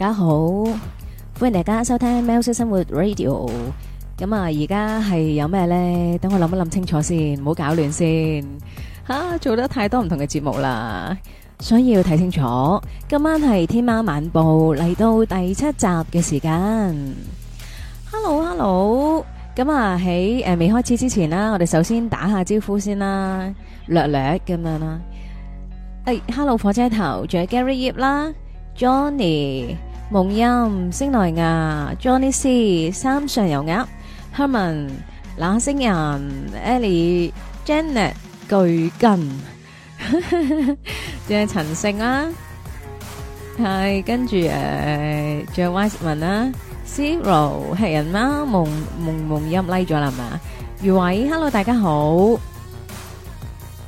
大家好，歡迎大家收聽《喵式生活 Radio》。咁啊，而家係有咩呢？等我諗一諗清楚先，唔好搞亂先。吓，做得太多唔同嘅節目啦，所以要睇清楚。今晚係《天喵晚報》嚟到第七集嘅時間。Hello，Hello，咁啊喺誒未開始之前啦，我哋首先打下招呼先啦，略略咁樣啦。誒，Hello 火車頭，仲有 Gary Yip 啦，Johnny。夢音、星來亞、Johnny C、三上油鴨、Herman、那星人、Ellie、Janet、巨根，仲有陳勝啦，係跟住誒，仲有 Wiseman 啦，Zero 黑人啦，夢夢夢音 like 咗啦，係嘛？余偉，hello 大家好，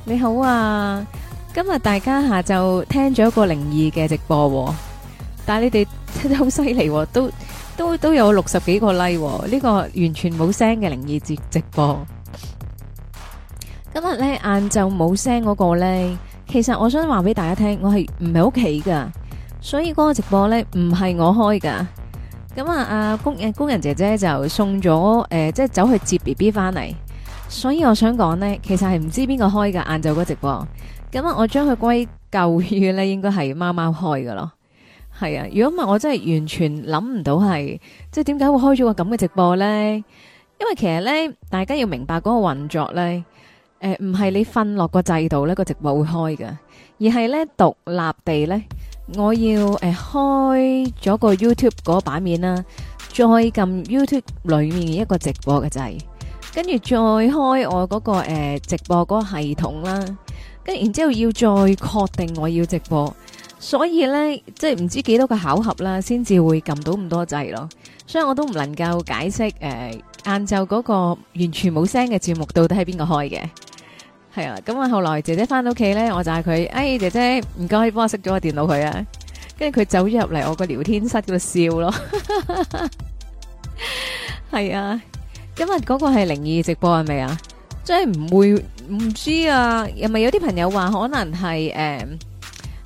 你好啊，今日大家下晝聽咗個靈異嘅直播喎。但你哋真係好犀利，都都都有六十幾個 like，呢、哦，這個完全冇聲嘅靈異節直播呢。今日咧晏晝冇聲嗰個咧，其實我想話俾大家聽，我係唔係屋企噶，所以嗰個直播咧唔係我開噶。咁啊，阿工工人姐姐就送咗誒、呃，即係走去接 B B 翻嚟，所以我想講咧，其實係唔知邊個開噶晏晝嗰直播。咁啊，我將佢歸咎於咧，應該係貓貓開噶咯。係啊，如果唔係我真係完全諗唔到係，即係點解會開咗個咁嘅直播呢？因為其實呢，大家要明白嗰個運作呢，誒、呃，唔係你瞓落個制度呢、那個直播會開嘅，而係呢，獨立地呢，我要誒、呃、開咗個 YouTube 嗰版面啦，再撳 YouTube 裏面一個直播嘅掣，跟住再開我嗰、那個誒、呃、直播嗰個系統啦，跟然之後要再確定我要直播。所以咧，即係唔知幾多個巧合啦，先至會撳到咁多掣咯。所以我都唔能夠解釋誒，晏晝嗰個完全冇聲嘅節目到底係邊個開嘅？係啊，咁啊，後來姐姐翻到屋企咧，我就嗌佢，哎，姐姐唔該幫我熄咗個電腦佢啊。跟住佢走咗入嚟我個聊天室嗰度笑咯。係啊，今日嗰個係靈異直播係咪啊？即係唔會唔知啊？又咪有啲朋友話可能係誒？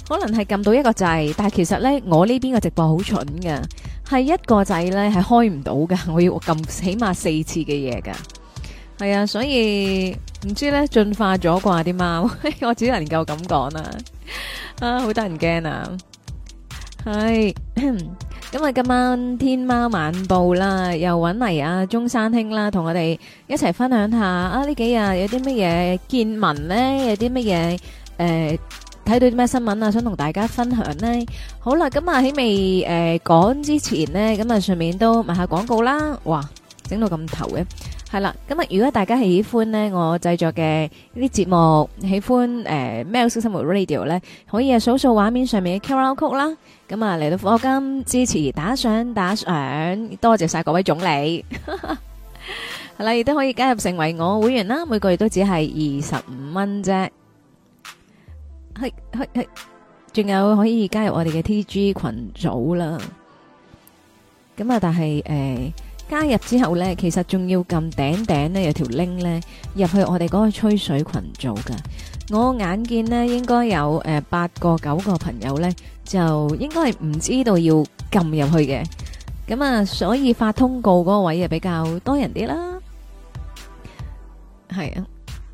可能係撳到一個掣，但係其實咧，我呢邊嘅直播好蠢噶，係一個掣咧係開唔到噶，我要撳起碼四次嘅嘢噶。係啊，所以唔知咧進化咗啩啲貓，我只能夠咁講啦，啊，好得人驚啊，係，咁啊今晚天貓晚報啦，又搵嚟阿中山兄啦，同我哋一齊分享下啊，呢幾日有啲乜嘢見聞咧，有啲乜嘢誒。睇到啲咩新聞啊？想同大家分享呢？好啦，咁啊喺未？誒，講之前呢，咁啊上面都問下廣告啦。哇，整到咁頭嘅，係啦。咁啊，如果大家喜歡呢我製作嘅呢啲節目，喜歡誒喵式生活 Radio 咧，可以啊掃掃畫面上面嘅 QR Code 啦。咁啊嚟到課金支持打賞打賞，多謝晒各位總理。係啦，亦都可以加入成為我會員啦，每個月都只係二十五蚊啫。係係係，仲有可以加入我哋嘅 TG 群組啦。咁啊，但係誒加入之後咧，其實仲要撳頂頂咧有條 link 咧入去我哋嗰個吹水群組噶。我眼見咧應該有誒八個九個朋友咧就應該係唔知道要撳入去嘅。咁啊，所以發通告嗰位啊比較多人啲啦。係啊。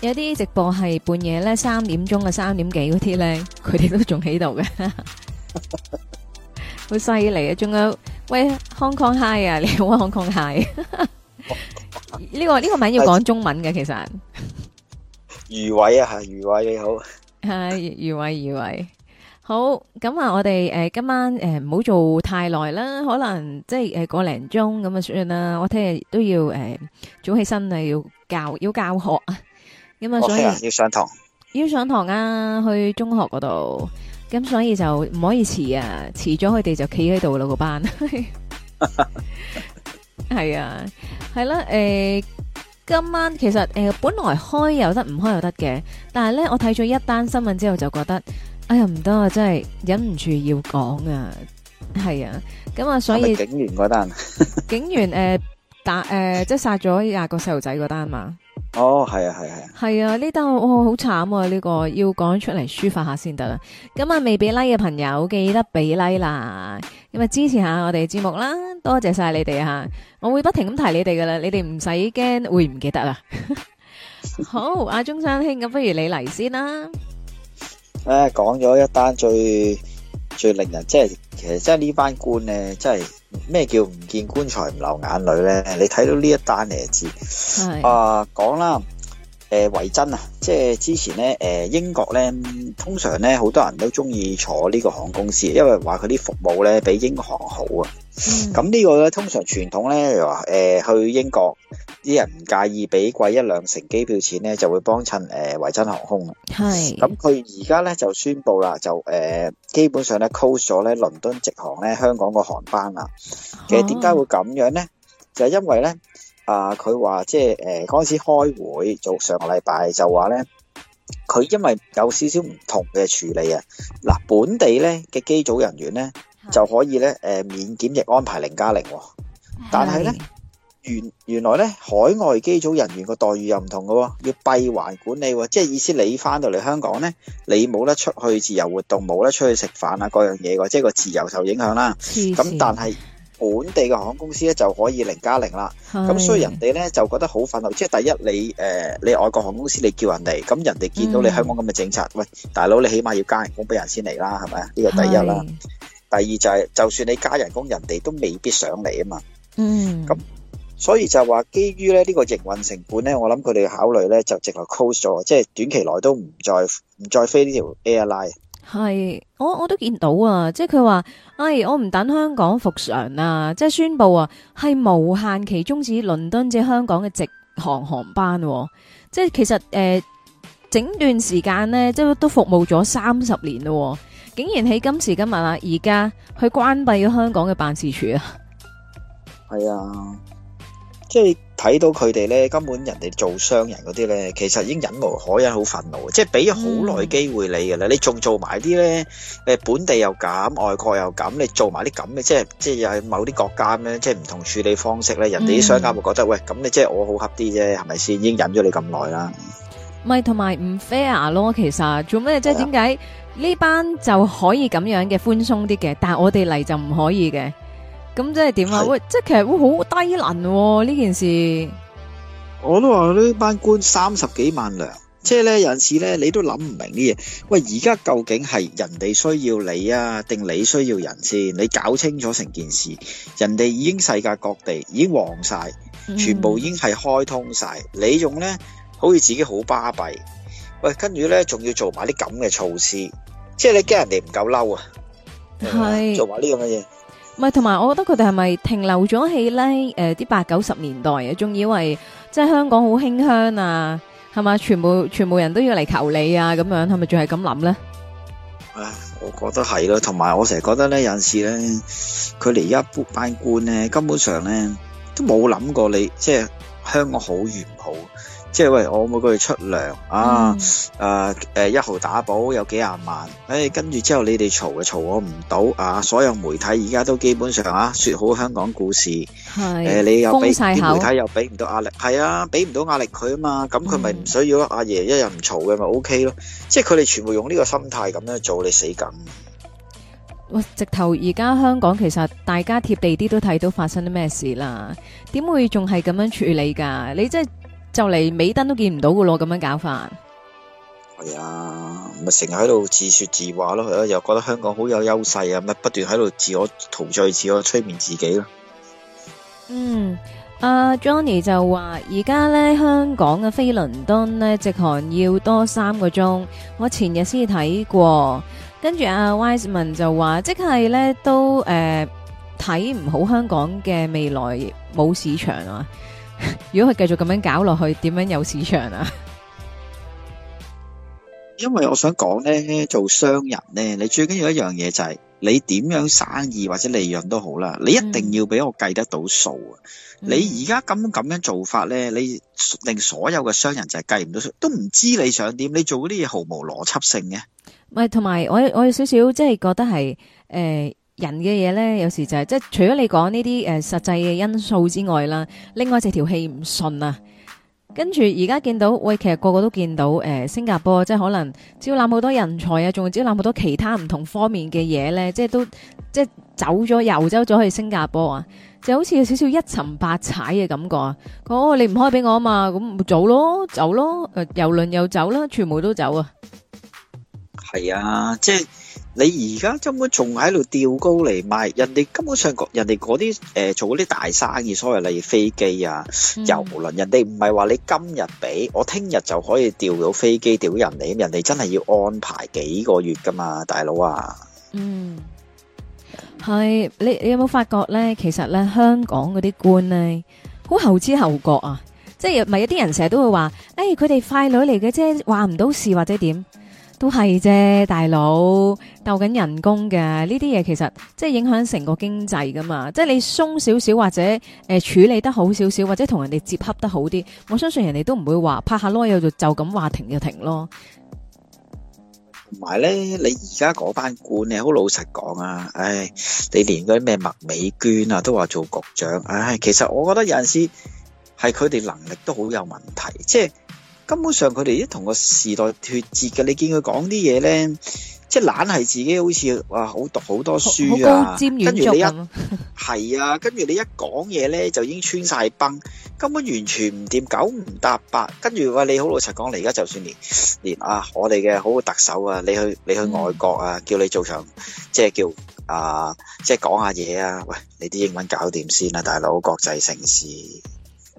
有啲直播係半夜咧，三點鐘啊，三點幾嗰啲咧，佢哋都仲喺度嘅，好犀利啊！仲有喂，Hong Kong High 啊，你好，Hong Kong High，呢個呢個名要講中文嘅，其實余偉啊，係余偉你好，係余偉余偉好。咁啊，我哋誒今晚誒唔好做太耐啦，可能即係誒個零鐘咁啊算啦。我聽日都要誒早起身啊，要教要教學啊。咁、嗯、啊，所以 okay，要上堂，要上堂啊！去中學嗰度，咁所以就唔可以遲啊！遲咗，佢哋就企喺度喇。個班。係 啊，係啦、啊，誒、欸，今晚其實誒、呃、本來開又得，唔開又得嘅，但係咧，我睇咗一單新聞之後就覺得，哎呀唔得啊，真係忍唔住要講啊！係、嗯、啊，咁、嗯、啊，所以係唔係警員嗰單， 警員誒、呃、打誒、呃，即係殺咗廿個細路仔嗰單嘛。哦，係啊，係係啊，係啊，呢單好慘啊，呢、呢個、啊呢個、要講出嚟抒發下先得啦。咁啊，未俾 like 嘅朋友記得俾 like 啦，咁啊支持下我哋節目啦，多謝晒你哋吓、啊，我會不停咁提你哋噶啦，你哋唔使驚會唔記得 好 啊。好，阿中山兄，咁不如你嚟先啦。誒、啊，講咗一單最最令人即係，其實即係呢班官咧，即係咩叫唔見棺材唔流眼淚咧？你睇到呢一單你就知道，啊講啦。呃誒，維珍啊，即係之前咧，誒，英國咧，通常咧，好多人都中意坐呢個航空公司，因為話佢啲服務咧，比英航好啊。咁呢個咧，通常傳統咧，又話誒，去英國啲人唔介意俾貴一兩成機票錢咧，就會幫襯誒維珍航空。係。咁佢而家咧就宣布啦，就誒，基本上咧 close 咗咧倫敦直航咧香港個航班啦。其實點解會咁樣咧？就係因為咧。啊！佢話即係誒，呃、嗰陣時開會做上個禮拜就話咧，佢因為有少少唔同嘅處理啊。嗱，本地咧嘅機組人員咧就可以咧誒、呃、免檢疫安排零加零，但係咧原原來咧海外機組人員個待遇又唔同嘅喎，要閉環管理喎，即係意思你翻到嚟香港咧，你冇得出去自由活動，冇得出去食飯啊，嗰樣嘢喎，即係個自由受影響啦。咁但係，本地嘅航空公司咧就可以零加零啦，咁所以人哋咧就覺得好憤怒。即係第一，你誒、呃，你外國航空公司你叫人嚟，咁人哋見到你香港咁嘅政策、嗯，喂，大佬你起碼要加人工俾人先嚟啦，係咪啊？呢個第一啦。第二就係、是，就算你加人工，人哋都未必想嚟啊嘛。嗯。咁所以就話基於咧呢、這個營運成本咧，我諗佢哋考慮咧就直頭 close 咗，即係短期內都唔再唔再飛呢條 airline。係，我我都見到啊，即係佢話，哎，我唔等香港復常啊，即係宣布啊，係無限期終止倫敦至香港嘅直航航班啊，即係其實誒，呃，整段時間呢，即係都服務咗三十年咯，啊，竟然喺今時今日啊，而家去關閉咗香港嘅辦事處啊，哎，係啊，即係。睇到佢哋咧，根本人哋做商人嗰啲咧，其實已經忍無可忍，好憤怒。即係俾咗好耐機會你噶啦，你仲做埋啲咧，誒本地又咁，外國又咁，你做埋啲咁嘅，即係即係又係某啲國家咧，即係唔同處理方式咧。人哋啲商家會覺得喂，咁你即係我好恰啲啫，係咪先？已經忍咗你咁耐啦。唔係同埋唔 fair 咯。其實做咩即係點解呢班就可以咁樣嘅寬鬆啲嘅，但係我哋嚟就唔可以嘅。咁即係點啊？喂，即係其實會好低能呢、哦、件事。我都話呢班官三十幾萬糧，即係咧有陣時咧，你都諗唔明啲嘢。喂，而家究竟係人哋需要你啊，定你需要人先？你搞清楚成件事，人哋已經世界各地已經旺晒，全部已經係開通晒。你、mm. 用咧好似自己好巴閉。喂，跟住咧仲要做埋啲咁嘅措施，即係你驚人哋唔夠嬲啊？係做埋呢咁嘅嘢。唔係，同埋我覺得佢哋係咪停留咗喺誒啲八九十年代啊？仲以為即係香港好興香啊？係嘛？全部全部人都要嚟求你啊！咁樣係咪仲係咁諗咧？啊，我覺得係咯，同埋我成日覺得咧，有時咧，佢哋一班官咧，根本上咧都冇諗過你即係香港好與唔好。即係喂，我每個月出糧啊，誒、嗯、誒、啊呃，一號打保有幾廿萬，誒、哎，跟住之後你哋嘈嘅嘈我唔到啊！所有媒體而家都基本上啊，說好香港故事，誒、呃，你又俾啲媒體又俾唔到壓力，係啊，俾唔到壓力佢啊嘛，咁佢咪唔需要阿爺、啊、一日唔嘈嘅咪 O K 咯，即係佢哋全部用呢個心態咁樣做，你死梗。喂，直頭而家香港其實大家貼地啲都睇到發生啲咩事啦，點會仲係咁樣處理噶？你真係～就嚟尾燈都見唔到噶咯，咁樣搞法。係啊，咪成日喺度自說自話咯，係啊，又覺得香港好有優勢啊，咪不斷喺度自我陶醉，自我催眠自己咯。嗯，阿、呃、Johnny 就話而家咧香港嘅飛倫敦呢直航要多三個鐘，我前日先睇過。跟住阿、啊、Wiseman 就話，即係咧都誒睇唔好香港嘅未來冇市場啊。如果佢繼續咁樣搞落去，點樣有市場啊？因為我想講呢，做商人呢，你最緊要一樣嘢就係你點樣生意或者利潤都好啦，你一定要俾我計得到數啊！你而家咁咁樣做法呢，你令所有嘅商人就係計唔到數，都唔知你想點。你做嗰啲嘢毫無邏輯性嘅。唔係，同埋我我有少少即係覺得係誒。人嘅嘢呢，有時就係、是、即係除咗你講呢啲誒實際嘅因素之外啦，另外就條氣唔順啊。跟住而家見到，喂，其實個個都見到誒、呃，新加坡即係可能招攬好多人才啊，仲招攬好多其他唔同方面嘅嘢呢，即係都即係走咗又走咗去新加坡啊，就好似有少少一沉百踩嘅感覺啊！哦，你唔開俾我啊嘛，咁走咯，走咯，誒，郵輪、呃、又走啦，全部都走啊！係啊，即係。你而家根本仲喺度吊高嚟賣，人哋根本上人哋嗰啲誒做嗰啲大生意，所謂例如飛機啊、油輪，人哋唔係話你今日俾，我聽日就可以調到飛機，調到人嚟，人哋真係要安排幾個月噶嘛，大佬啊！嗯，係你你有冇發覺咧？其實咧，香港嗰啲官咧，好後知後覺啊！即係唔係有啲人成日都會話，誒，佢哋快女嚟嘅啫，話唔到事或者點？都係啫，大佬鬥緊人工嘅呢啲嘢，其實即係影響成個經濟噶嘛。即係你鬆少少，或者誒、呃、處理得好少少，或者同人哋接洽得好啲，我相信人哋都唔會話拍下囉又就就咁話停就停咯。同埋咧，你而家嗰班官，你好老實講啊，唉，你連嗰啲咩麥美娟啊都話做局長，唉，其實我覺得有陣時係佢哋能力都好有問題，即係。根本上佢哋都同個時代脫節嘅，你見佢講啲嘢咧，即係懶係自己好似哇，好讀好多書啊，跟住你一係 啊，跟住你一講嘢咧就已經穿晒崩，根本完全唔掂，九唔搭八。跟住話你好老實講，你而家就算連，連啊我哋嘅好，好特首啊，你去你去外國啊，叫你做場、嗯、即係叫啊，即係講下嘢啊，喂，你啲英文搞掂先啦，大佬，國際城市。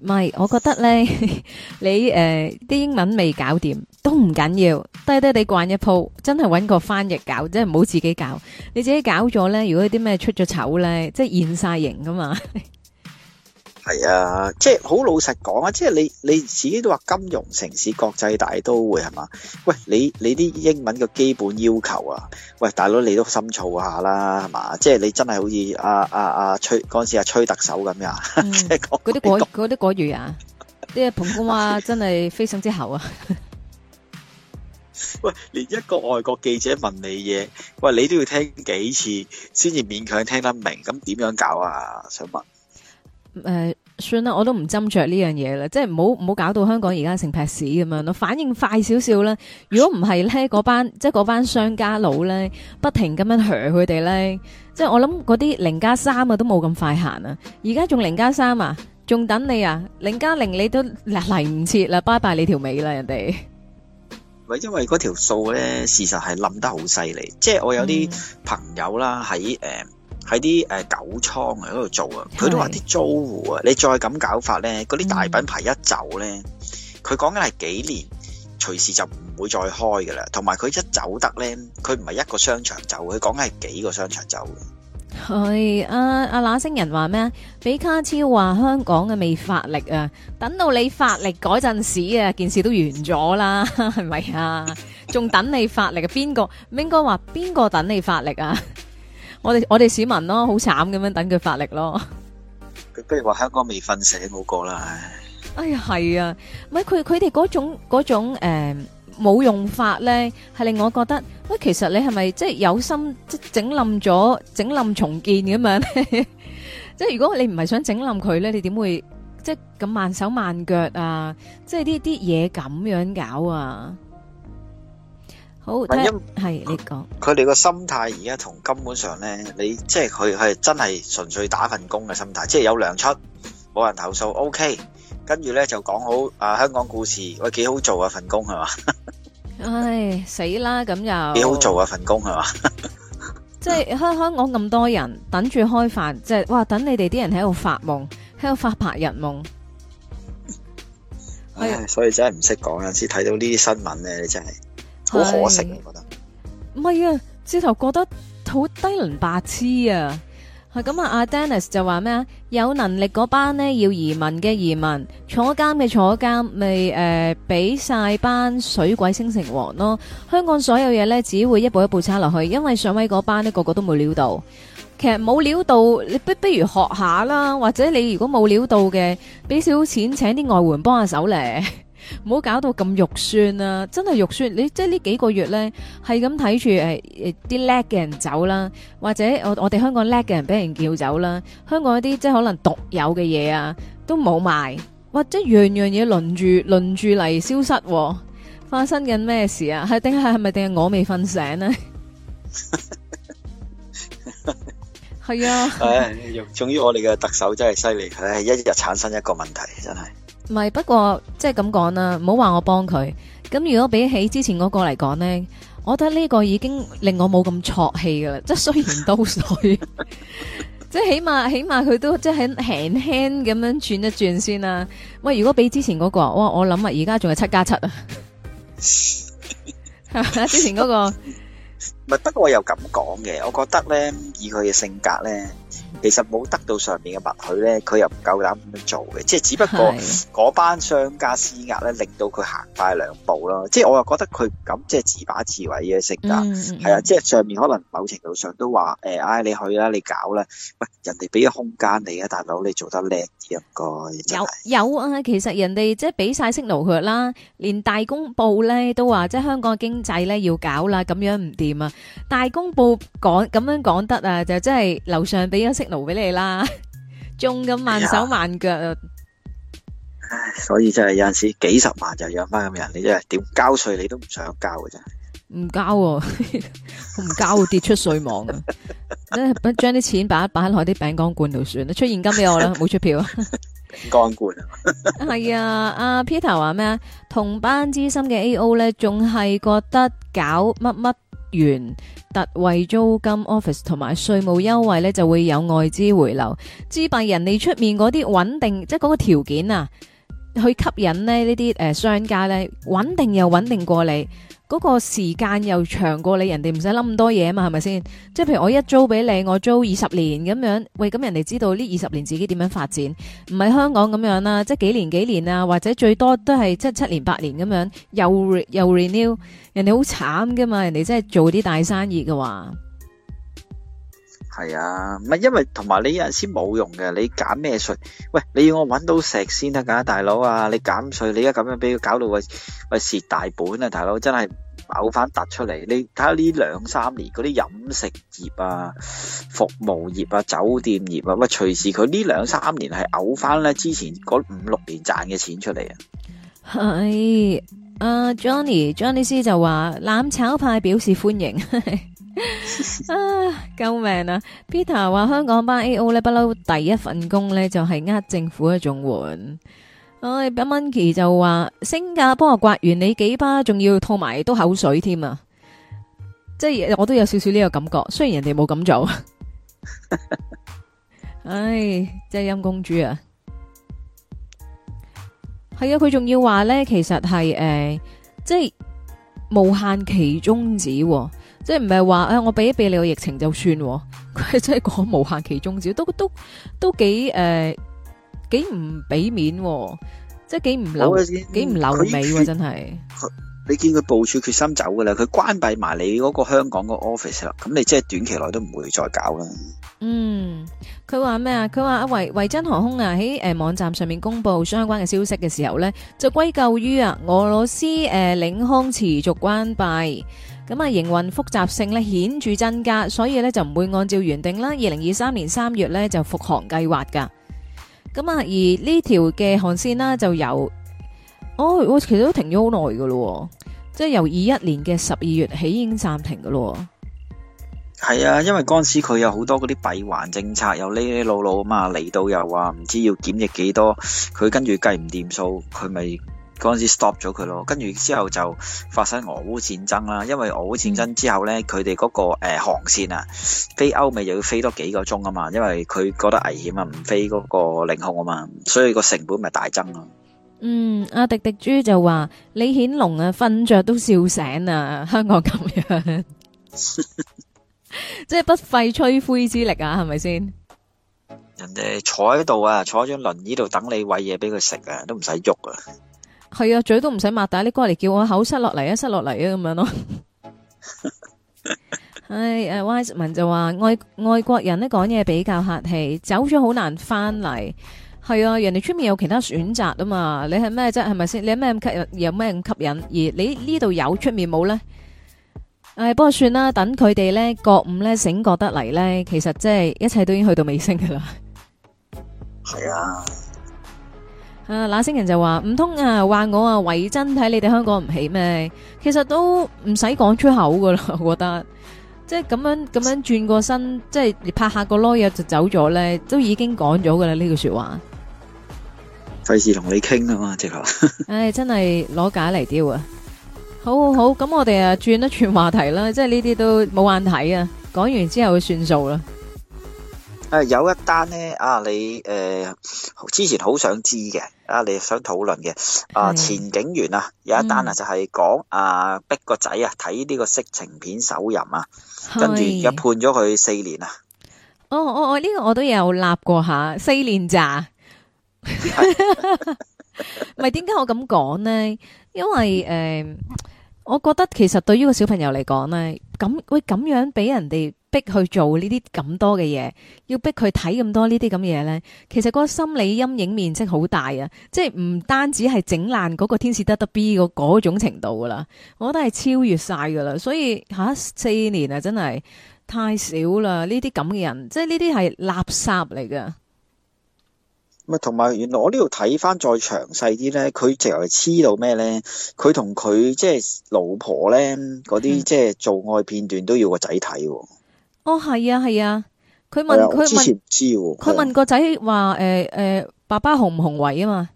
唔係，我覺得咧， 你誒啲、呃、英文未搞掂都唔緊要，低低地慣一鋪，真係搵個翻譯搞，即係唔好自己搞。你自己搞咗咧，如果啲咩出咗醜咧，即係現晒形噶嘛。 係啊，即係好老實講啊，即係你你自己都話金融城市國際大都會係嘛？喂，你你啲英文嘅基本要求啊？喂，大佬你都深造下啦，係嘛？即係你真係好似阿阿阿崔嗰陣時阿崔特首咁樣，即係嗰啲嗰嗰啲國語啊，啲普通話真係非常之好啊！喂，連一個外國記者問你嘢，喂，你都要聽幾次先至勉強聽得明，咁點樣搞啊？想問？誒、呃，算啦，我都唔斟酌呢樣嘢啦，即係唔好唔好搞到香港而家成劈屎咁樣咯，反應快少少啦。如果唔係咧，嗰 班即係嗰班商家佬咧，不停咁樣吓佢哋咧，即係我諗嗰啲零加三啊都冇咁快行啊。而家仲零加三啊，仲等你啊，零加零你都嚟唔切啦，拜拜你條尾啦，人哋。唔係因為嗰條數咧，事實係諗得好犀利。即係我有啲朋友啦，喺、嗯、誒。喺啲誒九倉啊，嗰度做啊，佢都話啲租戶啊，你再咁搞法咧，嗰啲大品牌一走咧，佢講緊係幾年，隨時就唔會再開噶啦。同埋佢一走得咧，佢唔係一個商場走，佢講緊係幾個商場走。係啊，阿那星人話咩啊？比卡超話香港嘅未發力啊，等到你發力嗰陣時啊，件事都完咗啦，係咪啊？仲等你發力嘅邊個？應該話邊個等你發力啊？我哋我哋市民咯，好慘咁樣等佢發力咯。不如話香港未瞓醒好過啦。哎呀，係啊，唔係佢佢哋嗰種嗰種誒冇用法咧，係令我覺得，喂，其實你係咪即係有心即係整冧咗，整冧重建咁樣？即係如果你唔係想整冧佢咧，你點會即係咁慢手慢腳啊？即係呢啲嘢咁樣搞啊？好，係你講佢哋個心態而家同根本上咧，你即係佢係真係純粹打份工嘅心態，即係有糧出，冇人投訴，OK，跟住咧就講好啊，香港故事，喂，幾好做啊份工係嘛？唉，死啦，咁又幾好做啊份工係嘛？即係香港咁多人等住開飯，即係哇！等你哋啲人喺度發夢，喺度發白日夢。哎呀，所以真係唔識講啊！有陣時睇到呢啲新聞咧，你真係。好 可惜你覺得唔係啊，之頭覺得好低能白痴啊，係咁啊！阿 Dennis 就話咩啊？有能力嗰班呢要移民嘅移民，坐監嘅坐監咪誒，俾晒、呃、班水鬼升城隍咯！香港所有嘢呢，只會一步一步差落去，因為上位嗰班呢個個都冇料到，其實冇料到你不不如學下啦，或者你如果冇料到嘅，俾少少錢請啲外援幫下手咧。唔好搞到咁肉酸啊！真係肉酸，你即係呢幾個月咧，係咁睇住誒啲叻嘅人走啦，或者我我哋香港叻嘅人俾人叫走啦，香港一啲即係可能獨有嘅嘢啊，都冇埋，或者樣樣嘢輪住輪住嚟消失、啊，發生緊咩事啊？係定係係咪定係我未瞓醒呢？係 是啊， 係、哎，終於我哋嘅特首真係犀利，唉、哎，佢一日產生一個問題，真係。唔係，不過即係咁講啦，唔好話我幫佢咁如果比起之前嗰個嚟講咧，我覺得呢個已經令我冇咁挫氣噶啦。其實冇得到上面嘅默許咧，佢又唔夠膽咁樣做嘅，即係只不過嗰班商家施壓咧，令到佢行快兩步咯。即係我又覺得佢唔敢即係自把自為嘅性格，係啊，即係上面可能某程度上都話誒，唉你去啦，你搞啦，喂，人哋俾咗空間你啊，大佬，你做得叻應該有有啊，其實人哋即係俾曬色勞血啦，連大公報咧都話，即係香港嘅經濟咧要搞啦，咁樣唔掂啊！大公報講咁樣講得啊，就真係樓上俾咗色。留俾你啦，仲咁慢手慢腳，唉、哎，所以真係有陣時幾十萬就養翻咁人，你真係點交稅你都唔想交嘅真係、啊，唔 交，唔交會跌出稅網啊！將 啲 錢擺擺落啲餅乾罐度算啦，出現金俾我啦，冇出票，餅 乾乾罐 啊，係啊，阿 Peter 話咩啊？同班資深嘅 AO 咧，仲係覺得搞乜乜。源特惠租金 office 同埋稅務優惠咧，就會有外資回流，置辦人哋出面嗰啲穩定，即係嗰個條件啊。去吸引咧呢啲、呃、商家咧穩定又穩定過你，嗰個時間又長過你，人哋唔使諗咁多嘢啊嘛，係咪先？即係譬如我一租俾你，我租二十年咁樣，喂咁人哋知道呢二十年自己點樣發展，唔係香港咁樣啦，即係幾年幾年啊，或者最多都係七七年八年咁樣又 re, 又 renew，人哋好慘噶嘛，人哋真係做啲大生意嘅話。係啊，唔係因為同埋你有陣時冇用嘅，你減咩稅？喂，你要我搵到食先得架，大佬啊！你減稅，你而家咁樣俾佢搞到喂喂蝕大本啊，大佬真係嘔翻凸出嚟！你睇下呢兩三年嗰啲飲食業啊、服務業啊、酒店業啊，喂，隨時佢呢兩三年係嘔翻咧之前嗰五六年賺嘅錢出嚟啊！係、uh, Johnny, Johnny C、Johnny Sir 就話攬炒派表示歡迎。 啊！救命啊！Peter 話香港班 A.O 咧，不嬲第一份工呢，就係、是、呃政府一種援。唉、哎，我哋 Benkie 就話新加坡刮完你幾巴，仲要吐埋都口水添啊！即係我都有少少呢個感覺，雖然人哋冇咁做。唉、 哎，係陰公豬啊！係啊，佢仲要話呢，其實係誒、呃，即係無限期終止、啊。即係唔係話誒，我俾一俾你個疫情就算，佢係真係講無限期中止，都都都幾誒幾唔俾面，即係幾唔幾唔扭尾，真係。你見佢部署決心走噶啦，佢關閉埋你嗰個香港個 office 啦，咁你即係短期內都唔會再搞啦。嗯，佢話咩啊？佢話啊維維珍航空啊喺誒網站上面公布相關嘅消息嘅時候咧，就歸咎於啊俄羅斯誒領空持續關閉。咁啊，營運複雜性咧顯著增加，所以咧就唔會按照原定啦，二零二三年三月咧就復航計劃噶。咁啊，而呢條嘅航線啦、哦，就有哦，我其實都停咗好耐嘅咯，即係由二一年嘅十二月起已經暫停嘅咯。係啊，因為嗰陣時佢有好多嗰啲閉環政策，又呢呢路路啊嘛，嚟到又話唔知要檢疫幾多，佢跟住計唔掂數，佢咪。嗰陣時 stop 咗佢咯，跟住之後就發生俄烏戰爭啦。因為俄烏戰爭之後咧，佢哋嗰個誒航線啊，飛歐美又要飛多幾個鐘啊嘛，因為佢覺得危險啊，唔飛嗰個領空啊嘛，所以個成本咪大增咯。嗯，阿迪迪豬就話李顯龍啊，瞓着都笑醒啊，香港咁樣，即係不費吹灰之力啊，係咪先？人哋坐喺度啊，坐喺張輪椅度等你喂嘢俾佢食啊，都唔使喐啊。係啊，嘴都唔使擘大，你過嚟叫我口塞落嚟啊，塞落嚟啊，咁樣咯、啊。唉、 哎，誒，Wiseman 就話外外國人呢講嘢比較客氣，走咗好難翻嚟。係啊，人哋出面有其他選擇啊嘛，你係咩啫？係咪先？你有咩咁吸？有咩咁吸引？而你呢度有出面冇呢？唉、哎，不過算啦，等佢哋呢覺悟呢醒覺得嚟呢，其實即係一切都已經去到尾聲噶啦。係 啊。誒、啊，那星人就話唔通啊，話我啊偽真睇你哋香港唔起咩？其實都唔使講出口噶啦，我覺得，即係咁樣咁樣轉個身，即係拍下個 logo 就走咗咧，都已經講咗噶啦呢句說話。費事同你傾啊嘛，直頭。唉、 哎，真係攞假嚟丟啊！好好好，咁我哋啊轉一轉話題啦，即係呢啲都冇眼睇啊，講完之後算數啦。誒、啊，有一單咧，啊，你誒、呃、之前好想知嘅，啊，你想討論嘅，啊，前警員啊，有一單啊，嗯、就係、是、講啊，逼個仔啊睇呢個色情片手淫啊，跟住而家判咗佢四年啊。哦哦哦，呢、哦這個我都有立過下四年咋？咪點解我咁講咧？因為誒、呃，我覺得其實對於個小朋友嚟講咧，咁會咁樣俾人哋。逼佢做呢啲咁多嘅嘢，要逼佢睇咁多呢啲咁嘅嘢咧，其實個心理陰影面積好大啊！即係唔單止係整爛嗰個天使得得 B 嗰嗰種程度噶啦，我覺得係超越晒噶啦。所以吓、啊、四年啊，真係太少啦！呢啲咁嘅人，即係呢啲係垃圾嚟噶。咪同埋，原來我呢度睇翻再詳細啲咧，佢直頭黐到咩咧？佢同佢即係老婆咧嗰啲，即係做愛片段都要個仔睇。哦，係啊，係啊，佢問佢、啊、問佢、啊、問個仔話誒誒，爸爸雄唔雄偉啊嘛？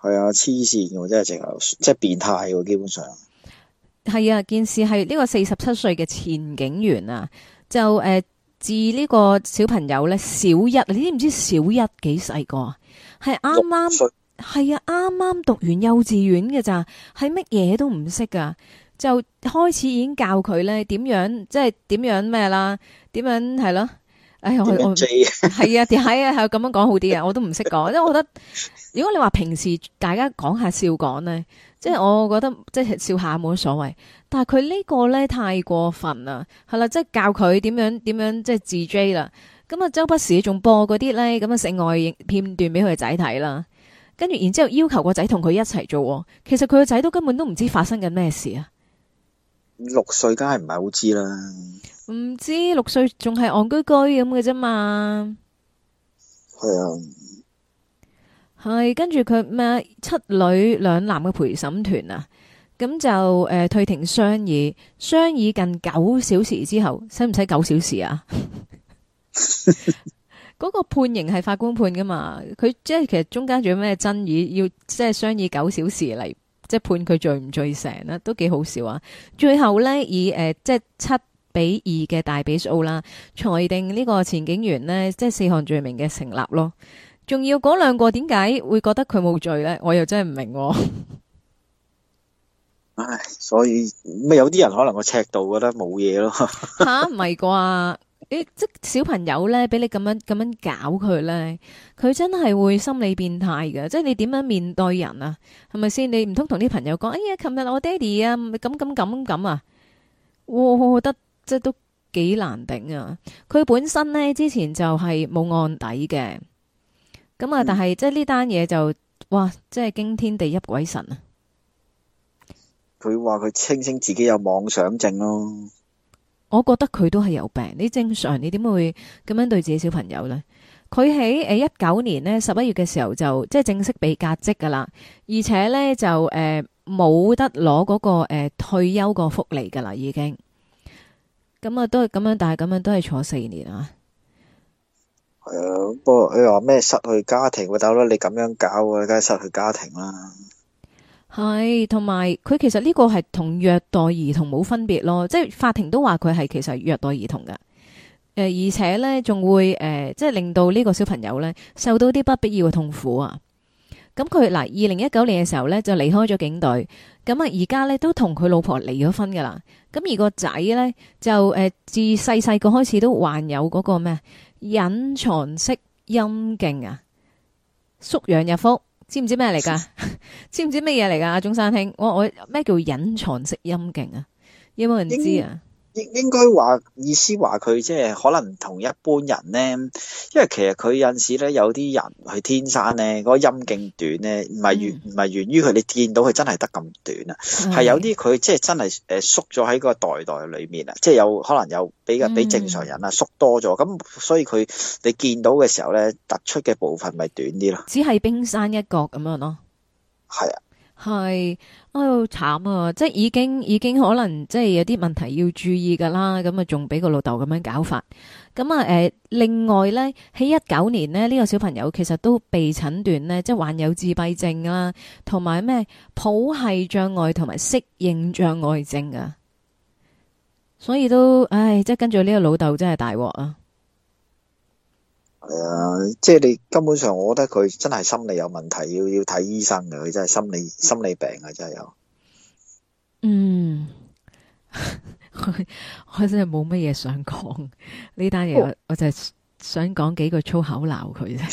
係啊，黐線嘅真係淨係即係變態，基本上係啊，件事係呢個四十七歲嘅前警員啊，就誒自呢個小朋友咧小一，你知唔知小一幾細個是剛剛是啊？係啱啱係啊，啱啱讀完幼稚園嘅咋，係乜嘢都唔識噶。就開始已經教佢咧，點樣即係點樣咩啦？點樣係咯？哎呀，我係啊，點解啊，係咁樣講好啲啊？我，我，啊啊啊啊我都唔識講， 因為我覺得如果你話平時大家講下笑講咧，即係我覺得即係笑下冇乜所謂。但係佢呢個咧太過分啦，係啦，即係教佢點樣點樣，即係自追啦。咁啊，周不時仲播嗰啲咧，咁啊性愛片段俾佢仔睇啦，跟住然之後要求個仔同佢一齊做。其實佢個仔都根本都唔知發生緊咩事啊。六歲梗係唔係好知啦，唔知六歲仲係戇居居咁嘅啫嘛。係啊，係跟住佢咩七女兩男嘅陪審團啊，咁就誒、呃、退庭商議，商議近九小時之後，使唔使九小時啊？嗰 個判刑係法官判噶嘛？佢即係其實中間仲有咩爭議，要即係商議九小時嚟。即係判佢罪唔罪成啦，都幾好笑啊！最後咧以誒、呃、即係七比二嘅大比數啦，裁定呢個前警員咧即係四項罪名嘅成立咯。仲要嗰兩個點解會覺得佢冇罪咧？我又真係唔明喎。唉，所以咪有啲人可能個尺度覺得冇嘢咯、啊。吓，唔係啩？即小朋友呢，俾你咁樣咁樣搞佢呢，佢真係會心理變態嘅。即係你點樣面對人啊？係咪先？你唔通同啲朋友講，哎呀，琴日我爹哋啊，咁咁咁咁啊，我、哦、覺得即係都幾難頂啊。佢本身呢，之前就係冇案底嘅，咁啊，嗯、但係即係呢單嘢就哇，即係驚天地泣鬼神啊！佢話佢清醒自己有妄想症咯、啊。我覺得佢都係有病，你正常你點會咁樣對自己小朋友呢？佢喺誒一九年呢十一月嘅時候就即係正式被革職噶啦，而且呢，就誒冇得攞嗰、那個誒、呃、退休個福利噶啦，已經咁啊，都係咁樣，但係咁樣都係坐四年啊。係、哎、啊，不過佢話咩失去家庭，我大佬你咁樣搞啊，梗係失去家庭啦。係，同埋佢其實呢個係同虐待兒童冇分別咯，即係法庭都話佢係其實虐待兒童噶，誒、呃、而且呢仲會誒、呃、即係令到呢個小朋友呢受到啲不必要嘅痛苦啊。咁佢嗱二零一九年嘅時候呢就離開咗警隊，咁啊而家呢都同佢老婆離咗婚噶啦，咁而個仔呢，就誒、呃、自細細個開始都患有嗰個咩隱藏式陰莖啊縮陽入腹。知唔知咩嚟噶？ 知唔知咩嘢嚟噶？阿中山兄，我我咩叫隱藏式陰莖啊？有冇人知啊？英英應應該話意思話佢即係可能同一般人咧，因為其實佢有陣時咧，有啲人去天生咧、嗰個陰莖短咧，唔係源唔係、嗯、源於佢，你見到佢真係得咁短啊，係有啲佢即係真係誒縮咗喺個袋袋裏面啊，即係有可能有比較比正常人啊縮多咗，咁、嗯、所以佢你見到嘅時候咧，突出嘅部分咪短啲咯。只係冰山一角咁樣咯。係啊。係。哦、哎，慘啊！即係已經，已經可能即係有啲問題要注意噶啦。咁啊，仲俾個老豆咁樣搞法。咁啊，誒、呃，另外咧，喺一九年呢，呢、這個小朋友其實都被診斷咧，即係患有自閉症啦，同埋咩譜系障礙同埋適應障礙症啊。所以都，唉、哎，即係跟住呢個老豆真係大鑊啊！係、嗯、即係你根本上，我覺得佢真係心理有問題，要要睇醫生嘅，佢真係心理心理病啊，真係有。嗯，我，我真係冇乜嘢想講呢單嘢，我就係想講幾個粗口鬧佢。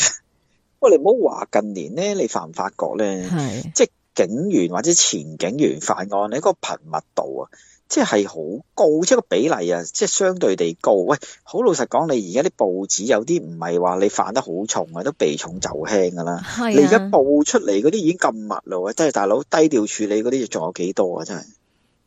你不過你唔好話近年咧，你發唔發覺咧？係即係警員或者前警員犯案，你嗰個頻密度啊！即係好高，即係個比例啊！即係相對地高。喂，好老實講，你而家啲報紙有啲唔係話你犯得好重啊，都避重就輕噶啦。係啊！你而家報出嚟嗰啲已經咁密啦，即係大佬低調處理嗰啲仲有幾多啊？真係。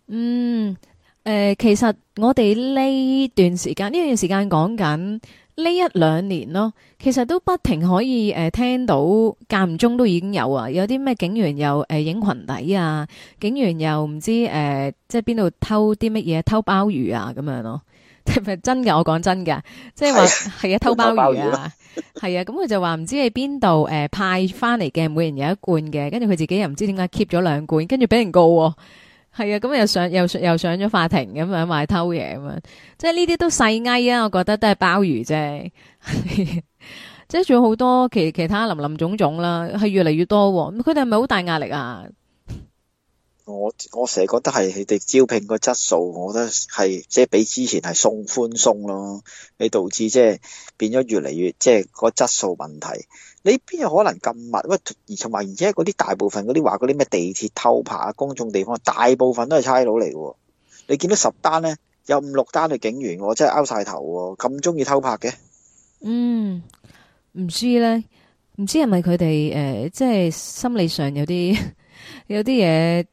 嗯，誒，呃，其實我哋呢段時間呢段時間講緊。呢一兩年咯，其實都不停可以誒、呃、聽到，間唔中都已經有啊，有啲咩警員又誒影裙底啊，警員又唔知誒、呃、即係邊度偷啲乜嘢，偷鮑魚啊咁樣咯，即 係真嘅，我講真嘅，即係話係啊偷鮑魚啊，係 啊，咁、嗯、佢就話唔知喺邊度誒派翻嚟嘅，每人有一罐嘅，跟住佢自己又唔知點解 keep 咗兩罐，跟住俾人告，啊。係啊，咁又上又又上咗法庭咁樣話偷嘢咁樣，即係呢啲都細蟻啊，我覺得都係鮑魚啫，即係仲有好多其其他林林種種啦，係越嚟越多，咁佢哋係咪好大壓力啊？我我成日覺得係佢哋招聘個質素，我覺得係即係比之前係鬆寬鬆咯，你導致即係變咗越嚟越即係個質素問題。你邊有可能咁密？乜而，同埋，而且嗰啲大部分嗰啲話嗰啲咩地鐵偷拍啊，公眾地方大部分都係差佬嚟嘅。你見到十單咧，有五六單嘅警員，我真係拗晒頭，咁中意偷拍嘅。嗯，唔知咧，唔知係咪佢哋誒，即係心理上有啲有啲嘢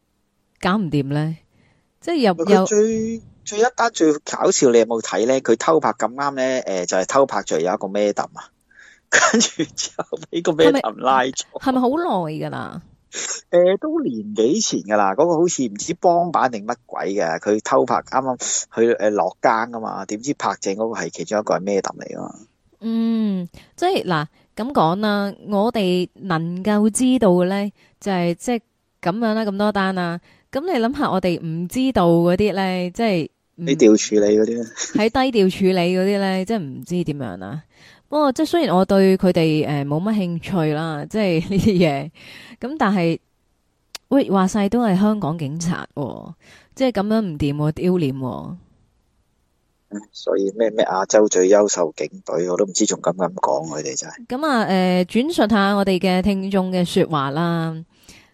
搞唔掂咧。即係又又最一單最搞笑，你有冇睇咧？佢偷拍咁啱咧，誒、呃，就係、是、偷拍罪有一個咩墩啊？ 跟住之後俾個 Madam 拉咗，係咪好耐噶啦？誒、呃，都年幾前噶啦，嗰、嗰個好似唔知幫辦定乜鬼嘅，佢偷拍，啱啱佢誒落監噶嘛，點知拍正嗰個係其中一個係 Madam 嚟嘛？嗯，即係嗱咁講啦，我哋能夠知道咧、就係，就係即係咁樣啦、啊，咁多單啦、啊，咁你諗下，我哋唔知道嗰啲咧，即係低調處理嗰啲咧，喺低調處理嗰啲咧，即係唔知點樣啊？哦，即係雖然我對佢哋誒冇乜興趣啦，即係呢啲嘢，咁但係，喂話晒都係香港警察、啊，即係咁樣唔掂、啊，丟臉、啊。所以咩咩亞洲最優秀警隊，我都唔知仲敢唔唔講佢哋就係。咁、嗯、啊，誒、呃、轉述一下我哋嘅聽眾嘅說話啦。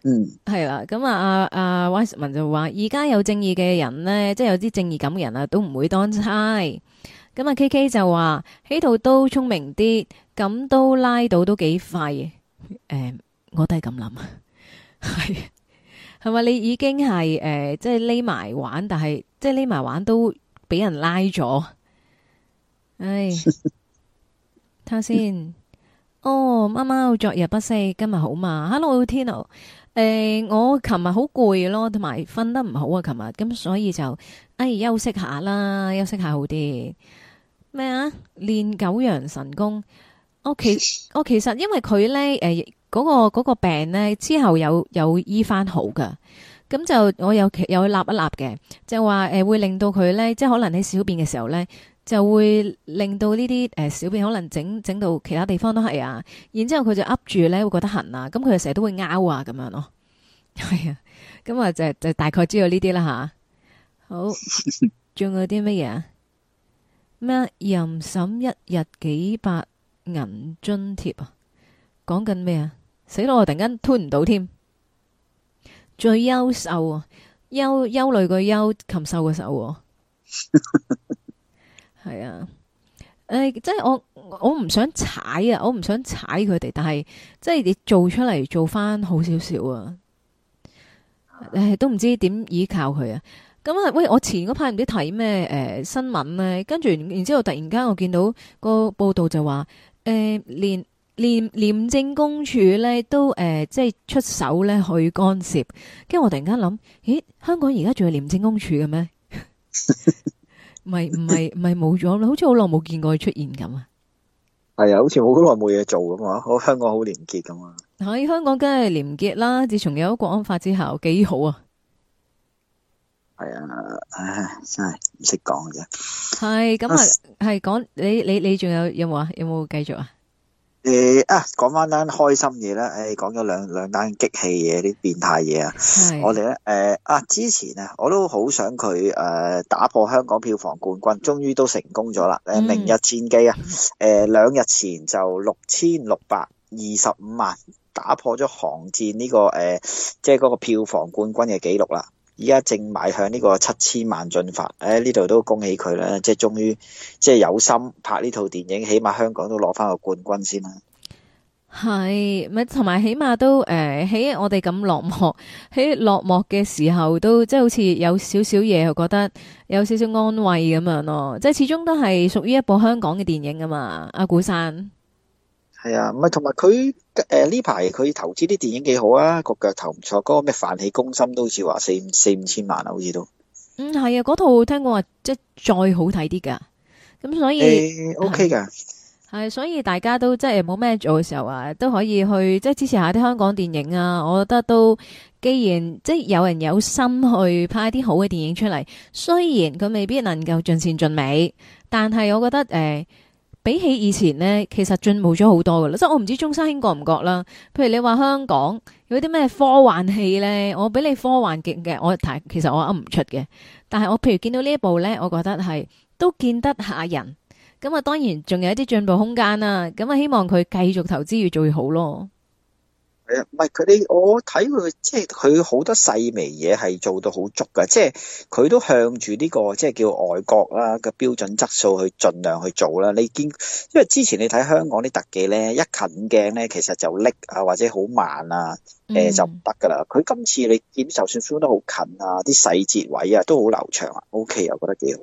嗯，係啦。咁啊，阿、啊、阿、啊、Wiseman 就話：，而家有正義嘅人呢，即係有啲正義感嘅人啊，都唔會當差。咁啊！K K 就話喺度都聰明啲，咁都拉到都幾快嘅。誒、嗯，我都係咁諗，係係咪你已經係誒，即係匿埋玩，但係即係匿埋玩都俾人拉咗。唉、哎，睇 下看先。哦，貓貓，昨日不適，今日好嘛？Hello 天喵，我琴日好攰咯，同埋瞓得唔好啊，琴日。咁所以就誒休息下啦，休息，一下，休息下好啲。咩啊？練九陽神功，我其我其實因為佢咧，誒、呃、嗰、那個嗰、那個病咧之後有有醫翻好噶，咁就我有其有去立一立嘅，就話誒、呃、會令到佢咧，即係可能喺小便嘅時候咧，就會令到呢啲誒小便可能整整到其他地方都係啊，然之後佢就噏住咧會覺得痕啊，咁、哦、佢、哎、就成日都會拗啊咁樣咯，係啊，咁啊就就大概知道呢啲啦吓，好仲有啲乜嘢啊？ 咩淫審一日幾百銀津貼啊？講緊咩啊？死咯！我突然間吞唔到添。最優秀啊，憂憂慮個憂，禽獸個獸。係啊，誒、哎，即係我我唔想踩啊，我唔想踩佢哋，但係即係你做出嚟做翻好少少啊。誒、哎，都唔知點依靠佢啊。咁、嗯、啊！喂，我前嗰排唔知睇咩誒新聞咧，跟住然之後，後突然間我見到個報道就話誒，連、呃、廉廉政公署咧都誒、呃、即係出手咧去干涉，跟住我突然間諗，咦？香港而家仲有廉政公署嘅咩？唔係唔係唔係冇咗，好似好耐冇見過佢出現咁啊！係 啊，好似好耐冇嘢做咁嘛，香港好廉潔咁嘛，喺香港梗係廉潔啦，自從有國安法之後，幾好啊！係啊，唉，真係唔識講嘅啫。係咁啊，係講你你你仲有有冇、欸，啊？有冇繼續啊？誒啊，講翻單開心嘢啦！誒、欸，講咗兩兩單激氣嘢，啲變態嘢啊。我哋咧，誒、欸、啊，之前啊，我都好想佢誒打破香港票房冠軍，終於都成功咗啦！誒，明日戰記啊，誒、嗯，兩、欸、日前就六千六百二十五萬，打破咗，這個《寒、呃、戰》呢個誒，即係嗰個票房冠軍嘅記錄啦。而家正邁向呢個七千萬進發，誒呢度都恭喜佢啦，即係終於即係有心拍呢套電影，起碼香港都攞翻個冠軍先啦。係咪同埋起碼都誒，起、呃、我哋咁落幕，喺落幕嘅時候都即係好似有少少嘢，覺得有少少安慰咁樣咯。即係始終都係屬於一部香港嘅電影㗎嘛，阿古山。係啊，唔係同埋佢誒呢排佢投資啲電影幾好啊，腳嗰個腳頭唔錯。嗰個咩《飯戲攻心》都好似話四五四五千萬啊，好似都。嗯，係啊，嗰套聽講話即係再好睇啲噶，咁所以、欸、係 OK 噶。係，所以大家都即係冇咩做嘅時候啊，都可以去即係支持下啲香港電影啊。我覺得都既然即係有人有心去拍啲好嘅電影出嚟，雖然佢未必能夠盡善盡美，但係我覺得誒。呃比起以前呢，其實進步咗好多噶啦，即係我唔知中山兄覺唔覺啦。譬如你話香港有啲咩科幻戲呢？我俾你科幻劇嘅，我其實我諗唔出嘅。但係我譬如見到呢一部呢，我覺得係都見得吓人。咁啊，當然仲有一啲進步空間啦。咁啊，希望佢繼續投資越做越好咯。係唔係佢哋，我睇佢，即係佢好多細微嘢係做到好足噶，即係佢都向住呢、呢個即係叫外國啦嘅標準質素去盡量去做啦。你見，因為之前你睇香港啲特技咧，一近鏡咧，其實就甩啊，或者好慢啊，誒、嗯欸、就唔得噶啦。佢今次你見，就算縮得好近啊，啲細節位都、OK、啊都好流暢啊，OK 又覺得幾好。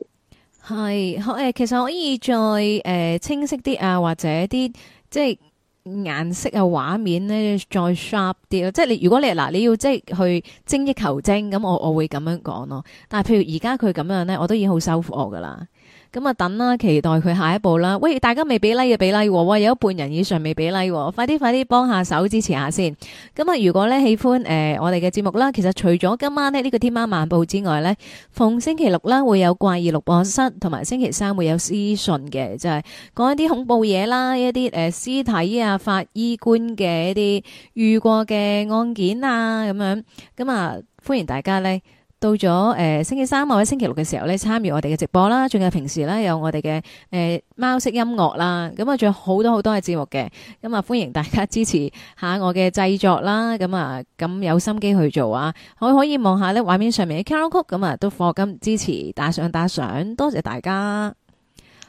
係，誒，其實可以再誒、呃、清晰啲啊，或者啲即係。顏色啊，畫面咧再 sharp 啲咯，即係你如果你嗱，你要即係去精益求精咁，我我會咁樣講咯。但係譬如而家佢咁樣咧，我都已經好收貨噶啦。咁啊，等啦，期待佢下一步啦。喂，大家未俾 like 嘅俾 like，喂，有一半人以上未俾 like，快啲快啲幫下手支持下先。咁啊，如果咧喜歡誒、呃、我哋嘅節目啦，其實除咗今晚呢呢、這個天喵晚報之外咧，逢星期六啦會有怪異錄播室，同埋星期三會有屍訊嘅，就係、是、講一啲恐怖嘢啦，一啲誒屍體啊、法醫官嘅一啲遇過嘅案件啊咁樣。咁啊，歡迎大家咧。到咗誒、呃、星期三或者星期六嘅時候咧，參與我哋嘅直播啦，仲有平時啦，有我哋嘅誒貓式音樂啦，咁啊仲有好多好多嘅節目嘅，咁、嗯、啊歡迎大家支持下我嘅製作啦，咁啊咁有心機去做啊，可以可以望下呢畫面上面嘅卡拉曲，咁、嗯、啊都課金支持打賞打賞，多謝大家。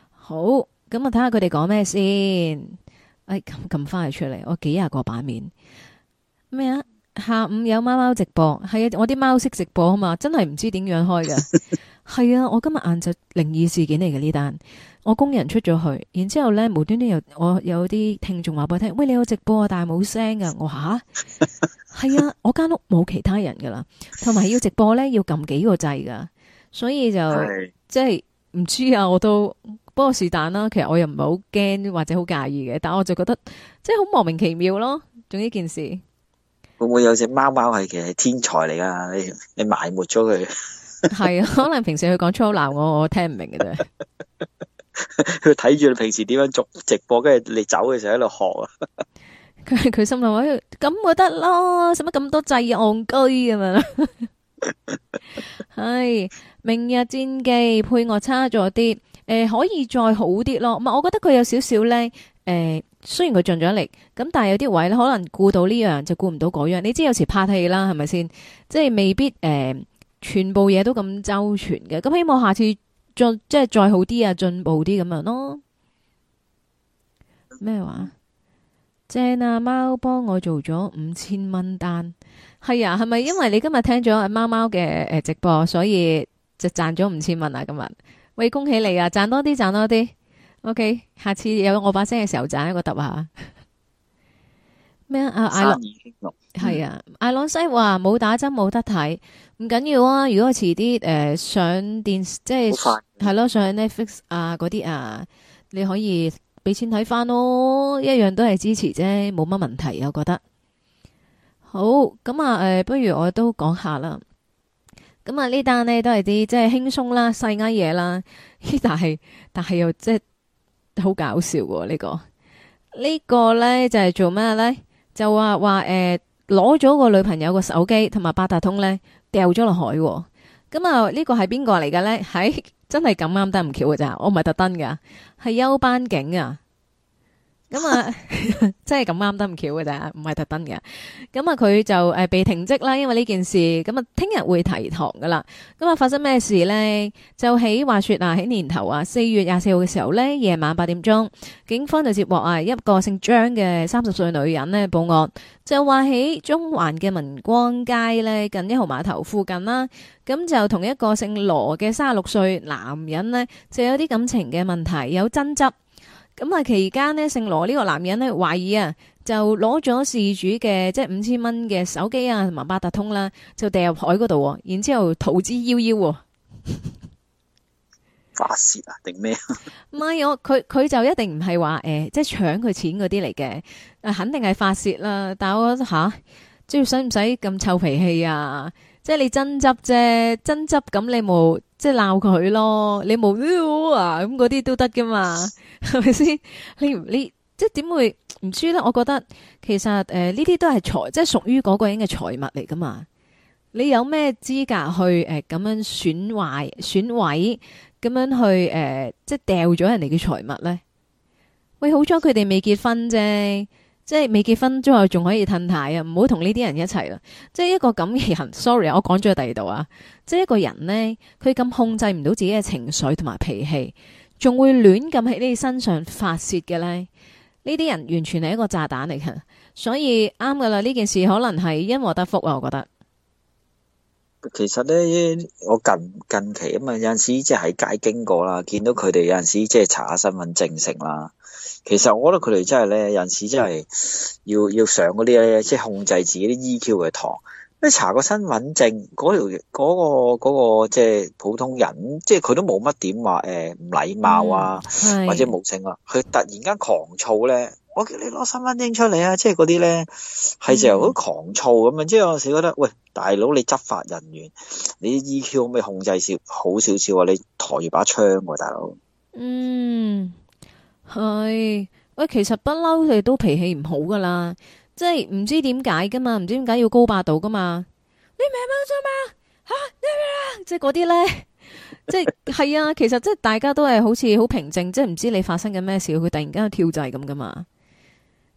好，咁啊睇下佢哋講咩先，哎咁咁嚟出嚟，我幾廿個版面，咩啊？下午有貓貓直播，係啊，我啲貓識直播啊嘛，真係唔知點樣開㗎。係 啊，我今日晏晝靈異事件嚟嘅呢單，我工人出咗去，然之後咧無端端又我有啲聽眾話俾我聽，喂，你有直播啊，但係冇聲噶，我吓，係啊，我間、啊 啊、屋冇其他人噶啦，同埋要直播咧要撳幾個掣噶，所以就即係唔知啊，我都不過是但啦，其實我又唔係好驚或者好介意嘅，但我就覺得即係好莫名其妙咯，總之呢件事。會唔會有隻貓貓係其實係天才嚟噶？你你埋沒咗佢，係、 啊、可能平時佢講粗口鬧，我我聽唔明嘅啫。佢睇住你平時點樣做直播，跟住你走嘅時候喺度學啊。佢 佢 心諗話咁咪得咯，使乜咁多制戇居咁啊？係 明日戰機戰記配樂差咗啲，誒、呃，可以再好啲咯。唔、嗯、係，我覺得佢有少少咧，誒、呃。雖然佢盡咗力，咁但係有啲位咧可能顧到呢樣就顧唔到嗰樣，你知有時拍戲啦，係咪先？即係未必誒、呃，全部嘢都咁周全嘅。咁希望下次再即係再好啲啊，進步啲咁樣咯。咩話？正啊，貓幫我做咗五千蚊單，係啊，係咪？因為你今日聽咗阿貓貓嘅誒直播，所以就賺咗五千蚊啊！今日，喂，恭喜你啊！賺多啲，賺多啲。O、okay, K，下次有我把聲嘅時候，讚一個答下。咩 啊，啊，啊、嗯、啊？阿艾朗係啊，艾朗西話冇打針冇得睇，唔緊要啊。如果遲啲誒上電視，即係係咯上 Netflix 啊嗰啲啊，你可以俾錢睇翻咯，一樣都係支持啫，冇乜問題、啊。我覺得好咁啊，誒、呃，不如我說說說、啊、都講下啦。咁啊，呢單呢都係啲即係輕鬆啦、細埃嘢啦，但係但係又即係。好搞笑喎呢、呢個呢、呢個呢就係做咩呢？就話話誒攞咗個女朋友個手機同埋八達通呢掉咗落海咁，啊呢個係邊個嚟嘅呢？係、哎、真係咁啱得唔巧嘅咋，我唔係特登噶係休班警啊。咁啊，真係咁啱得咁巧嘅啫，唔係特登嘅。咁啊，佢就誒被停職啦，因為呢件事。咁啊，聽日會提堂噶啦。咁啊，發生咩事咧？就喺話說啊，喺年頭啊，四月廿四號嘅時候咧，夜晚八點鐘，警方就接獲啊一個姓張嘅三十歲女人咧報案，就話喺中環嘅文光街咧近一號碼頭附近啦，咁就同一個姓羅嘅三十六歲男人咧就有啲感情嘅問題，有爭執。咁啊，期間呢，姓羅呢個男人呢懷疑啊，就攞咗事主嘅即係五千蚊嘅手機啊，同埋八達通啦、啊，就掉入海嗰度，然之後逃之夭夭。發泄啊？定 咩、啊？唔係我，佢佢就一定唔係話誒，即係搶佢錢嗰啲嚟嘅，肯定係發泄啦、啊。但係我覺得吓，即使唔使咁臭脾氣啊？即係、啊、你爭執啫，爭執咁你冇即係鬧佢咯，你冇啊，咁嗰啲都得噶嘛。係咪先？你你即係點會唔知咧？我覺得其實誒，呢、呃、啲都係財即係屬於嗰個人嘅財物嚟噶嘛。你有咩資格去誒咁、呃、樣損壞、損毀咁樣去誒、呃，即係掉咗人哋嘅財物咧？喂，好彩佢哋未結婚啫，即係未結婚之後仲可以褪軚啊！唔好同呢啲人一齊啦。即係一個咁嘅人 ，sorry，我講咗第二度啊。即係一個人呢，佢咁控制唔到自己嘅情緒同埋脾氣。仲會亂咁喺呢身上發泄嘅咧？呢啲人完全係一個炸彈嚟嘅，所以啱噶啦。呢件事可能係因禍得福啊！我覺得。其實咧，我近近期咁嘛，有陣時即係喺街經過啦，見到佢哋有陣時即係查下身份證成啦。其實我覺得佢哋真係咧，有陣時真係要要上嗰啲咧，即係控制自己啲 E Q 嘅堂。你查個身份證，嗰、條嗰、個嗰個即係普通人，即係佢都冇乜點話誒唔禮貌啊，嗯、或者無性啊，佢突然間狂躁咧，我叫你攞身份證出嚟啊！即係嗰啲咧係就係好狂躁咁樣、嗯，即係有時覺得喂，大佬你執法人員，你 EQ 咪控制少好少少啊？你抬住把槍喎、啊，大佬。嗯，係，喂，其實不嬲佢哋都脾氣唔好噶啦。即係唔知點解噶嘛，唔知點解要高八度噶嘛？你明唔明嘛？吓、啊，咩咩即係嗰啲咧，即係係 啊！其實即係大家都係好似好平靜，即係唔知你發生緊咩事，佢突然間跳掣咁噶嘛？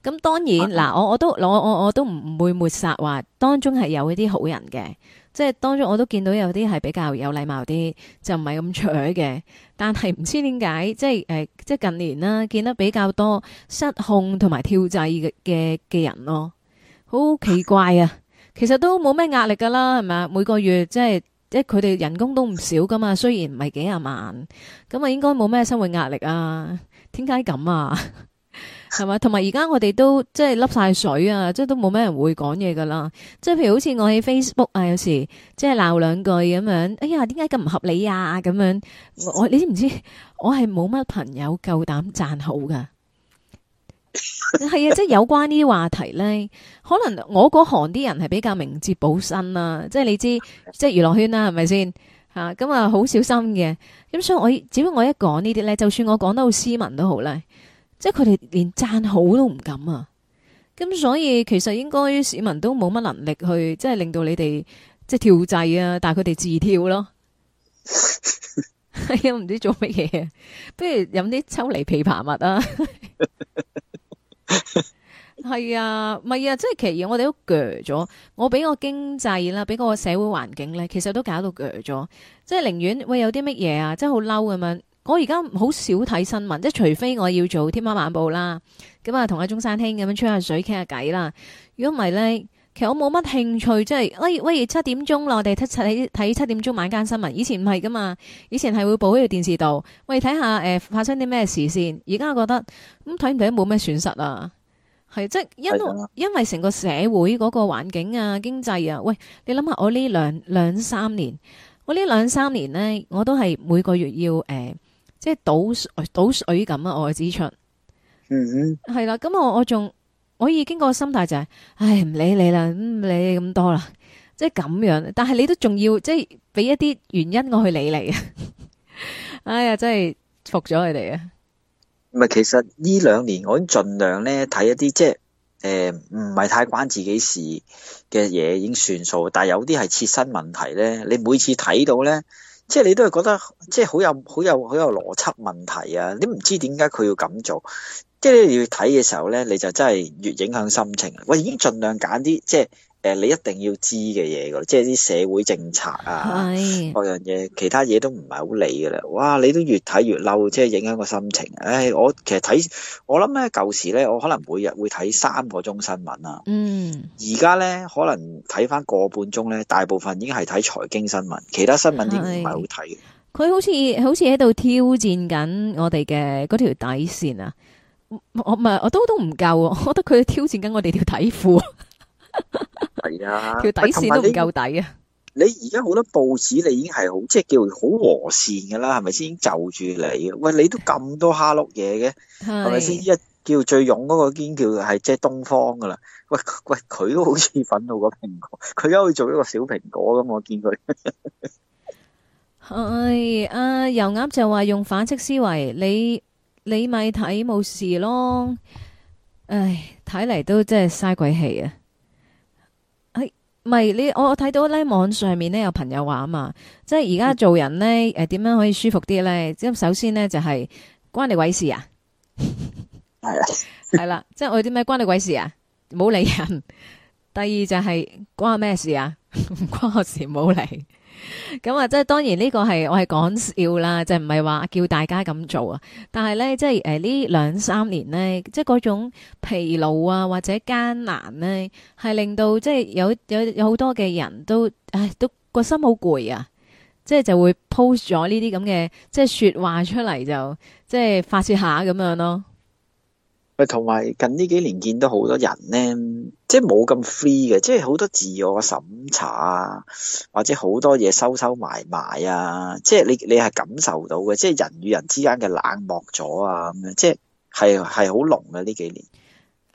咁當然，嗱、啊，我我都我我我都唔會抹殺話、啊、當中係有一啲好人嘅。即係當中我都見到有啲係比較有禮貌啲，就唔係咁扯嘅。但係唔知點解，即係誒，即係近年啦、啊，見得比較多失控同埋跳掣嘅嘅嘅人咯，好奇怪啊！其實都冇咩壓力噶啦，係咪啊？每個月即係即係，佢哋人工都唔少噶嘛，雖然唔係幾廿萬，咁啊應該冇咩生活壓力啊？點解咁啊？係嘛，同埋而家我哋都即係甩晒水啊，即係都冇咩人會講嘢噶啦。即係譬如好似我喺 Facebook 啊，有時即係鬧兩句咁樣。哎呀，點解咁唔合理啊？咁樣，我你知唔知？我係冇乜朋友夠膽讚好噶。係 啊，即係有關呢啲話題咧，可能我嗰行啲人係比較明哲保身啦、啊。即係你知，即係娛樂圈啦，係咪先吓？咁啊，好、啊、小心嘅。咁所以我只要我一講呢啲咧，就算我講得好斯文都好啦。即係佢哋連讚好都唔敢啊，咁所以其實應該市民都冇乜能力去，即係令到你哋即係跳掣啊，但係佢哋自跳咯，係啊唔知做乜嘢，不如飲啲秋梨枇杷蜜啊，係 啊，咪啊，即係其實我哋都鋸咗，我俾個經濟啦，俾嗰個社會環境咧，其實都搞到鋸咗，即係寧願喂有啲乜嘢啊，即係好嬲咁樣。我而家好少睇新聞，即係除非我要做《天喵晚報》啦，咁啊同阿中山兄咁樣吹下水傾下偈啦。如果唔係咧，其實我冇乜興趣，即係喂喂，七點鐘啦，我哋睇七,七點鐘點鐘晚間新聞。以前唔係噶嘛，以前係會播喺個電視度，喂睇下誒、呃、發生啲咩事先。而家覺得咁睇唔睇冇咩損失啊？係即係因因為成個社會嗰個環境啊、經濟啊，喂，你諗下，我呢兩兩三年，我呢兩三年咧，我都係每個月要、呃即係倒水倒水咁啊！我嘅支出，嗯哼、嗯，係啦。咁我我仲，我已經個心態就係、是，唉唔理你啦，唔理你咁多啦，即係咁樣。但係你都仲要，即係俾一啲原因我去理你啊！ 哎呀，真係服咗佢哋啊！唔係，其實兩呢兩年我已經盡量咧睇一啲即係，誒唔係太關自己事嘅嘢已經算數，但係有啲係切身問題咧，你每次睇到咧。即係你都係覺得，即係好有好有好有邏輯問題啊！你唔知點解佢要咁做，即係你要睇嘅時候咧，你就真係越影響心情。我已經盡量揀啲即係。誒，你一定要知嘅嘢噶，即係啲社會政策啊，係，各樣嘢，其他嘢都唔係好理噶啦。哇，你都越睇越嬲，即係影響個心情。唉，我其實睇，我諗咧舊時咧，我可能每日會睇三個鐘新聞啊。嗯。而家咧，可能睇翻個半鐘咧，大部分已經係睇財經新聞，其他新聞點唔係好睇。佢好似好似喺度挑戰緊我哋嘅嗰條底線啊！我咪我都都唔夠，我覺得佢挑戰緊我哋條底褲。係啊，條底線都唔夠底啊！你而家好多報紙，你已經係好即係叫好和善噶啦，係咪先就住你？喂，你都咁多蝦碌嘢嘅，係咪先？一叫最勇嗰個堅叫係即係東方噶啦。喂喂，佢都好似粉到個蘋果，佢而家去做一個小蘋果咁，我見佢。係啊，油鴨就話用反側思維，你你咪睇冇事咯。唉，睇嚟都真係嘥鬼氣啊！唔係你，我我睇到咧網上面咧有朋友話啊嘛，即係而家做人咧，誒、呃、點樣可以舒服啲咧？即係首先咧就係、係、關你鬼事啊，係啦係啦，即係我啲咩關你鬼事啊？冇理人。第二就係關咩事啊？ 唔關我事冇理。咁啊，即係當然呢個係我係講笑啦，就唔係話叫大家咁做是呢這呢啊。但係咧，即係誒呢兩三年咧，即係嗰種疲勞啊或者艱難咧，係令到即係有有有好多嘅人都，唉，都個心好攰啊，即係就會 post 咗呢啲咁嘅即係說話出嚟，就即係發洩下咁樣咯。喂，同埋近呢幾年見到好多人咧，即係冇咁 free 嘅，即係好多自我審查啊，或者好多嘢收收埋埋啊，即係你你係感受到嘅，即係人與人之間嘅冷漠咗啊，咁樣即係係係好濃啊呢幾年。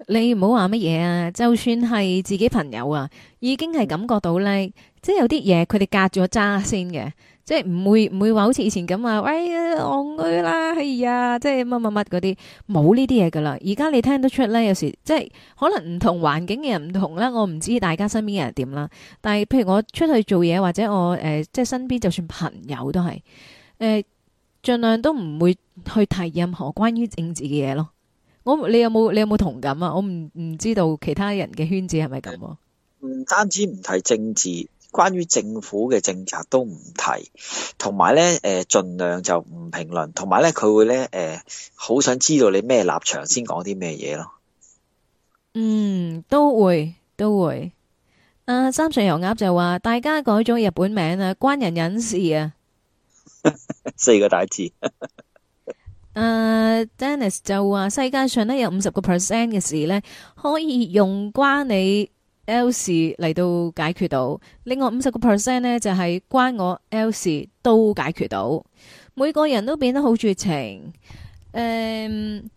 你唔好話乜嘢啊，就算係自己朋友啊，已經係感覺到咧、嗯，即係有啲嘢佢哋隔住個渣先嘅。即係唔會唔會話好似以前咁啊！喂、哎、戇、嗯、居啦，哎啊！即係乜乜乜嗰啲，冇呢啲嘢噶啦。而家你聽得出咧，有時即係可能唔同環境嘅人唔同啦。我唔知大家身邊嘅人點啦。但係譬如我出去做嘢，或者我誒、呃，即係身邊就算朋友都係誒、盡、呃、量都唔會去提任何關於政治嘅嘢咯。我你有冇你有冇同感啊？我唔唔知道其他人嘅圈子係咪咁？唔單止唔提政治。關於政府嘅政策都唔提，同埋咧，誒、呃，盡量就唔評論，同埋咧，佢會咧，誒、呃，好想知道你咩立場先講啲咩嘢咯。嗯，都會都會。阿、啊、三上悠亞就話：大家改咗日本名啊，關人隱事啊。 四個大帶字。 uh, Dennis 就話：世界上咧有五十個 percent 嘅事咧，可以用關你。l s 嚟到解決到，另外五十個 percent 咧就係、是、關我 l s 都解決到，每個人都變得好絕情。誒、嗯，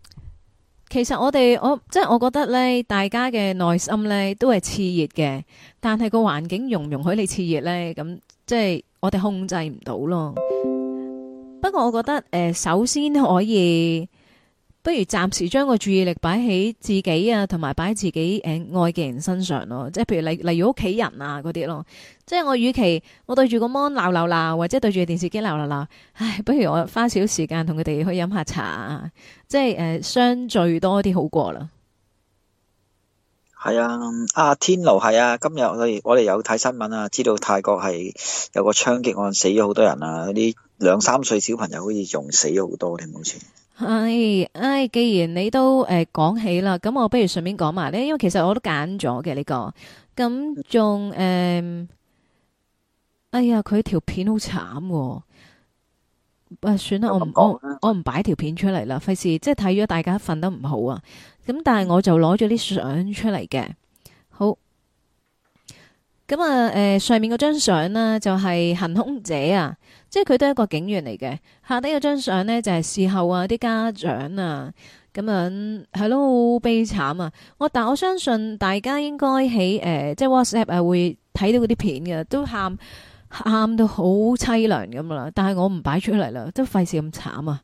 其實我哋我即係、就是、我覺得咧，大家嘅內心咧都係熾熱嘅，但係個環境容唔容許你熾熱咧？咁即係我哋控制唔到咯。不過我覺得誒、呃，首先可以。不如暫時將個注意力擺喺自己啊，同埋擺喺自己誒愛嘅人身上咯、啊。即係譬如例例如屋企人啊，嗰啲咯。即係我與其我對住個 mon 鬧鬧鬧，或者對住電視機鬧鬧鬧，唉，不如我花少少時間同佢哋去飲下茶，即係、呃、相聚多啲好過啦。係啊，啊，天路係啊，今日我哋有睇新聞啊，知道泰國係有個槍擊案死咗好多人啊，啲兩三歲小朋友好似仲死咗好多，你唔好似？係、哎，唉、哎，既然你都誒講、呃、起啦，咁我不如順便講埋咧，因為其實我都揀咗嘅呢個，咁仲誒，哎呀，佢條片好慘、哦，喎、啊！算啦，我唔我我唔擺條片出嚟啦，費事即係睇咗大家瞓得唔好啊，咁但係我就攞咗啲相出嚟嘅。咁啊，誒、呃，上面嗰張相呢，就係行凶者啊，即係佢都係一個警員嚟嘅。下底嗰張相呢，就係事後啊，啲家長啊，咁樣係咯，好悲慘啊。我但我相信大家應該喺誒，即係 WhatsApp 啊，會睇到嗰啲片嘅，都喊喊到好淒涼咁啦。但係我唔擺出嚟啦，都費事咁慘啊。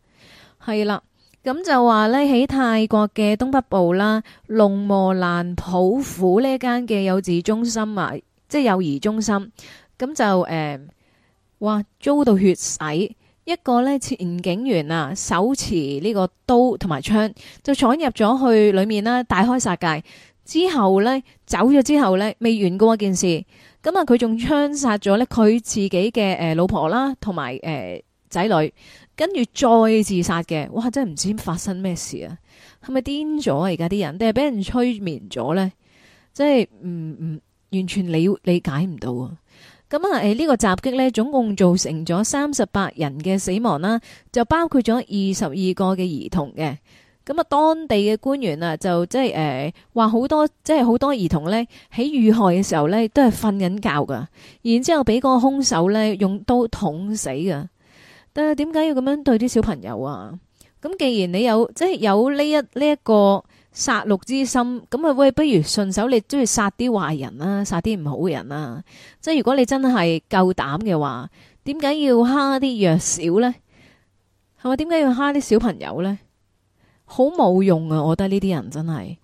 係啦，咁就話呢，喺泰國嘅東北部啦，龍磨蘭普府呢一間嘅幼稚中心啊。即係幼兒中心咁就誒，哇、呃，遭到血洗！一個咧，前警員啊，手持呢個刀同埋槍，就闖入咗去裏面啦，大開殺戒。之後咧，走咗之後咧，未完過一件事。咁啊，佢仲槍殺咗咧佢自己嘅誒老婆啦，同埋誒仔女，跟住再自殺嘅。哇！真係唔知發生咩事啊！係咪癲咗啊？而家啲人定係俾人催眠咗咧？即係唔唔？嗯嗯完全理理解唔到啊！咁啊，誒、欸這個、呢個襲擊咧，總共造成咗三十八人嘅死亡啦，啊，就包括咗二十二個嘅兒童嘅。咁啊，當地嘅官員啊，就即係誒話好多，即係好多兒童咧喺遇害嘅時候咧，都係瞓緊覺噶，然之後俾個凶手咧用刀捅死噶。但係點解要咁樣對啲小朋友啊？咁既然你有即係有呢一呢一、個。殺戮之心。咁啊喂，不如順手你都要殺啲壞人啦，殺啲唔好嘅人啦。即係如果你真係夠膽嘅話，點解要蝦啲弱小呢？係咪點解要蝦啲小朋友呢？好冇用啊！我覺得呢啲人真係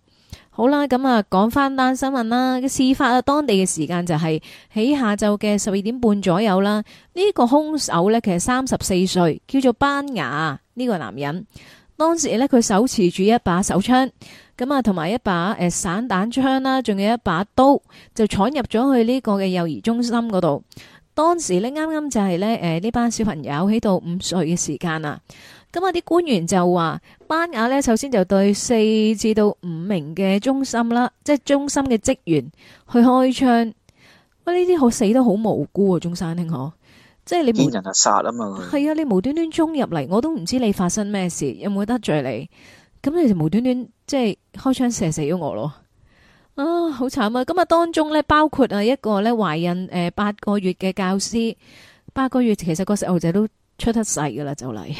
好啦。咁啊，講翻單新聞啦。事發、啊、當地嘅時間就係喺下晝嘅十二點半左右啦。呢個凶手呢，其實三十四歲，叫做班牙呢個男人。當時咧，佢手持住一把手槍，咁啊，同埋一把誒散彈槍啦，仲有一把刀，就闖入咗去呢個嘅幼兒中心嗰度。當時咧，啱啱就係咧，誒呢班小朋友喺度午睡嘅時間啊。咁啊，啲官員就話班雅呢，首先就對四至到五名嘅中心啦，即係中心嘅職員去開槍。喂、哎，呢啲好死得好無辜啊，中山兄。即係你冇人啊殺啊嘛，係啊，你無端端衝入嚟，我都唔知你發生咩事，有冇得罪你？咁你就無端端即係開槍射死咗我咯啊，好慘啊！咁啊當中咧包括啊一個咧懷孕誒八個月嘅教師，八個月其實個細路仔都出得世噶啦，就嚟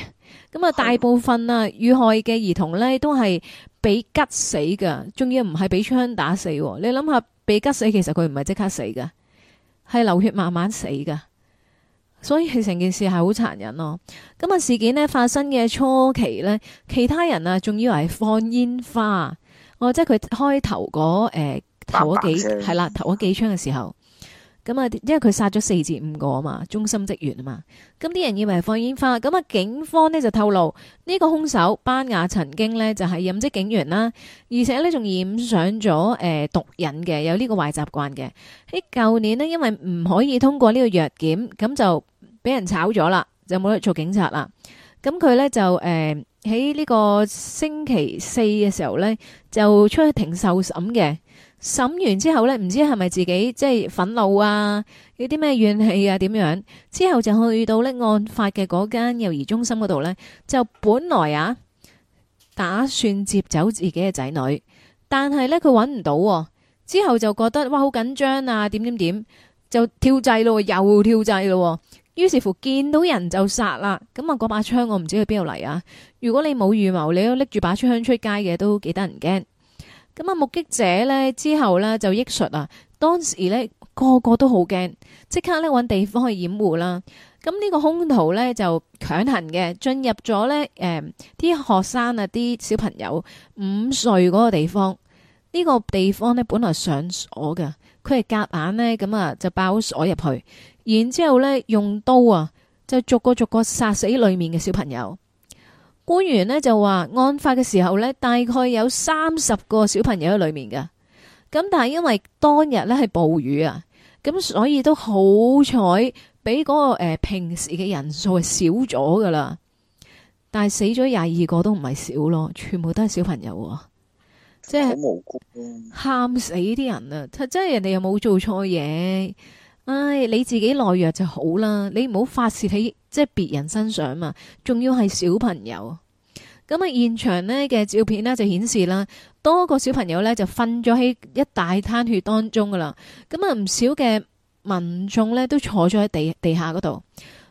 咁啊。大部分啊遇害嘅兒童咧都係被吉死噶，仲要唔係被槍打死。你諗下被吉死，其實佢唔係即刻死噶，係流血慢慢死噶所以成件事係好殘忍咯、哦。咁事件咧發生嘅初期，其他人啊仲以為係放煙花，我、哦、即係佢開頭嗰誒投嗰幾係啦，投嗰幾槍嘅時候，咁啊，因為佢殺咗四至五個啊嘛，中心職員啊嘛，咁啲人以為係放煙花。咁啊，警方呢就透露呢、這個凶手班牙曾經呢就係任職警員啦，而且呢仲染上咗誒毒癮嘅，有呢個壞習慣嘅。喺舊年呢，因為唔可以通過呢個藥檢，咁就。俾人炒咗啦，就冇得做警察啦。咁佢咧就誒喺呢個星期四嘅時候咧就出去庭受審嘅。審完之後咧，唔知係咪自己即係憤怒啊，有啲咩怨氣啊，點樣。之後就去到呢案發嘅嗰間幼兒中心嗰度咧，就本來啊打算接走自己嘅仔女，但係咧佢搵唔到啊。之後就覺得哇好緊張啊，點點點就跳掣咯，又跳掣咯。於是乎見到人就殺啦，咁啊嗰把槍我唔知去邊度嚟啊。如果你冇預謀，你都拎住把槍出街嘅都幾得人驚。咁啊目擊者呢，之後呢就憶述啊，當時呢，個個都好驚，即刻呢搵地方去掩護啦。咁呢個兇徒呢，就強行嘅進入咗呢誒啲學生啊啲小朋友午睡嗰個地方，呢、這個地方呢，本來上鎖嘅。佢係夾硬呢，咁啊就爆鎖入去，然之後呢用刀啊就逐個逐個殺死裏面嘅小朋友。官員呢，就話，案發嘅時候呢，大概有三十個小朋友喺裏面㗎。咁但係因為當日呢係暴雨啊，咁所以都好彩，那個，比嗰個誒平時嘅人數係少咗噶啦。但係死咗廿二個都唔係少咯，全部都係小朋友啊。即係喊死啲人啊！即係係人哋又冇做錯嘢，唉、哎，你自己懦弱就好啦。你唔好發泄喺即係別人身上嘛。仲要係小朋友咁啊、嗯。現場呢嘅照片呢，就顯示啦，多個小朋友呢，就瞓咗喺一大攤血當中噶啦。咁啊，唔少嘅民眾呢，都坐咗喺地地下嗰度，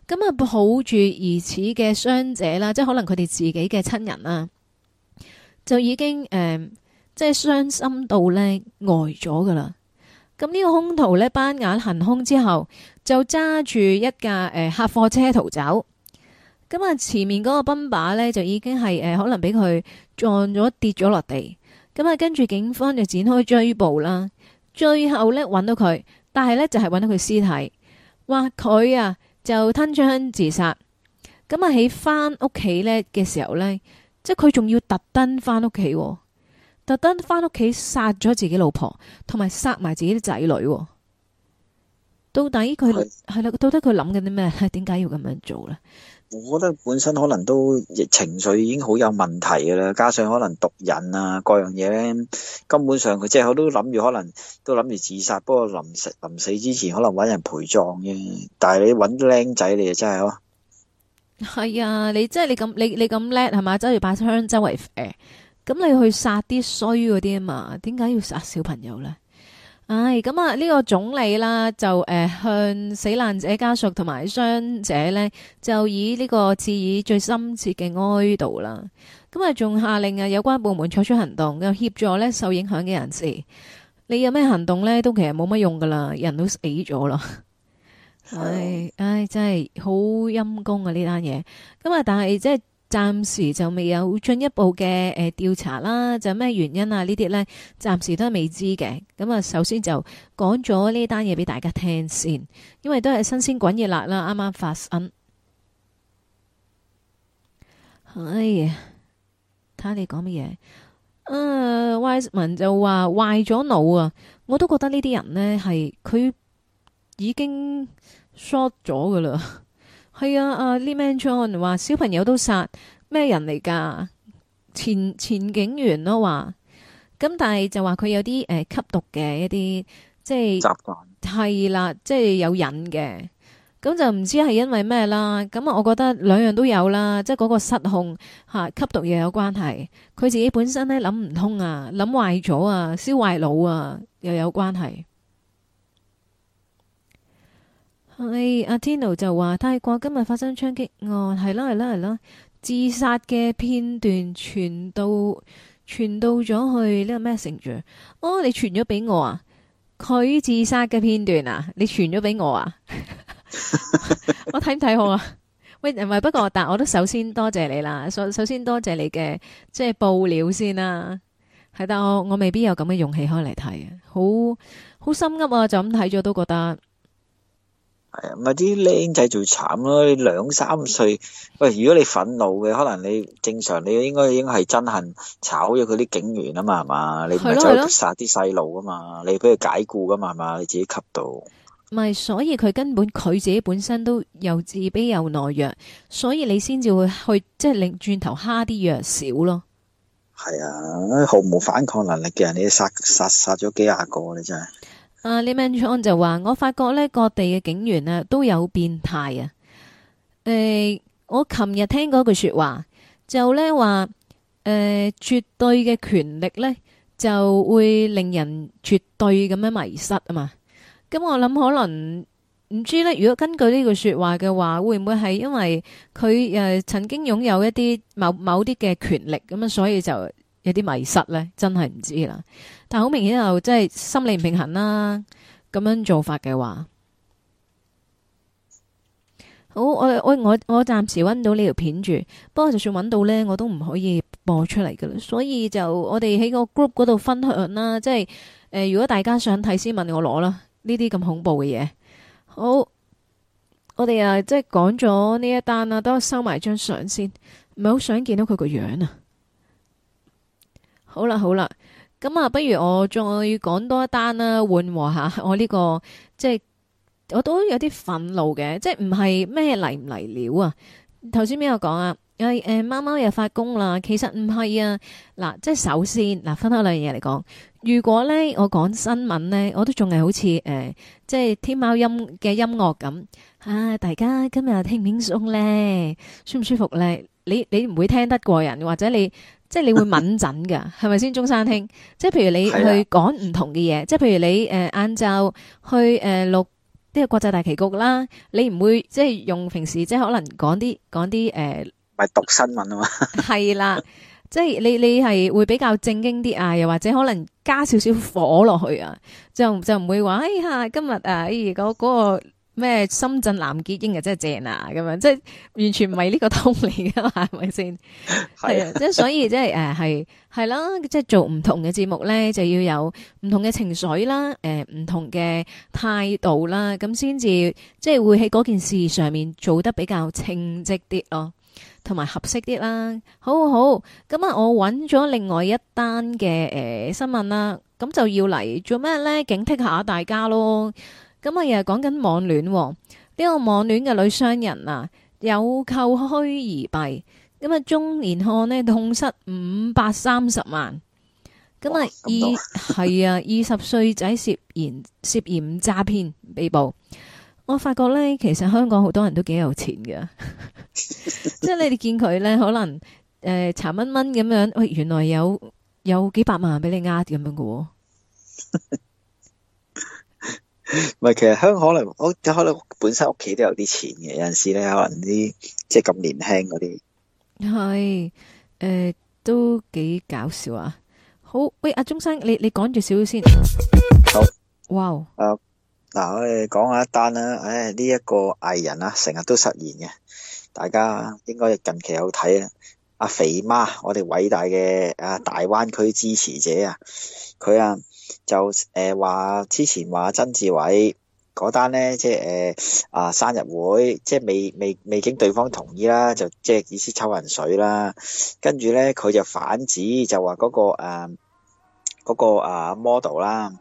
咁啊，抱住疑似嘅傷者啦，即係可能佢哋自己嘅親人啦，就已經誒。嗯即係傷心到呢呆咗噶啦，咁呢個兇徒呢班眼行凶之後就揸住一架誒、呃、客貨車逃走，咁啊前面嗰個奔把呢，就已經係誒、呃、可能俾佢撞咗跌咗落地，咁啊跟住警方就展開追捕啦，最後呢，揾到佢，但係呢就係、是、揾到佢屍體，話佢啊就吞槍自殺，咁啊喺翻屋企呢嘅時候呢，即係佢仲要特登翻屋企。特登返屋企殺咗自己老婆，同埋殺埋自己啲仔女，到底佢係啦？到底佢諗緊啲咩？點解要咁樣做咧？我覺得本身可能都情緒已經好有問題㗎啦，加上可能毒癮啊，各樣嘢咧，根本上佢即係我都諗住，可能都諗住自殺。不過臨死臨死之前，可能揾人陪葬啫。但係你揾靚仔，你就真係囉。係啊，你即係你咁你你咁叻係嘛？周瑜把槍周圍誒。欸咁你去殺啲衰嗰啲啊嘛？點解要殺小朋友呢？唉、哎，咁啊呢個總理啦，就誒、呃、向死難者家屬同埋傷者呢，就以呢個致以最深切嘅哀悼啦。咁、嗯、啊，仲下令啊有關部門採取行動，又協助呢受影響嘅人士。你有咩行動呢？都其實冇乜用㗎喇，人都死咗啦。唉 so... 唉、哎哎，真係好陰功啊呢單嘢。咁啊，嗯、但係即係。暫時就未有進一步嘅誒調查啦，就咩原因啊？這些呢啲咧，暫時都係未知嘅。咁啊，首先就講咗呢單嘢俾大家聽先，因為都係新鮮滾熱辣啦，啱啱發生。呀，睇下你講乜嘢？啊、uh，Wiseman 就話壞咗腦啊！我都覺得呢啲人呢，係佢已經 short 咗噶啦。係啊，阿 Lee Man John 話小朋友都殺咩人嚟噶？前前警員都話，咁但係就話佢有啲誒、呃、吸毒嘅一啲，即係係係啦，即係、就是、有癮嘅。咁就唔知係因為咩啦？咁啊，我覺得兩樣都有啦，即係嗰個失控吓、啊、吸毒又有關係，佢自己本身咧諗唔通啊，諗壞咗啊，燒壞腦啊，又有關係。係、哎、阿、啊、Tino 就話泰國今日發生槍擊案，係啦係啦係啦，自殺嘅片段傳到傳到咗去呢個 Messenger 哦，你傳咗俾我啊！佢自殺嘅片段啊，你傳咗俾我啊！ 我睇唔睇好啊？喂，唔係不過，但我都首先多謝你啦。首首先多謝你嘅即係報料先啦。係但我我未必有咁嘅勇氣開嚟睇啊！好好心噏啊，就咁睇咗都覺得。係啊，唔係啲靚仔最慘咯，兩三歲喂，如果你憤怒嘅，可能你正常你應該已經係憎恨炒咗佢啲警員啊嘛，係嘛，是的你唔係殺啲細路啊嘛，你俾佢解雇噶嘛，係嘛，你自己吸毒。唔係，所以佢根本佢自己本身都又自卑又懦弱，所以你先至會去即係擰轉頭蝦啲弱小咯。係啊，毫無反抗能力嘅人，你殺殺殺咗幾廿個，你真係。啊、uh，李文就話，我發覺咧，各地嘅警員啊，都有變態啊。誒、欸，我琴日聽過一句說話，就咧話，誒、欸，絕對嘅權力咧，就會令人絕對咁樣迷失啊嘛。咁、嗯、我諗可能唔知咧，如果根據呢句說話嘅話，會唔會係因為佢誒、呃、曾經擁有一啲某某啲嘅權力，咁、嗯、樣所以就有啲迷失咧，真係唔知啦。但係好明顯又即係心理唔平衡啦。咁樣做法嘅話，好我我我我暫時揾到呢條片住。不過就算揾到呢，我都唔可以播出嚟噶啦。所以就我哋喺個 group 嗰度分享啦。即係誒、呃，如果大家想睇，先問我攞啦。呢啲咁恐怖嘅嘢，好我哋啊，即係講咗呢一單啊。等我收埋張相先，唔係好想見到佢個樣啊。好啦好啦，咁啊、嗯，不如我再講多一單啦，緩和下我呢、這個即係我都有啲憤怒嘅，即係唔係咩嚟唔嚟料啊？頭先邊個講啊？誒、欸、誒，貓、欸、貓又發功啦！其實唔係啊，嗱，即係首先嗱，分開兩樣嘢嚟講。如果咧我講新聞咧，我都仲係好似誒、呃，即係天喵音嘅音樂咁啊！大家今日聽唔輕鬆咧，舒唔舒服咧？你你唔會聽得過人，或者你。 即係你會敏準㗎，係咪先？中山兄，即係譬如你去講唔同嘅嘢，即係譬如你誒晏晝去誒錄呢個國際大棋局啦，你唔會即係用平時即係可能講啲講啲誒，咪、呃、讀新聞啊嘛，係 啦，即係你你係會比較正經啲啊，又或者可能加少少火落去啊，就就唔會話哎呀，今日啊，誒嗰嗰個。咩深圳藍潔英啊，真係正啊，咁樣即係完全唔係呢個通嚟噶嘛，係咪先？係啊，即係所以即係誒係係啦，即係做唔同嘅節目咧，就要有唔同嘅情緒啦，誒唔同嘅態度啦，咁先至即係會喺嗰件事上面做得比較稱職啲咯，同埋合適啲啦。好，好，好，咁啊，我揾咗另外一單嘅誒新聞啦，咁就要嚟做咩咧？警惕下大家咯。咁啊，又係講緊網戀，呢個網戀嘅女商人啊，有購虛而幣，咁啊中年漢呢，痛失五百三十萬，咁啊二係啊二十歲仔涉嫌涉嫌詐騙被捕。我發覺呢，其實香港好多人都幾有錢嘅，即 係 你哋見佢呢，可能誒查、呃、蚊蚊咁樣，喂，原來有有幾百萬俾你呃咁樣喎。 唔 係，其實香港嚟我可，可能本身屋企都有啲錢嘅，有陣時咧可能啲即係咁年輕嗰啲係誒，都幾搞笑啊！好，喂，阿中山，你你講住少少先。好。哇、wow. 呃！誒，嗱，我哋講下一單啦。誒、呃，呢、這、一個藝人啊，成日都失言嘅，大家應該近期有睇啊。阿肥媽，我哋偉大嘅啊大灣區支持者啊，佢啊。就誒話、呃、之前話曾志偉嗰單咧，即係誒啊生日會，即係未未未經對方同意啦，就即係意思抽人水啦，跟住咧佢就反指就話嗰、那個誒。呃嗰個啊 model 啦，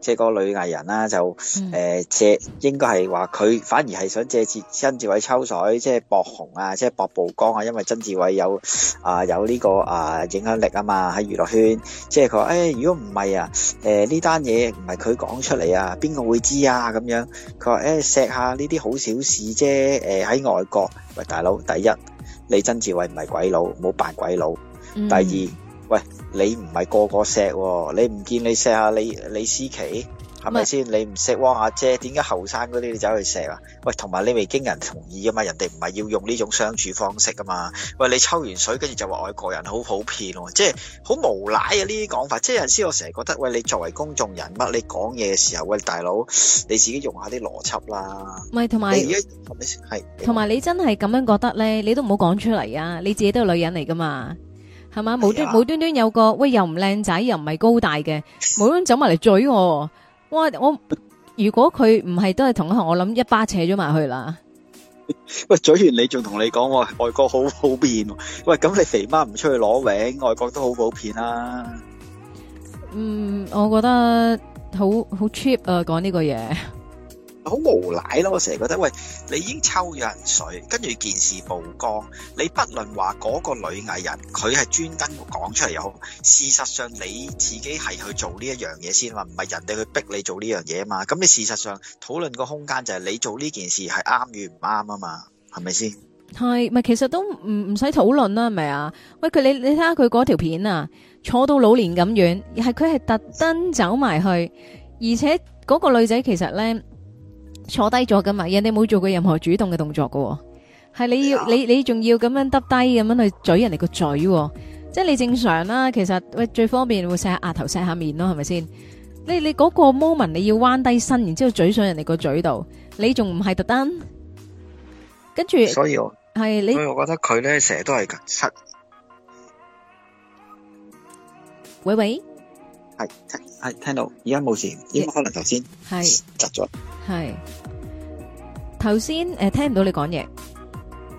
即係個女藝人啦，就誒借應該係話佢反而係想借借曾志偉抽水，即係博紅啊，即係博曝光啊，因為曾志偉有啊有呢個啊影響力啊嘛喺娛樂圈，即係佢話誒如果唔係啊，誒呢單嘢唔係佢講出嚟啊，邊個會知啊咁樣？佢話誒錫下呢啲好小事啫，誒喺外國，喂大佬，第一你曾志偉唔係鬼佬，冇扮鬼佬，第二。喂，你唔係個個錫，你唔見你錫下李李思琪係咪先？你唔錫汪阿姐，點解後生嗰啲你走去錫啊？喂，同埋你未經人同意㗎嘛？人哋唔係要用呢種相處方式㗎嘛？喂，你抽完水跟住就話外國人好普遍，即係好無賴啊！呢啲講法，即係有陣時我成日覺得，喂，你作為公眾人物，你講嘢嘅時候，喂大佬，你自己用下啲邏輯啦。咪同埋，係同埋你真係咁樣覺得咧？你都唔好講出嚟，啊！你自己都係女人嚟噶嘛？係嘛，無端、啊、無端端有個喂，又唔靚仔，又唔係高大嘅，冇端走埋嚟嘴我，哇我我如果佢唔係都係同一行，我諗一巴扯咗埋去啦。喂，嘴完你仲同你講，我外國好普遍。喂，咁你肥媽唔出去攞名，外國都好普遍啦。嗯，我覺得好好 cheap 啊，講呢個嘢。好無賴咯！我成日覺得，喂，你已經抽人水，跟住件事曝光，你不論話嗰個女藝人，佢係專登講出嚟又好，事實上你自己係去做呢一樣嘢先話，唔係人哋去逼你做呢樣嘢嘛。咁你事實上討論個空間就係你做呢件事係啱與唔啱啊嘛，係咪先？係咪？其實都唔唔使討論啦，係咪啊？喂，佢你你睇下佢嗰條片啊，坐到老年咁遠，係佢係特登走埋去，而且嗰個女仔其實咧。坐低咗噶嘛，人哋冇做過任何主動嘅動作噶，係你要你你仲要咁樣耷低咁樣去咀人哋個嘴，即係你正常啦。其實喂最方便會錫下額頭錫下面咯，係咪先？你你嗰個 moment 你要彎低身，然之後咀上人哋個嘴度，你仲唔係特登？跟住，所以係你，所以我覺得佢咧成日都係近。喂喂，係係聽到，而家冇事，應該可能頭先係窒咗。是係，頭先誒聽唔到你講嘢，啱、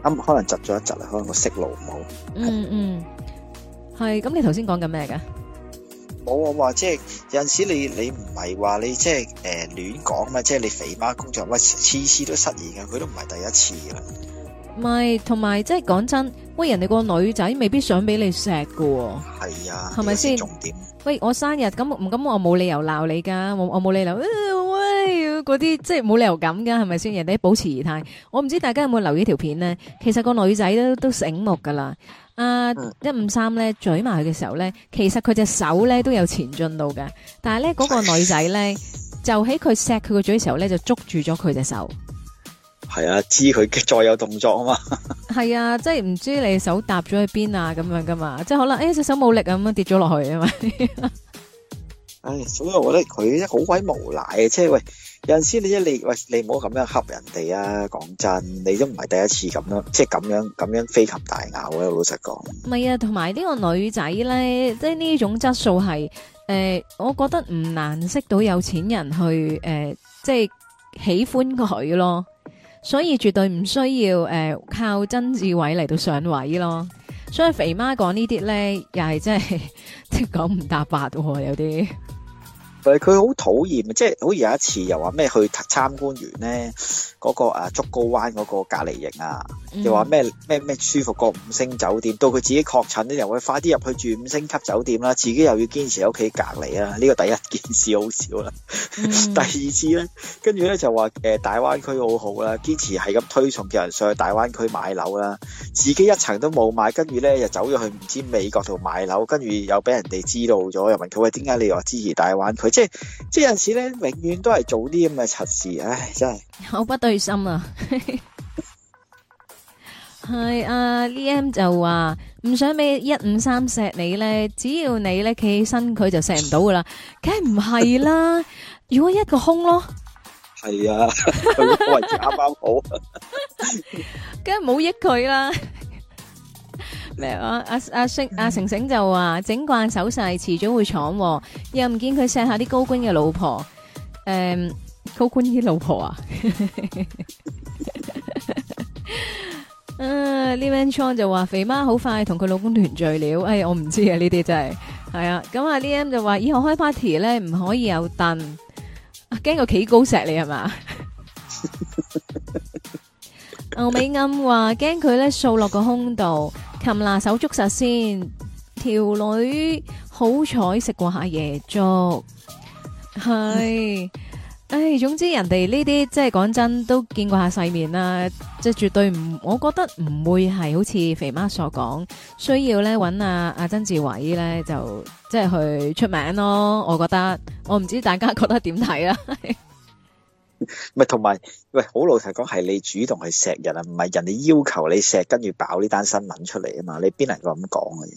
嗯、可能窒咗一窒啊，可能我息路唔好。嗯嗯，係，咁你頭先講緊咩嘅？冇我話，即係有陣時你你唔係話你即係誒亂講嘛，即係、呃、你肥媽工作乜次次都失言噶，佢都唔係第一次噶。埋，同埋，即係講真，喂，人哋個女仔未必想俾你錫噶喎，係啊，係咪先？重點。喂，我生日咁唔咁，我冇理由鬧你噶，我冇理由，哎、喂，嗰啲即係冇理由咁噶，係咪先？人哋保持儀態。我唔知大家有冇留意條片呢？其實個女仔都都醒目噶啦，啊一五三咧，嘴埋佢嘅時候咧，其實佢隻手咧都有前進到㗎。但係咧嗰個女仔咧， 就喺佢錫佢個嘴嘅時候咧，就捉住咗佢隻手。係啊，知佢再有動作啊嘛？係 啊，即係唔知你手搭咗去邊啊，咁樣噶嘛？即係可能誒，隻、哎、手冇力咁樣跌咗落去啊嘛？唉 、哎，所以我覺得佢好鬼無賴啊！即係喂，有陣時你即你喂，你唔好咁樣恰人哋啊！講真，你都唔係第一次咁樣，即係咁樣咁樣飛擒大咬啊。老實講，唔係啊，同埋呢個女仔咧，即係呢種質素係誒、呃，我覺得唔難識到有錢人去誒、呃，即係喜歡佢咯。所以絕對唔需要誒、呃、靠曾志偉嚟到上位咯，所以肥媽講呢啲呢，又係真係即係講唔搭八喎、哦，有啲。 佢好討厭啊！即係好似有一次又話咩去參觀完呢嗰個啊竹篙灣嗰個隔離營啊，mm-hmm. 又話咩咩咩舒服過五星酒店。到佢自己確診呢又會快啲入去住五星級酒店啦，自己又要堅持喺屋企隔離啊！呢、呢個第一件事好笑啦。Mm-hmm. 第二次呢，跟住呢就話、呃、大灣區好好啦，堅持係咁推崇叫人上去大灣區買樓啦，自己一層都冇買，跟住呢又走咗去唔知美國度買樓，跟住又俾人哋知道咗，又問佢喂，點解你又話支持大灣區？即係即係有陣時咧，永遠都係做啲咁嘅蠢事，唉，真係。口不對心啊！係啊，Liam 就話唔想俾一五三錫你咧，只要你咧企起身，佢就錫唔到噶啦，梗係唔係啦？如果一個空咯，係啊，如果位置啱啱好，梗係冇益佢啦。 啊？阿、啊、阿、啊啊、成阿成、啊、成就話整慣手勢，遲早會闖。又唔見佢錫下啲高官嘅老婆。誒、嗯，高官啲老婆啊？ 啊 Liam Chong 就話肥媽好快同佢老公團聚了。哎，我唔知啊，呢啲真係係 啊。咁阿 Liam 就話以後開 party 咧唔可以有凳，驚、啊、個企高錫你係嘛？是不是 牛尾暗話驚佢咧掃落個胸度，擒拿手捉實先。條女好彩食過下夜粥，係、嗯，唉，總之人哋呢啲即係講真都見過下世面啦，即係絕對唔，我覺得唔會係好似肥媽所講，需要咧揾阿阿曾志偉咧就即係去出名咯。我覺得，我唔知大家覺得點睇啊？ 唔係，同埋喂，好老實講，係你主動去錫人啊，唔係人哋要求你錫，跟住爆呢單新聞出嚟啊嘛，你邊能夠咁講嘅？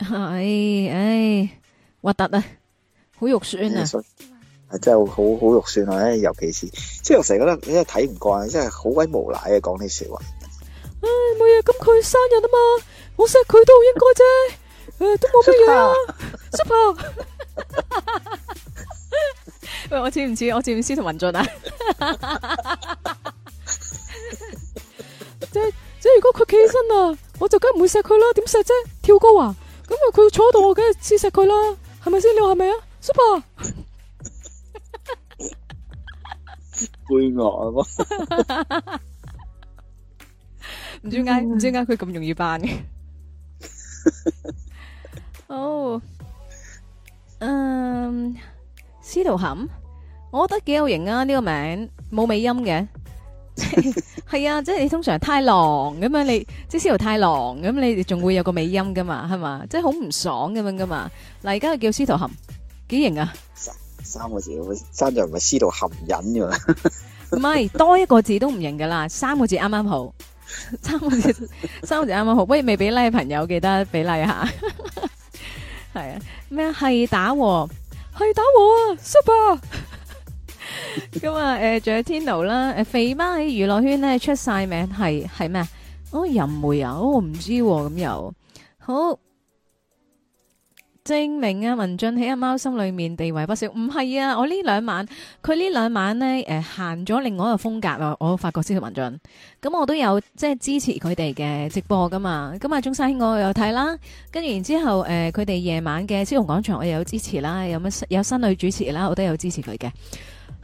係、哎，唉、哎，核突啊，好肉酸啊，係、哎、真係好好，好肉酸啊！尤其是即係我成日覺得，即係睇唔慣，即係好鬼無賴啊！講呢說話，唉、哎，冇嘢，咁佢生日啊嘛，我錫佢都好應該啫，誒、 啊，都冇乜嘢 super 喂，我知唔知我知唔知同文俊啊？即係即係如果佢企起身啊，我就梗唔會錫佢啦，點錫啫？跳高啊？咁啊，佢坐喺度我嘅，黐錫佢啦，係咪先？你話係咪啊？Super，飛鵝啊？唔知點解，唔知點解佢咁容易扮嘅。哦，嗯。司徒含，我覺得幾有型啊！呢、這個名冇尾音嘅，係 啊，即係你通常太狼，咁樣，你即係司徒太狼，咁，你仲會有個尾音噶嘛，係嘛，即係好唔爽咁樣噶嘛。嗱，而家叫司徒含，幾型啊三？三個字，三個字，唔係司徒含忍噶嘛？唔 係，多一個字都唔型噶啦，三個字啱啱好，三個字三個字啱啱好。喂， 未俾 like 朋友記得俾例、like、下，係 啊？咩係打？係打我啊，Super！咁啊，誒， 仲、呃、有天奴啦，誒，肥媽喺娛樂圈咧出晒名，係係咩？哦，淫梅啊，我、哦、唔知喎咁又、啊、好。證明啊，文進喺阿貓心裏面地位不少。唔係啊，我呢兩晚佢呢兩晚呢，誒，行咗另外一個風格啦我發覺司徒文進。咁我都有即係支持佢哋嘅直播噶嘛。咁啊，中山兄我有睇啦。跟住然之後，誒、呃，佢哋夜晚嘅司徒廣場我又有支持啦，有乜有新女主持啦，我都有支持佢嘅。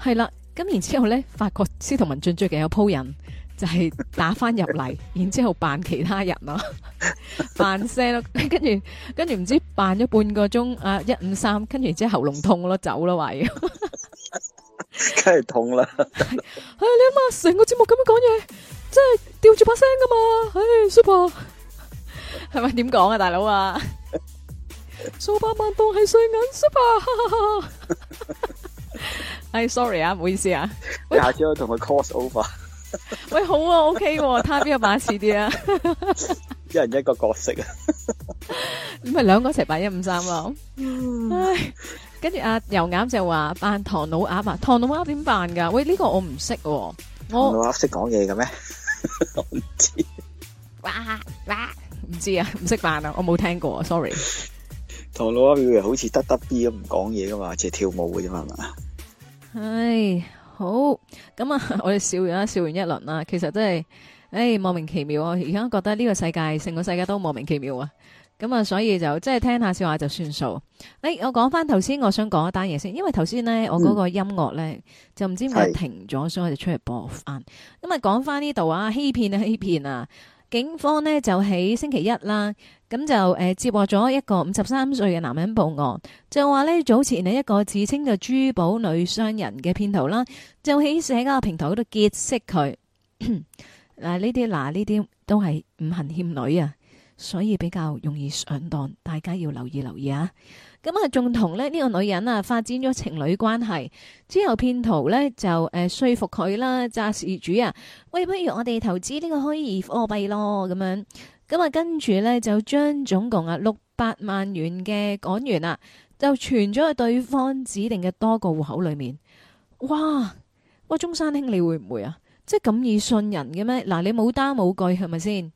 係啦，咁然之後呢，發覺司徒文進最近有鋪人。就係、是、打翻入嚟，然之後扮其他人咯，扮聲咯，跟住跟住唔知扮咗半個鐘，啊一五三，153，跟住之後喉嚨痛咯，走咯，喂，梗係痛啦、 哎！哎，你阿媽成個節目咁樣講嘢，即係吊住把聲噶嘛？唉 super 係咪點講啊，大佬、 哎、啊，數百萬都係碎銀，super，唉 sorry 啊，唔好意思啊，下次我同佢 cross over。喂，好啊，OK，㗎，睇邊個扮似啲啦，一人一個角色啊，唔係兩個一齊扮一五三咯，唉，跟住阿油鴨就話扮唐老鴨啊，唐老鴨點扮噶？喂，呢個我唔識，我唐老鴨識講嘢嘅咩？唔知，哇哇，唔知啊，唔識扮啊，我冇聽過，sorry，唐老鴨好似得得 B 咁唔講嘢噶嘛，只係跳舞嘅啫嘛，係咪啊？唉。好，咁啊，我哋笑完啦，笑完一輪啦，其實真係，誒、哎，莫名其妙啊，而家覺得呢個世界，成個世界都莫名其妙啊，咁啊，所以就即係聽下笑話就算數。誒、哎，我講翻頭先，我想講一單嘢先，因為頭先呢，我嗰個音樂呢，嗯、就唔知點解停咗，所以我就出嚟播翻。咁啊，講翻呢度啊，欺騙啊，欺騙啊。警方呢就喺星期一啦，咁就誒、呃、接獲咗一個五十三歲嘅男人報案，就話呢早前啊一個自稱嘅珠寶女商人嘅騙徒啦，就喺社交平台度結識佢。嗱呢啲嗱呢啲都係五行欠女啊，所以比較容易上當，大家要留意留意啊！咁啊，仲同咧呢個女人啊發展咗情侶關係，之後騙徒咧就誒說服佢啦，詐事主啊，喂，不如我哋投資呢個虛擬貨幣咯，咁樣，咁啊跟住咧就將總共啊六百萬元嘅港元啊，就存咗去對方指定嘅多個戶口裏面。哇，哇中山兄，你會唔會啊？即係咁易信人嘅咩？嗱，你冇單冇據係咪先？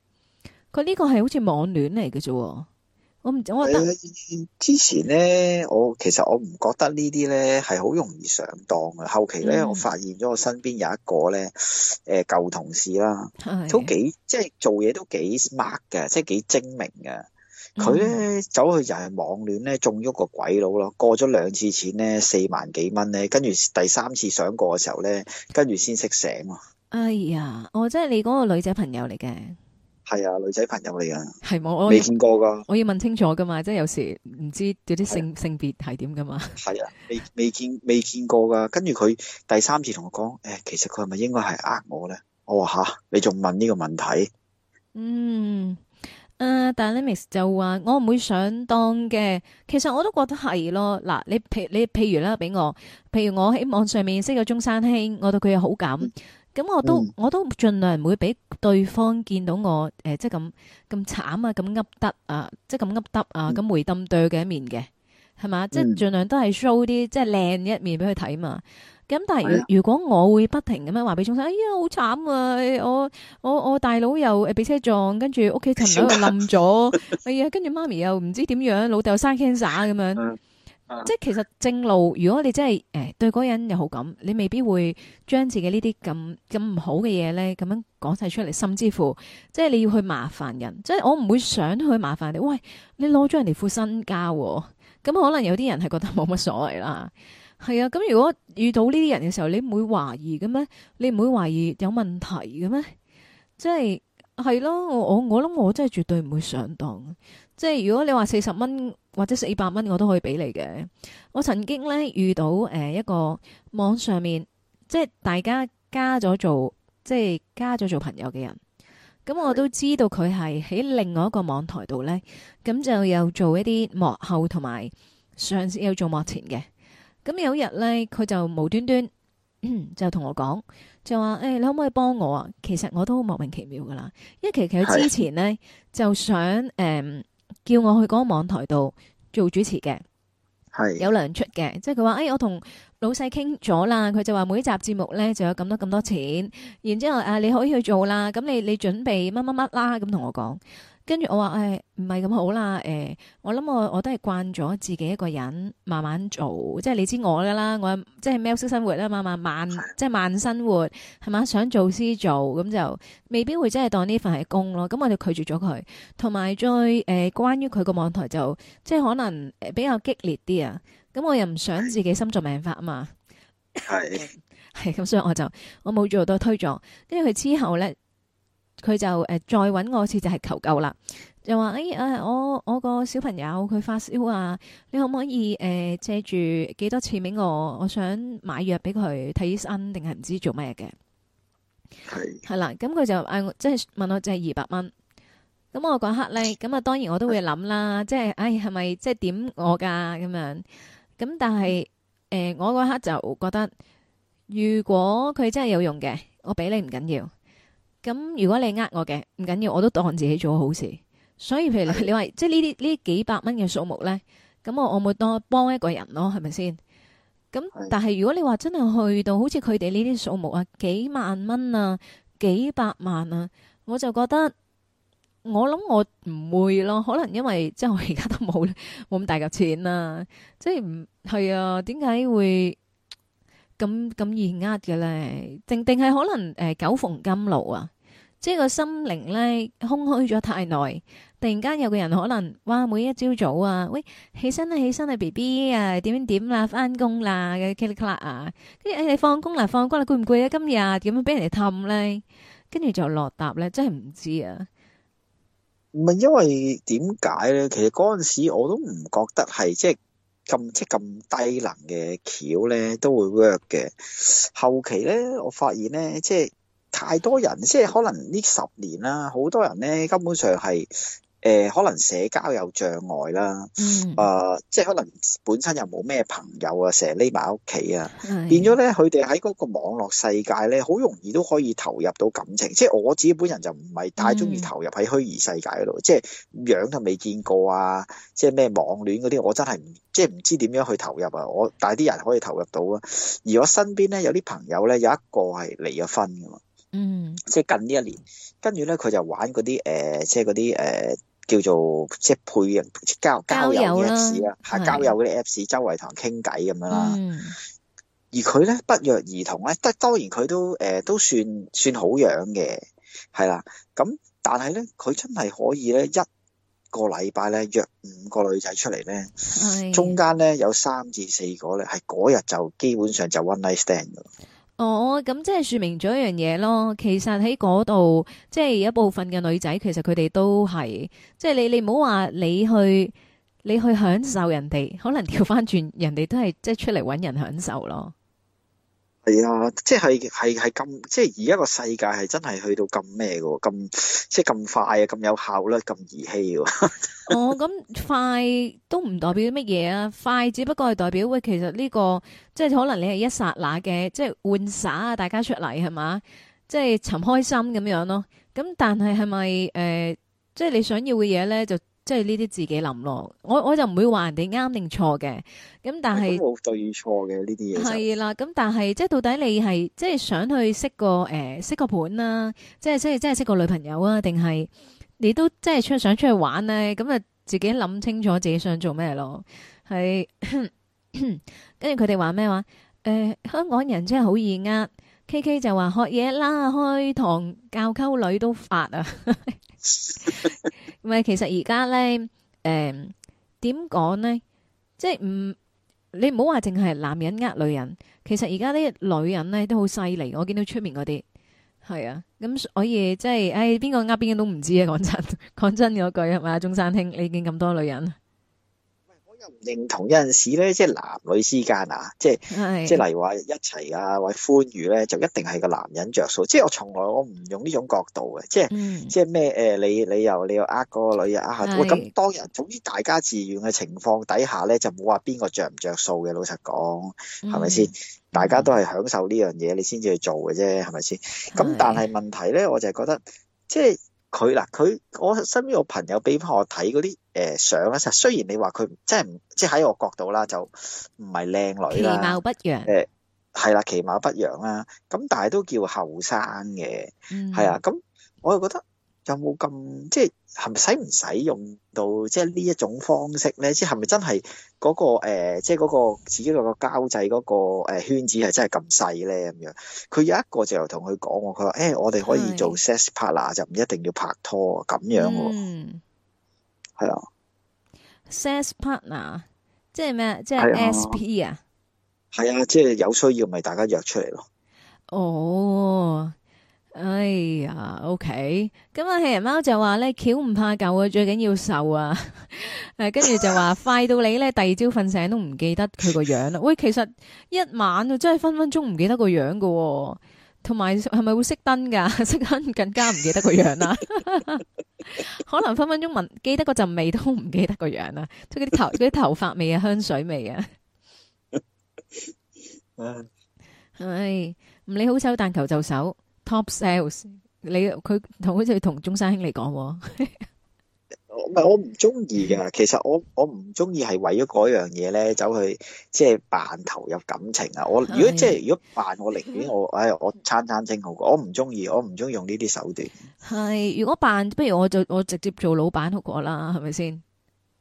佢呢個係好似網戀嚟嘅啫。我唔，我得之前咧，我其實我唔覺得呢啲咧係好容易上當啊！後期咧，我發現咗我身邊有一個咧，誒舊同事啦，都幾即係做嘢都幾 smart 嘅，即係幾精明嘅。佢咧走去又係網戀咧，中咗個鬼佬咯，過咗兩次錢咧，四萬幾蚊咧，跟住第三次想過嘅時候咧，跟住先識醒。哎呀，我真係你嗰個女仔朋友嚟嘅。係啊，女仔朋友嚟噶，係冇我未見過噶。我要問清楚噶嘛，即係有時唔知有啲性性別係點噶嘛。係啊，未未、啊、見未見過噶。跟住佢第三次同我講，誒、哎，其實佢係咪應該係呃我咧？我話吓，你仲問呢個問題？嗯誒，但係呢 Miss 就話我唔會想當嘅。其實我都覺得係咯。嗱，你譬你譬如啦，俾我，譬如我喺網上面識咗中山兄，我對佢有好感。嗯咁我都、嗯、我都盡量唔會俾對方見到我、呃、即係咁咁慘啊，咁噏得啊，即係咁噏得啊，咁晦暗對嘅一面嘅，係、嗯、嘛？即係盡量都係 show 啲即係靚一面俾佢睇嘛。咁但係如果我會不停咁樣話俾中山，哎呀好、哎、慘啊！我我我大佬又誒俾車撞，跟住屋企層樓又冧咗， 哎呀跟住媽咪又唔知點樣，老豆又生 cancer 咁樣。嗯。即係其實正路，如果你真係誒、哎、對嗰個人有好感，你未必會將自己這這呢啲咁咁唔好嘅嘢咧，咁樣講晒出嚟，甚至乎即係你要去麻煩人，即係我唔會想去麻煩你。喂，你攞咗人哋副身家，啊，咁可能有啲人係覺得冇乜所謂啦。係啊，咁如果遇到呢啲人嘅時候，你唔會懷疑嘅咩？你唔會懷疑有問題嘅咩？即係。係咯，我我我諗我真係絕對唔會上當，即係如果你話四十蚊或者四百蚊，我都可以俾你嘅。我曾經呢遇到，誒、呃、一個網上面，即係大家加咗做，即係加咗做朋友嘅人，咁我都知道佢係喺另外一個網台度呢。咁就有做一啲幕後同埋上次有做幕前嘅。咁有日呢，佢就無端端就同我講，就話誒、哎，你可唔可以幫我啊？其實我都好莫名其妙噶啦，因為其實佢之前呢，就想誒、嗯、叫我去嗰個網台度做主持嘅，係有糧出嘅，即係佢話誒，我同老細傾咗啦，佢就話每一集節目呢就有咁多咁多錢，然之後、啊、你可以去做啦，咁你你準備乜乜乜啦咁同我講。跟住我話，誒、哎，唔係咁好啦，誒、哎，我諗我我都係慣咗自己一個人慢慢做，即係你知我噶啦，我即係喵式生活啦，慢慢慢，即係慢生活，係嘛，想做先做，咁就未必會真係當呢份係工咯，咁我就拒絕咗佢。同埋再誒、哎，關於佢個網台就即係可能比較激烈啲啊，咁我又唔想自己心急命快啊嘛，係係咁，所以我就我冇做都推咗。跟住佢之後咧。佢就誒、呃、再揾我次就係、是、求救啦，就話誒誒我我個小朋友佢發燒啊，你可唔可以誒借住幾多錢俾我？我想買藥俾佢睇醫生，定係唔知做咩嘅？係啦，咁佢就誒即係問我就係二百蚊，咁、就是、我嗰刻咧，咁啊當然我都會諗啦，即係誒係咪即係點我噶咁、啊、樣？咁但係誒、呃、我嗰刻就覺得，如果佢真係有用嘅，我俾你唔緊要，要。咁如果你呃我嘅唔緊要，我都當自己做好事。所以譬如你話，即係呢啲呢幾百蚊嘅數目咧，咁我我咪當幫一個人咯，係咪先？咁但係如果你話真係去到好似佢哋呢啲數目啊，幾萬蚊啊，幾百萬啊，我就覺得我諗我唔會咯，可能因為即係我而家都冇冇咁大嚿錢啊，即係唔係啊？點解會咁咁易呃嘅咧？定定係可能誒久逢甘露啊？即係個心靈咧空虛咗太耐，突然間有個人可能，哇！每一朝早啊，喂，起身啦、啊，起身啦，B B 啊，點點啦，翻工啦，嘅 click click 啊，跟住誒，你放工啦，放工啦，攰唔攰啊？今日點樣俾人哋氹咧？跟住就落搭咧，真係唔知啊！唔係因為點解咧？其實嗰陣時我都唔覺得係即係咁即咁低能嘅橋咧都會 work 嘅。後期咧，我發現咧，即係。太多人，即係可能呢十年啦，好多人咧根本上係誒、呃，可能社交有障礙啦，啊、mm. 呃，即係可能本身又冇咩朋友啊，mm. 成日匿埋屋企啊，變咗咧佢哋喺嗰個網絡世界咧，好容易都可以投入到感情。即係我自己本人就唔係太中意投入喺虛擬世界度，mm. 即係樣就未見過啊，即係咩網戀嗰啲，我真係即係唔知點樣去投入啊。我大啲人可以投入到啊，而我身邊咧有啲朋友咧有一個係離咗婚噶嘛。嗯，即係近呢一年，跟住咧佢就玩嗰啲誒，即係嗰啲誒叫做即係配人交交友嘅 Apps 啦，吓交友嗰啲 Apps，周圍同人傾偈咁樣啦。嗯，而佢咧不約而同咧，得當然佢都誒、呃、都算算好樣嘅，係啦。咁但係咧佢真係可以咧一個禮拜咧約五個女仔出嚟咧，中間咧有三至四個咧係嗰日就基本上就 one night stand 噶。哦，咁即係說明咗一樣嘢咯。其實喺嗰度，即係一部分嘅女仔，其實佢哋都係，即係你你唔好話你去，你去享受人哋，可能調翻轉，人哋都係即係出嚟搵人享受咯。係啊，即係係係咁，即係而家個世界係真係去到咁咩喎？咁即係咁快啊，咁有效率，咁兒戲喎！哦，咁快都唔代表乜嘢啊？快只不過係代表喂，其實呢個即係可能你係一剎那嘅，即係換耍啊，大家出嚟係嘛？即係尋開心咁樣咯。咁但係係咪誒？即係你想要嘅嘢咧就？即係呢啲自己諗咯，我我就唔會話人哋啱定錯嘅，咁、嗯、但係冇對錯嘅呢啲嘢。係啦，咁、嗯、但係即係到底你係即係想去識個誒、欸、識個盤啦、啊，即係即係即係識個女朋友啊，定係你都即係出想出去玩咧？咁、嗯、啊，就自己諗清楚自己想做咩咯？係跟住佢哋話咩話？誒，香港人真係好易呃。K K 就話學嘢啦，開堂教溝女都發啊，唔 係 其實而家咧，誒，點講咧，即係唔你唔好話淨係男人呃女人，其實而家啲女人咧都好犀利，我見到出面嗰啲係啊，咁所以即係，唉邊個呃邊個都唔知啊，講真講真嗰句係咪啊，中山兄，你見咁多女人。唔認同有陣時咧，即係男女之間啊，即係即係例如話一齊啊或者歡愉咧，就一定係個男人着數。即係我從來我唔用呢種角度嘅，即係、嗯、即係咩誒，你你又你又呃嗰個女啊呃下，喂，咁當日，總之大家自願嘅情況底下咧，就冇話邊個着唔着數嘅。老實講，係咪先？大家都係享受呢樣嘢，你先至去做嘅啫，係咪先？咁但係問題咧，我就係覺得即係。佢嗱佢我身邊個朋友俾翻我睇嗰啲誒相咧，實，雖然你話佢即係唔即喺我角度啦，就唔係靚女啦，其貌不揚，誒、欸，係啦，其貌不揚啦，咁但係都叫後生嘅，係、嗯、啊，咁我就覺得。有冇咁即係使唔使用到即係呢一種方式咧，那個呃？即係咪真係嗰個誒，即係嗰個自己嗰個交際嗰個誒圈子係真係咁細咧？咁樣佢有一個就同佢講喎，佢話誒，我哋可以做 sex partner 就唔一定要拍拖咁樣，啊。嗯，係啊。sex partner 即係咩？即、就、係、是、sp 是啊？係啊，即、就、係、是、有需要咪大家約出嚟咯。哦。哎呀，OK，咁啊，戲人貓就話咧，橋唔怕舊啊，最緊要受啊。誒，跟住就話快到你咧，第二朝瞓醒都唔記得佢個樣啦。喂，其實一晚就真係分分鐘唔記得個樣噶，同埋係咪會熄燈噶熄 燈更加唔記得個樣啊。 可能分分鐘聞記得個陣味都唔記得個樣啊。即啲頭啲頭髮味啊，香水味啊。係 唔理好醜，但求就手。Top sales，你佢同好似同中山兄嚟講，我唔係我唔中意嘅。其實我我唔中意係為咗嗰樣嘢咧，走去即係扮投入感情啊！我如果即係如果扮，我寧願我唉我餐餐清好過。我唔中意，我唔中意用呢啲手段。係如果扮，不如我就我直接做老闆好過啦，係咪先？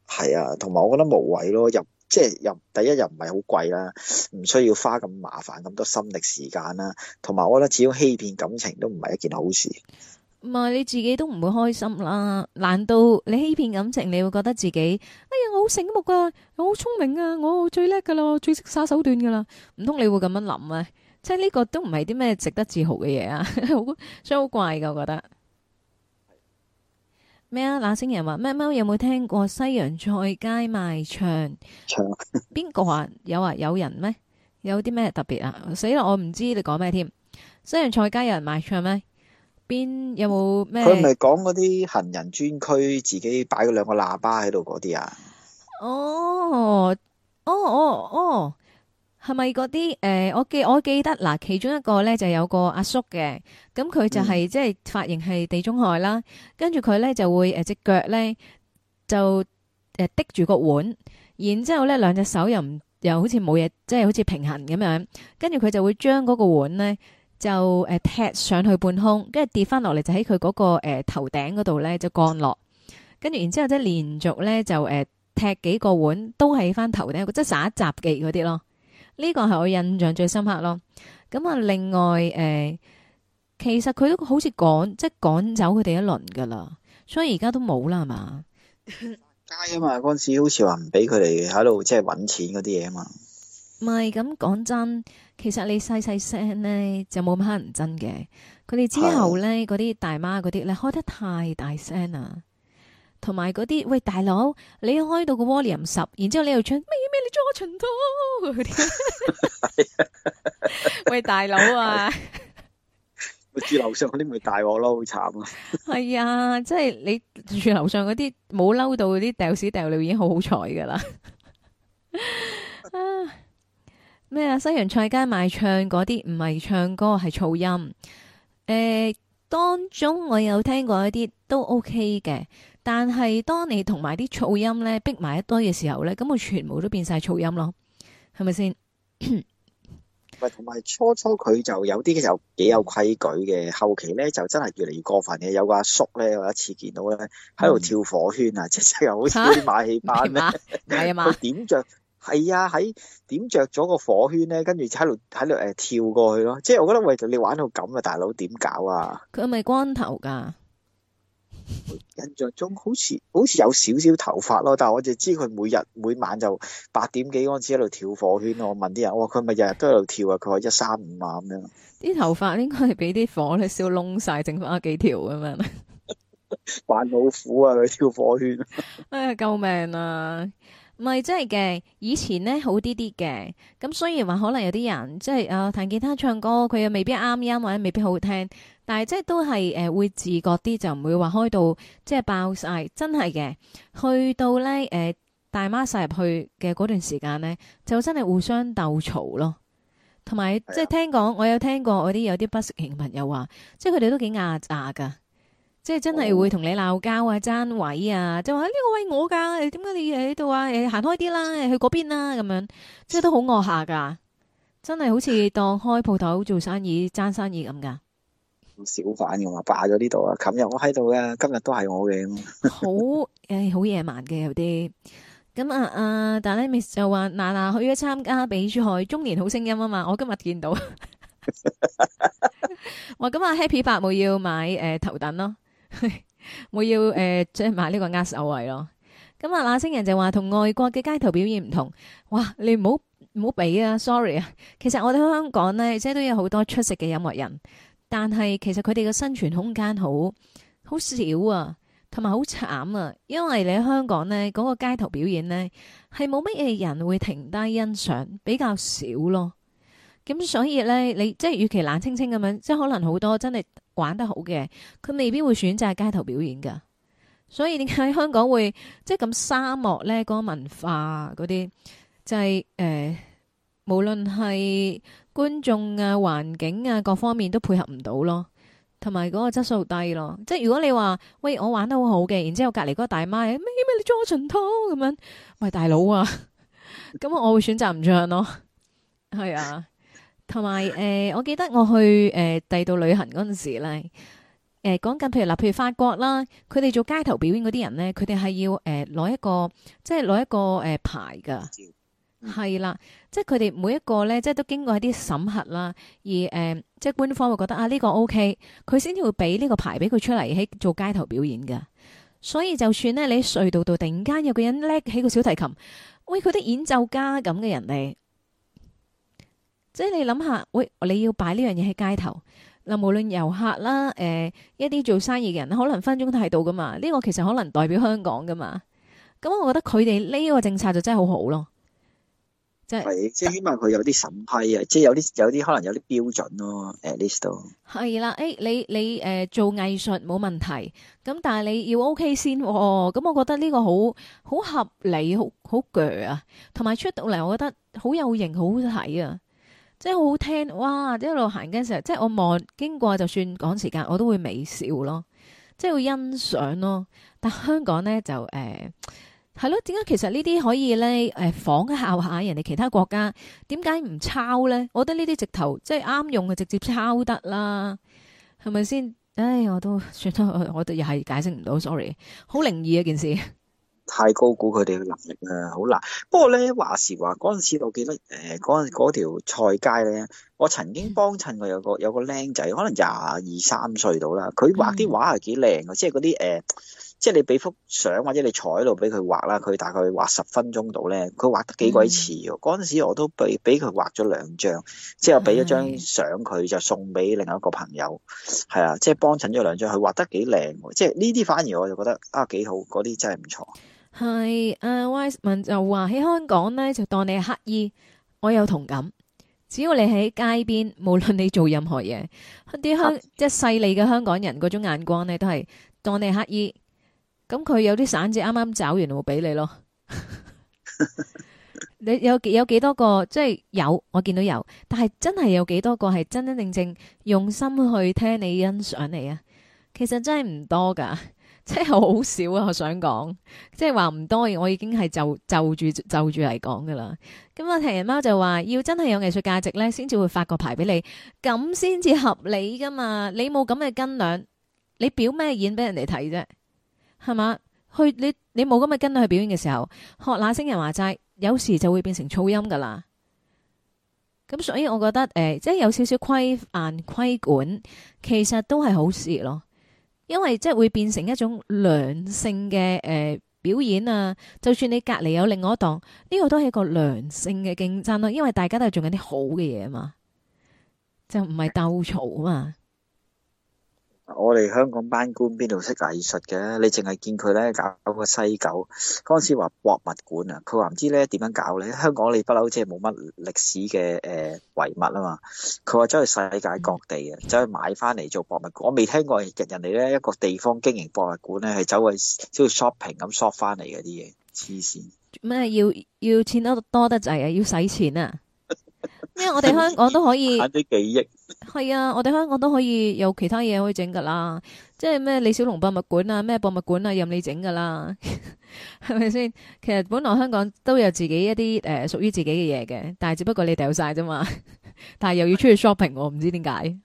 係啊，同埋我覺得無謂咯，入。即係又第一又唔係好貴啦，唔需要花咁麻煩咁多心力時間啦。同埋我覺得只要欺騙感情都唔係一件好事。唔係你自己都唔會開心啦？難道你欺騙感情你會覺得自己哎呀我好醒目啊，我好聰明啊，我最叻噶咯，我最識耍手段噶啦？唔通你會咁樣諗啊？即係呢個都唔係啲咩值得自豪嘅嘢啊，所以好怪噶，我覺得。咩啊？那星人話咩？貓有冇聽過西洋菜街賣唱？唱？邊個話？有啊？有人咩？有啲咩特別啊？死啦！我唔知你講咩添。西洋菜街有人賣唱咩？邊有冇咩？佢唔係講嗰啲行人專區自己擺嗰兩個喇叭喺度嗰啲啊？哦哦哦哦。係咪嗰啲？誒、呃，我記我記得嗱，其中一個咧就有個阿叔嘅，咁佢就係、是嗯、即係髮型係地中海啦，跟住佢咧就會誒、呃、隻腳咧就、呃、滴住個碗，然之後咧兩隻手又唔又好似冇嘢，即係好似平衡咁樣，跟住佢就會將嗰個碗咧就、呃、踢上去半空，跟住跌翻落嚟就喺佢嗰個、呃、頭頭頂嗰度咧就降落，跟住然之後即係連續咧就、呃、踢幾個碗都係翻頭頂，即係耍雜技嗰啲咯。呢、這個係我印象最深刻咯。咁啊，另外誒、呃，其實佢都好似趕即係趕走佢哋一輪噶啦，所以而家都冇啦，係 嘛？街啊、就是、嘛，嗰陣時好似話唔俾佢哋喺度即係搵錢嗰啲嘢啊嘛。唔係咁講，真，其實你細細聲咧就冇乜乞人憎嘅。佢哋之後咧嗰啲大媽嗰啲咧開得太大聲啦。同埋嗰啲喂，大佬，你開到個 Volume 十，然之後你又唱咩咩？你做我巡濤嗰啲喂，大佬啊！ 住樓上嗰啲咪大鑊咯，好慘啊 ！係啊，即係你住樓上嗰啲冇嬲到嗰啲掉屎掉尿已經好好彩噶啦咩啊？西洋菜街賣唱嗰啲唔係唱歌，係噪音。誒、欸，當中我有聽過一啲都 OK 嘅。但係當你同埋啲噪音咧逼埋一堆嘅時候咧，咁我全部都變晒噪音咯，係咪先？唔係同埋初初佢就有啲嘅就幾有規矩嘅，後期咧就真係越嚟越過分嘅。有個阿叔咧，有一次見到咧喺度跳火圈，嗯、有 冇馬 啊，即係好似啲馬戲班咧，係啊嘛，佢點着係啊喺點着咗個火圈咧，跟住喺度喺度誒跳過去咯。即係我覺得喂，你玩到咁啊，大佬點搞啊？佢係咪光頭噶？印象中好似好似有少少頭髮咯，但係我就知佢每日每晚就八點幾嗰陣時喺度跳火圈咯。我問啲人，我話佢咪日日都喺度跳啊？佢話一三五晚咁樣。啲頭髮應該係俾啲火咧燒窿晒，剩翻阿幾條咁樣。扮 老虎啊，佢跳火圈！ 哎呀，救命啊！唔係真係嘅，以前呢好啲啲嘅。咁雖然話可能有啲人即係、就是、啊彈吉他唱歌，佢又未必啱音或者未必好聽，但係即係都係誒會自覺啲，就唔會話開到即係、就是、爆晒。真係嘅，去到呢，誒、呃、大媽殺入去嘅嗰段時間呢，就真係互相鬥嘈咯。同埋即係聽講，我有聽過我啲有啲不食型嘅朋友話，即係佢哋都幾牙擦㗎。即係真係會同你鬧交啊，爭、oh. 位啊，就話呢、啊這個位我噶，點解你喺度啊？誒，行開啲啦，去嗰邊啦，咁樣，即係都好惡下噶，真係好似當開鋪頭做生意爭 生意咁噶。小販噶嘛，霸咗呢度啊！琴日我喺度呀，今日都係我嘅、 哎。好誒，好野蠻嘅有啲。咁啊啊，但係 miss 就話嗱嗱去咗參加比珠海中年好聲音啊嘛，我今日見到。我 咁 啊，happy 伯冇要買誒、呃、頭等咯。我 要誒，即、呃、係買呢個握手位咯。咁啊，那星人就話同外國嘅街頭表演唔同。哇，你唔好唔好俾啊，sorry 啊。其實我哋香港咧，即係都有好多出色嘅音樂人，但係其實佢哋嘅生存空間好好少啊，同埋好慘啊。因為你喺香港咧，嗰個街頭表演咧係冇乜嘢人會停低欣賞，比較少咯。咁所以咧，你即係，與其冷清清咁樣，即係可能好多真係玩得好嘅，佢未必會選擇係街頭表演噶。所以點解香港會即係咁沙漠咧？嗰、那個文化嗰啲就係、是、誒、呃，無論係觀眾啊、環境啊各方面都配合唔到咯，同埋嗰個質素低咯。即係如果你話喂我玩得好好嘅，然之後隔籬嗰個大媽咩咩你做我塵土咁樣，喂大佬啊，咁 我會選擇唔唱咯。係啊。 同埋，誒、呃，我記得我去誒第度旅行嗰陣時咧，誒、呃、講緊，譬如嗱，譬如法國啦，佢哋做街頭表演嗰啲人咧，佢哋係要誒攞、呃、一個，即係攞一個誒、呃、牌噶，係啦，即係佢哋每一個咧，即係都經過一啲審核啦，而誒、呃、即係官方會覺得啊呢、這個 OK，佢先至會俾呢個牌俾佢出嚟喺做街頭表演噶，所以就算咧你喺隧道度突然間有個人拎起個小提琴，喂佢啲演奏家咁嘅人嚟。即係你諗下，喂，你要擺呢樣嘢喺街頭嗱，無論遊客啦，誒、呃，一啲做生意嘅人，可能分鐘睇到噶嘛。呢、這個其實可能代表香港噶嘛。咁，我覺得佢哋呢個政策就真係好好咯，即係即係起碼佢有啲審批啊、嗯，即係有啲有啲可能有啲標準咯。At least 都係啦，誒、哎，你你誒、呃、做藝術冇問題，咁但係你要 O、okay、K 先咁，我覺得呢個好好合理，好好鋸啊。同埋出到嚟，我覺得好有型，好好睇啊。即係好好聽哇！一路行緊嘅時候，即係我望經過，就算趕時間，我都會微笑咯，即係會欣賞咯。但香港呢，就誒係咯，點解其實呢啲可以呢？誒、呃、仿效一下人哋其他國家？點解唔抄呢？我覺得呢啲直頭即係啱用嘅，直接抄得啦，係咪先？唉，我都算啦，我我哋又係解釋唔到，sorry，好靈異一件事。太高估佢哋嘅能力啊，好難。不過咧，話時話，嗰陣時我記得誒，嗰陣嗰條菜街咧，我曾經幫襯過有個有個僆仔，可能廿二三歲到啦。佢畫啲畫係幾靚嘅，即係嗰啲誒，即係你俾幅相或者你坐喺度俾佢畫啦，佢大概畫十分鐘到咧，佢畫得幾鬼似嘅。嗰、嗯、陣時我都俾俾佢畫咗兩張，之後俾咗張相佢就送俾另外一個朋友，係啊，即係幫襯咗兩張，佢畫得幾靚，即係呢啲反而我就覺得啊幾好，嗰啲真係唔錯。係，s 阿 Y 文就話喺香港呢，就當你係乞衣，我有同感。只要你喺街邊，無論你做任何嘢，啲香即係細利嘅香港人嗰種眼光呢，都係當你係乞衣。咁佢有啲散紙啱啱找完，會俾你咯。 你有有幾多個？即係有，我見到有，但係真係有幾多個係真真正正用心去聽你欣賞你啊？其實真係唔多噶。即係好少啊！我想講，即係話唔多，我我已經係就就住就住嚟講噶啦。咁啊，情人貓就話要真係有藝術價值咧，先至會發個牌俾你，咁先至合理噶嘛。你冇咁嘅斤兩，你表咩演俾人哋睇啫？係嘛？去你你冇咁嘅斤兩去表演嘅時候，學那星人話齋，有時就會變成噪音噶啦。咁所以我覺得誒、呃，即係有少少規範規管，其實都係好事咯。因為即係會變成一種良性嘅，誒、呃、表演啊，就算你隔籬有另外一檔，呢、這個都係一個良性嘅競爭咯、啊。因為大家都係做緊啲好嘅嘢嘛，就唔係鬥嘈啊嘛。我哋香港班官邊度識藝術嘅？你淨係見佢咧搞個西九，嗰陣時話博物館啊，佢話唔知咧點樣搞咧。香港你不嬲即係冇乜歷史嘅誒遺物啊嘛。佢話走去世界各地啊，走、嗯、去買翻嚟做博物館。我未聽過人哋咧一個地方經營博物館咧係走去即係 shopping 咁 shop 翻嚟嗰啲嘢，黐線咩？要要錢多多得滯啊？要使錢啊？因為我哋香港都可以，啲記憶係啊！我哋香港都可以有其他嘢，可以整㗎喇，即係咩李小龍博物館啊，咩博物館啊，任你整㗎喇，係咪先？其實本來香港都有自己一啲誒、呃、屬於自己嘅嘢嘅，但係只不過你掉晒啫嘛，但係又要出去 shopping，我唔知點解？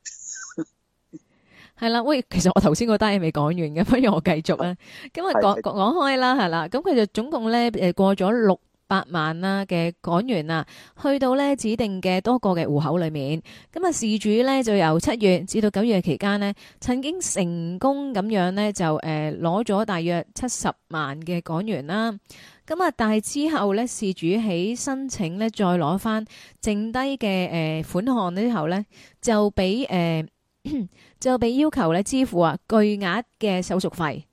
係 啦、啊，喂，其實我頭先嗰單嘢未講完嘅，不如我繼續啊！今日講講講開啦，係啦，咁、嗯、佢就總共呢誒、呃、過咗六。八萬啦嘅港元啦，去到呢指定嘅多個嘅戶口裏面，咁啊事主呢就由七月至到九月期間呢，曾經成功咁樣呢，就誒攞咗大約七十萬嘅港元啦，咁啊但係之後呢，事主喺申請呢再攞返剩低嘅誒款項之後呢，就俾誒就俾要求呢支付啊巨額嘅手續費，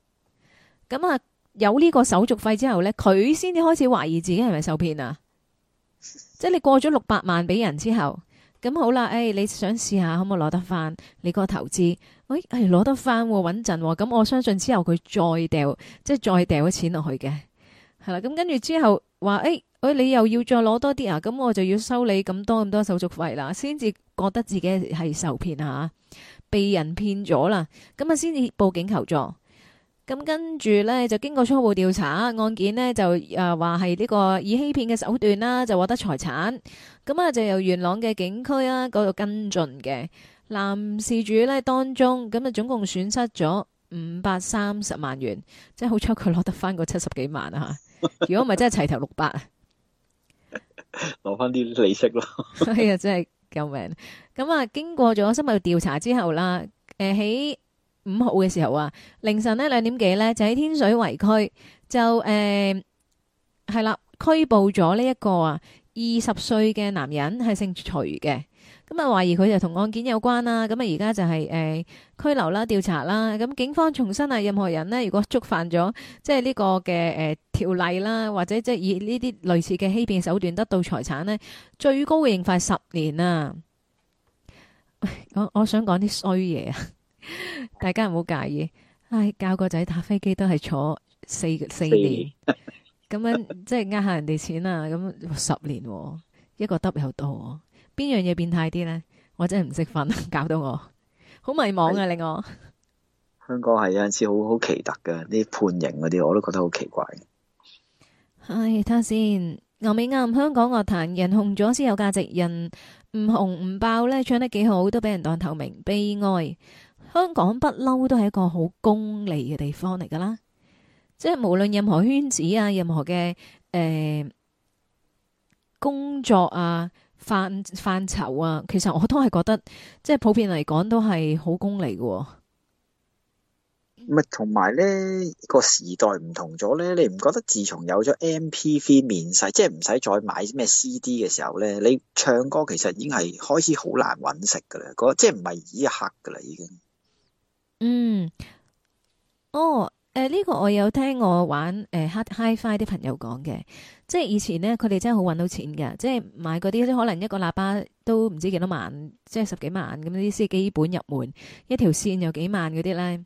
咁啊。有呢個手續費之後呢，佢先至開始懷疑自己係咪受騙啊！ 即係你過咗六百萬俾人之後，咁好啦，誒、哎，你想試下可唔可以攞得翻你個投資？誒、哎，攞、哎、得翻、哦，穩陣咁，我相信之後佢再掉，即係再掉咗錢落去嘅，係啦。咁跟住之後話，誒、哎哎，你又要再攞多啲啊？咁我就要收你咁多咁多手續費啦，先至覺得自己係受騙吓，被人騙咗啦，咁啊先至報警求助。咁跟住咧，就經過初步調查，案件呢就誒話係呢個以欺騙嘅手段啦，就獲得財產。咁啊就由元朗嘅警區啦嗰度，跟進嘅男事主咧當中，咁啊總共損失咗五百三十萬元，即係好彩佢攞得翻個七十幾萬啊！吓，如果唔係真係齊頭六百，攞翻啲利息咯。哎啊，真係救命！咁啊經過咗深入調查之後啦，誒、呃、喺。五號嘅時候啊，凌晨呢兩點幾呢，就喺天水圍區就誒係、呃、啦，拘捕咗呢一個啊二十歲嘅男人係姓徐嘅，咁啊懷疑佢就同案件有關啦，咁啊而家就係誒、就是呃、拘留啦調查啦，咁警方重申啊任何人呢，如果觸犯咗即係呢個嘅誒條例啦，或者即係以呢啲類似嘅欺騙手段得到財產呢，最高會刑罰十年啊！我我想講啲衰嘢啊！大家唔好介意。唉、哎，教個仔打飛機都係坐四四年咁 樣，即係呃下人哋錢啊。咁十年、哦、一個得又多邊樣嘢變態啲呢？我真係唔識分，搞到我好迷茫啊！令、哎、我香港係有陣時好好奇特噶啲判刑嗰啲，我都覺得好奇怪。唉、哎，睇下先牛尾啱，香港樂壇人紅咗先有價值，人唔紅唔爆呢，唱得幾好都俾人當透明悲哀。香港不嬲，都係一個好功利嘅地方嚟噶啦。即係無論任何圈子啊，任何嘅誒、呃、工作啊範範疇啊，其實我都係覺得，即係普遍嚟講都係好功利嘅、哦。唔係，同埋咧個時代唔同咗咧，你唔覺得自從有咗 MP3 面世，即係唔使再買咩 C D 嘅時候咧，你唱歌其實已經係開始好難揾食噶啦、嗰個。即係唔係呢一刻噶啦，已經。嗯，哦，誒、呃，呢、這個我有聽我玩誒 hot hi-fi 啲朋友講嘅，即係以前呢，佢哋真係好搵到錢噶，即係買嗰啲可能一個喇叭都唔知幾多萬，即係十幾萬咁啲先基本入門，一條線有幾萬嗰啲咧。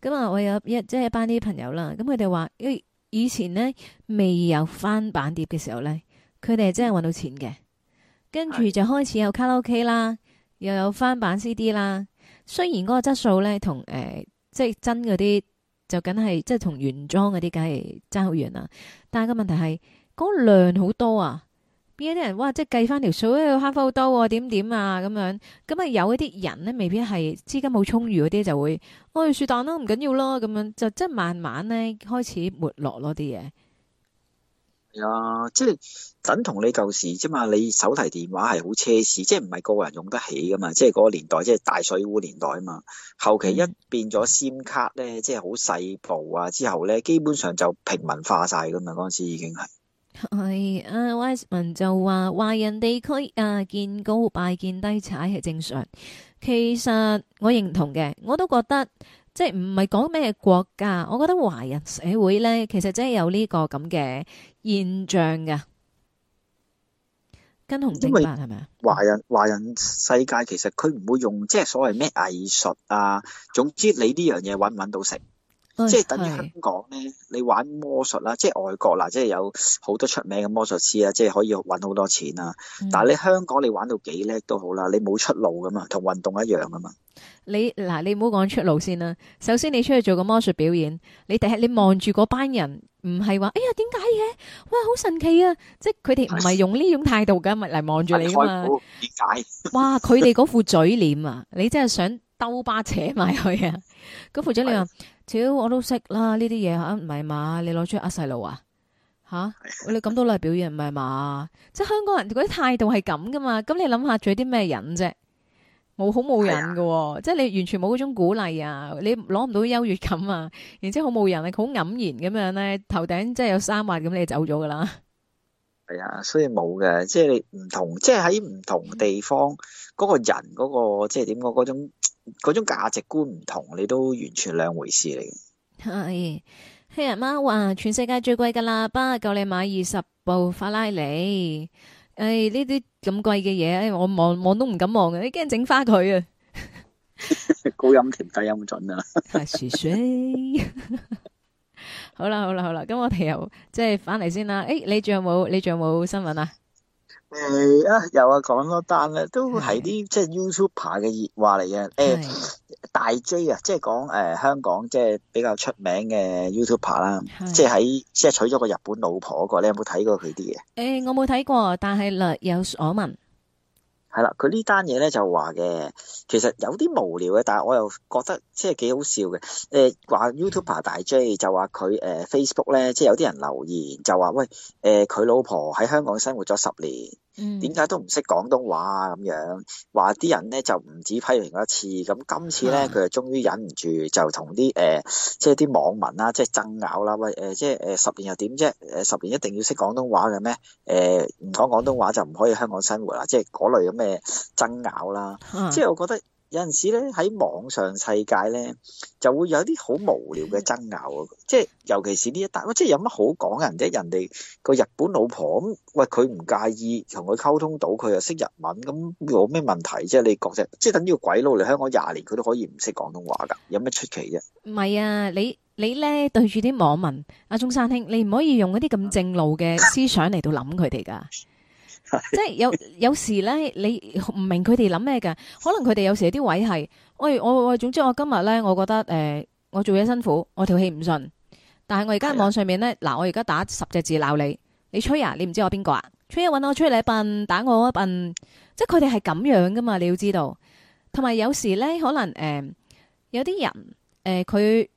咁啊，我有一即係一班啲朋友啦，咁佢哋話，誒，以前呢，未有翻版碟嘅時候咧，佢哋真係搵到錢嘅，跟住就開始有卡拉 ok 啦，又有翻版 CD 啦。雖然嗰個質素咧同誒，即係真嗰啲就梗係，即係同原裝嗰啲梗係爭好遠啦。但係個問題係，嗰個量好多啊！邊有啲人哇，即係計翻條數要慳好多，啊，點點啊咁樣。咁啊有一啲人咧，未必係資金好充裕嗰啲，哎，就會哦，我哋雪蛋啦，唔緊要啦，咁樣就即係慢慢咧開始沒落咯啲嘢。係啊，即係等同你舊時啫嘛，你手提電話係好奢侈，即係唔係個人用得起噶嘛，即係嗰個年代，即係大水壺年代啊嘛。後期一變咗 SIM 卡咧，即係好細部啊，之後咧基本上就平民化晒噶嘛，嗰陣時已經係。係啊，Wiseman 就話華人地區啊見高拜見低踩係正常，其實我認同嘅，我都覺得即係唔係講咩國家，我覺得華人社會咧其實即係有呢個咁嘅。現象嘅，跟紅頂白係咪啊？華人華人世界其實佢唔會用即係所謂咩藝術啊，總之你呢樣嘢揾唔揾到食，即係等於香港咧，你玩魔術啦、啊，即係外國嗱、啊，即係有好多出名嘅魔術師啊，即係可以揾好多錢啊。嗯、但係你香港你玩到幾叻都好啦，你冇出路噶嘛，同運動一樣噶嘛。你嗱，你唔好講出路先啦。首先你出去做個魔術表演，你第日你望住嗰班人。唔係話，哎呀點解嘅？哇，好神奇啊！即係佢哋唔係用呢種態度噶，咪嚟望住你噶嘛？點解？哇！佢哋嗰副嘴臉啊，你真係想兜巴扯埋佢啊？嗰副嘴臉啊，屌我都識啦！呢啲嘢啊，唔係嘛？你攞出呃細路啊？吓？你咁多嚟表現唔係嘛？即係香港人嗰啲態度係咁噶嘛？咁你諗下仲有啲咩人啫？冇好冇人嘅、哦啊，即係你完全冇嗰種鼓勵啊！你攞唔到優越感啊，然之後好冇人，好黯然咁樣咧，頭頂即係有三萬咁，你走咗噶啦。係啊，所以冇嘅，即係你唔同，即係喺唔同地方嗰、嗯嗰個人嗰、嗰個，即係點講嗰種嗰種價值觀唔同，你都完全兩回事嚟。係黑人媽話：全世界最貴噶喇叭，夠你買二十部法拉利。誒、哎，呢啲咁貴嘅嘢，我望望都唔敢望嘅，你驚整花佢、 就是哎、啊！高音甜，低音準啊，係樹好啦好啦好啦，咁我哋又即係翻嚟先啦。誒，你仲有冇？你仲有冇新聞啊？誒、哎、啊又啊講多單咧，都係啲即係 YouTuber 嘅熱話嚟嘅。誒，大 J 啊，即係講誒香港即係比較出名嘅 YouTuber 啦，即係喺即係娶咗個日本老婆嗰，那個你有冇睇過佢啲嘢？誒，我冇睇過，但係略有所聞係啦。佢呢單嘢咧就話嘅，其實有啲無聊嘅，但係我又覺得即係幾好笑嘅。誒話 YouTuber 大 J 就話佢誒 Facebook 咧，即係有啲人留言就話喂，誒佢，呃、老婆喺香港生活咗十年。嗯，點解都唔識廣東話啊？咁樣話啲人咧就唔止批評一次，咁今次咧佢就終於忍唔住，就同啲誒，即係啲網民啦，即係爭拗啦，喂、呃、即係誒十年又點啫？誒十年一定要識廣東話嘅咩？誒唔講廣東話就唔可以香港生活啦，即係嗰類咁嘅爭拗啦。嗯，即係我覺得。有陣時咧喺網上世界咧，就會有啲好無聊嘅爭拗，啊。即係尤其是呢一單，即係有乜好講人啫？人哋個日本老婆咁，喂，佢唔介意同佢溝通到，佢又識日文，咁有咩問題啫？你覺得即係等於個鬼佬嚟香港廿年，佢都可以唔識廣東話噶，有咩出奇啫？唔係啊，你你咧對住啲網民，阿中山兄，你唔可以用嗰啲咁正路嘅思想嚟到諗佢哋噶。 即係有有時咧，你唔明佢哋諗咩嘅？可能佢哋有時啲位係，喂我我總之我今日咧，我覺得誒、呃，我做嘢辛苦，我條氣唔順，但係我而家網上面咧，嗱我而家打十隻字鬧你，你吹啊？你唔知道唔知我邊個啊？吹一搵我吹你一笨，打我一笨，即係佢哋係咁樣噶嘛？你要知道，同埋有，有時咧，可能誒、呃，有啲人誒，佢、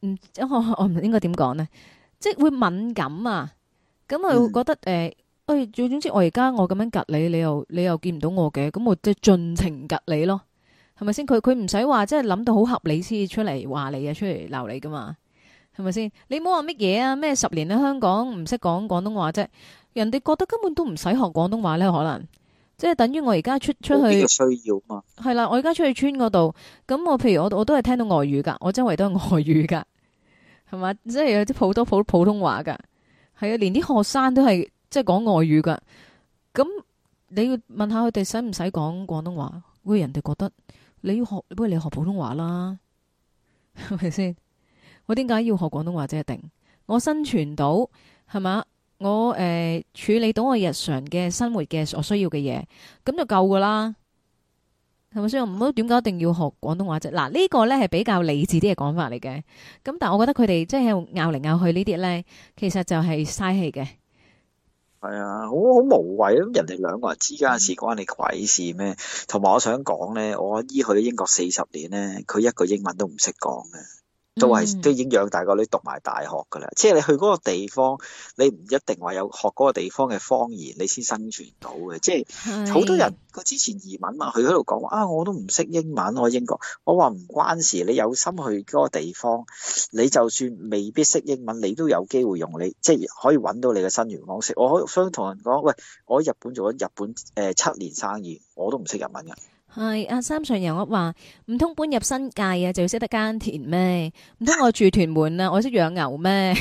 呃、唔我唔應該點講呢，即係會敏感啊，咁佢覺得誒。 最總之，我而家我咁樣隔你，你又你又見唔到我嘅，咁我即係盡情隔你咯，係咪先？佢佢唔使話，即係諗到好合理先出嚟話你，你，你啊，出嚟鬧你噶嘛，係咪先？你唔好話乜嘢啊？咩十年咧，香港唔識講廣東話啫，人哋覺得根本都唔使學廣東話咧，可能即係等於我而家出出去呢個需要嘛係啦。我而家出去村嗰度咁，我譬如我我都係聽到外語噶，我周圍都係外語噶，係嘛，即係有啲普多普普通話噶，係啊，連啲學生都係。即係講外語噶，咁你要問佢哋使唔使講廣東話？會人哋覺得你要學，不如你學普通話啦，係咪先？我點解要學廣東話啫？即係一定我生存到係嘛？我誒、呃、處理到我日常嘅生活嘅所需要嘅嘢，咁就夠噶啦，係咪先？所以唔好點解一定要學廣東話啫？嗱，呢個呢係比較理智啲嘅講法嚟嘅。咁但係我覺得佢哋即係拗嚟拗去呢啲呢，其實就係嘥氣嘅。係啊，好好無謂啊。人哋兩個人之間事，關你鬼事咩？同、嗯、埋我想講咧，我阿姨去英國四十年咧，佢一句英文都唔識講嘅。都係都已經養大個女讀埋大學㗎啦，mm. 即係你去嗰個地方，你唔一定話有學嗰個地方嘅方言，你先生存到嘅。即係好多人佢之前移民嘛，佢喺度講啊，我都唔識英文，我喺英國。我話唔關事，你有心去嗰個地方，你就算未必識英文，你都有機會用你，即係可以揾到你嘅生源方式。我可想同人講，喂，我喺日本做咗日本、呃、七年生意，我都唔識日文㗎。係阿三上人我話，唔通搬入新界啊，就要識得耕田咩？唔通我住屯門 啊，我識養牛咩？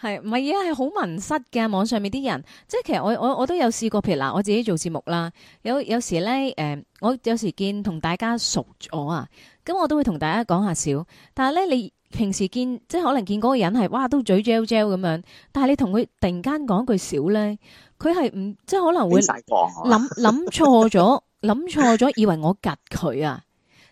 係唔係而家係好文濕嘅網上面啲人，即係其實我我我都有試過，譬如嗱，我自己做節目啦，有有時咧，誒、呃，我有時見同大家熟咗啊，咁我都會同大家講下笑，但係咧你。平時見即係可能見嗰個人係哇都嘴 jell jell 咁樣，但係你同佢突然間講句少咧，佢係唔即係可能會諗諗錯咗，諗 錯咗以為我夾佢啊，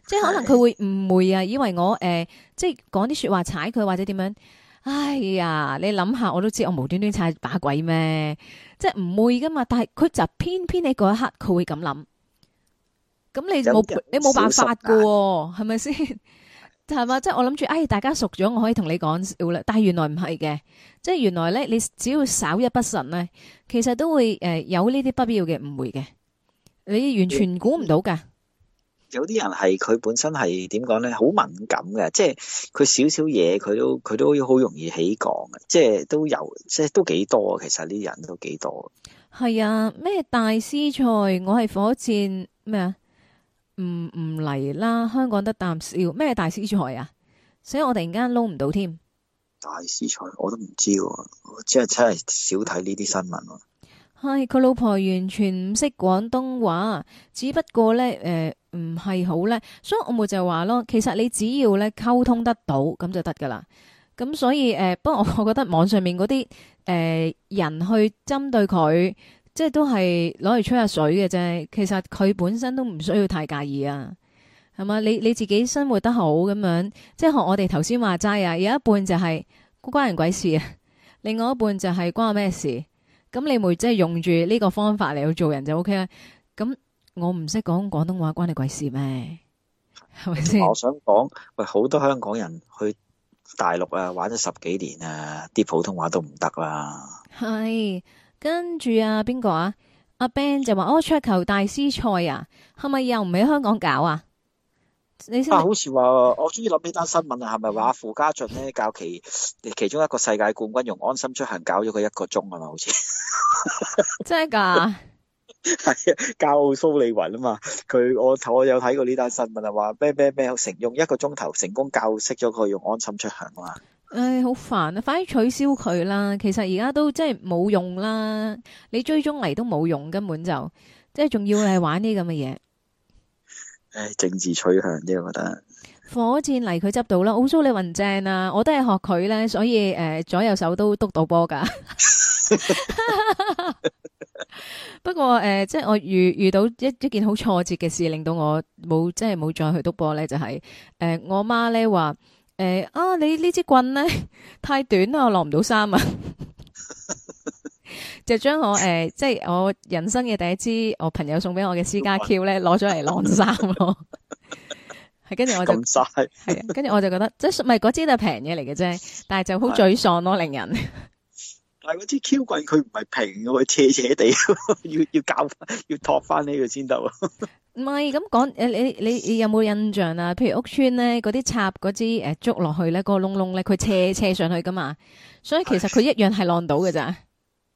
即係可能佢會誤會啊，以為我誒即係講啲說話踩佢或者點樣，哎呀你諗下我都知我無端端踩把鬼咩，即係唔會噶嘛，但係佢就偏偏喺嗰一刻佢會咁諗，咁你冇你冇辦法噶喎，係咪先？是係嘛？即係我諗住，哎，大家熟咗，我可以同你講笑啦。但係原來唔係嘅，即係原來咧，你只要稍一不慎咧，其實都會誒、呃、有呢啲不必要嘅誤會嘅。你完全估唔到噶。有啲人係佢本身係點講咧？好敏感嘅，即係佢少少嘢，佢都佢都好容易起槓嘅。即係都有，即係都幾多。其實啲人都幾多。係啊，咩大師菜？我係火箭咩啊？什麼唔唔嚟啦！香港得啖笑咩？咩大師菜啊！所以我突然間撈唔到添。大師菜我都唔知喎、啊，我真係真係少睇呢啲新聞、啊。係、哎、佢老婆完全唔識廣東話，只不過呢，誒唔係好咧，所以我咪就話咯。其實你只要咧溝通得到咁就得噶啦。咁所以誒、呃，不過我我覺得網上面嗰啲誒人去針對佢。即係都係攞嚟吹下水嘅啫，其實佢本身都唔需要太介意啊，係嘛？你你自己生活得好咁樣，即係學我哋頭先話齋啊，有一半就係關人鬼事啊，另外一半就係關我咩事？咁你咪即係用住呢個方法嚟去做人就 OK 啦。咁我唔識講廣東話，關你鬼事咩？係咪先？我想講，喂，好多香港人去大陸啊，玩咗十幾年啊，啲普通話都唔得啦。係。跟住啊，邊個啊？阿 Ben 就話哦，桌球大師賽啊，係咪又唔喺香港搞啊？你先。啊，好似話我中意諗呢單新聞啊,係咪話傅家俊咧教其其中一個世界冠軍用安心出行搞咗佢一個鐘啊？是是的的 嘛，好似真係噶。係教奧蘇利雲啊嘛，佢我我有睇過呢單新聞啊，話咩咩咩成用一個鐘頭成功教識咗佢用安心出行啊嘛。唉、哎，好煩啊！快取消佢啦！其實而家都即係冇用啦，你追蹤嚟都冇用，根本就即係仲要係玩呢啲咁嘅嘢。唉，政治取向啫，我覺得。火箭嚟佢執到啦，澳洲你運正啊！我都係學佢咧，所以誒、呃，左右手都篤到波㗎。 不過誒、呃，即係我遇遇到一一件好挫折嘅事，令到我冇即係冇再去篤波咧，就係、是、誒、呃，我媽咧話。說誒、欸、啊！你呢支棍咧太短啦，我晾唔到衫啊，就將我誒即係我人生嘅第一支我朋友送俾我嘅私家 Q 咧攞咗嚟晾衫咯，係跟住我就係 我 啊，跟住我就覺得即係咪嗰支都係平嘢嚟嘅啫，但係就好沮喪咯、啊，令人 。但係嗰支 Q 棍佢唔係平嘅，佢斜斜地 要要搞返，要托翻呢個先得。 唔係咁講誒，你你你有冇印象啊？譬如屋村咧嗰啲插嗰支誒捉落去咧，嗰個窿窿咧，佢斜斜上去噶嘛，所以其實佢一樣係浪到㗎咋。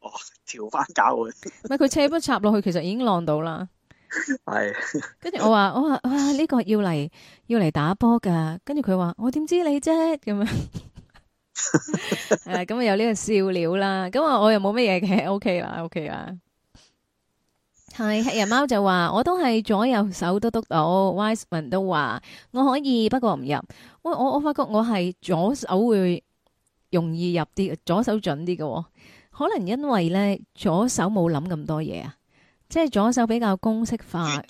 哦、哎，調翻教佢。唔係佢斜不插落去，其實已經浪到啦。係、哎。跟住我話我話哇呢個要嚟要嚟打波噶，跟住佢話我點知你啫咁樣。誒、 哎，咁啊有呢個笑料啦。咁、嗯、啊我又冇乜嘢嘅，OK 啦，OK 啦。係黑人貓就話，我都係左右手都督到。wise man 都話，我可以不過唔入。我我我發覺我係左手會容易入啲，左手準啲嘅喎。可能因為咧左手冇諗咁多嘢啊，即係左手比較公式化，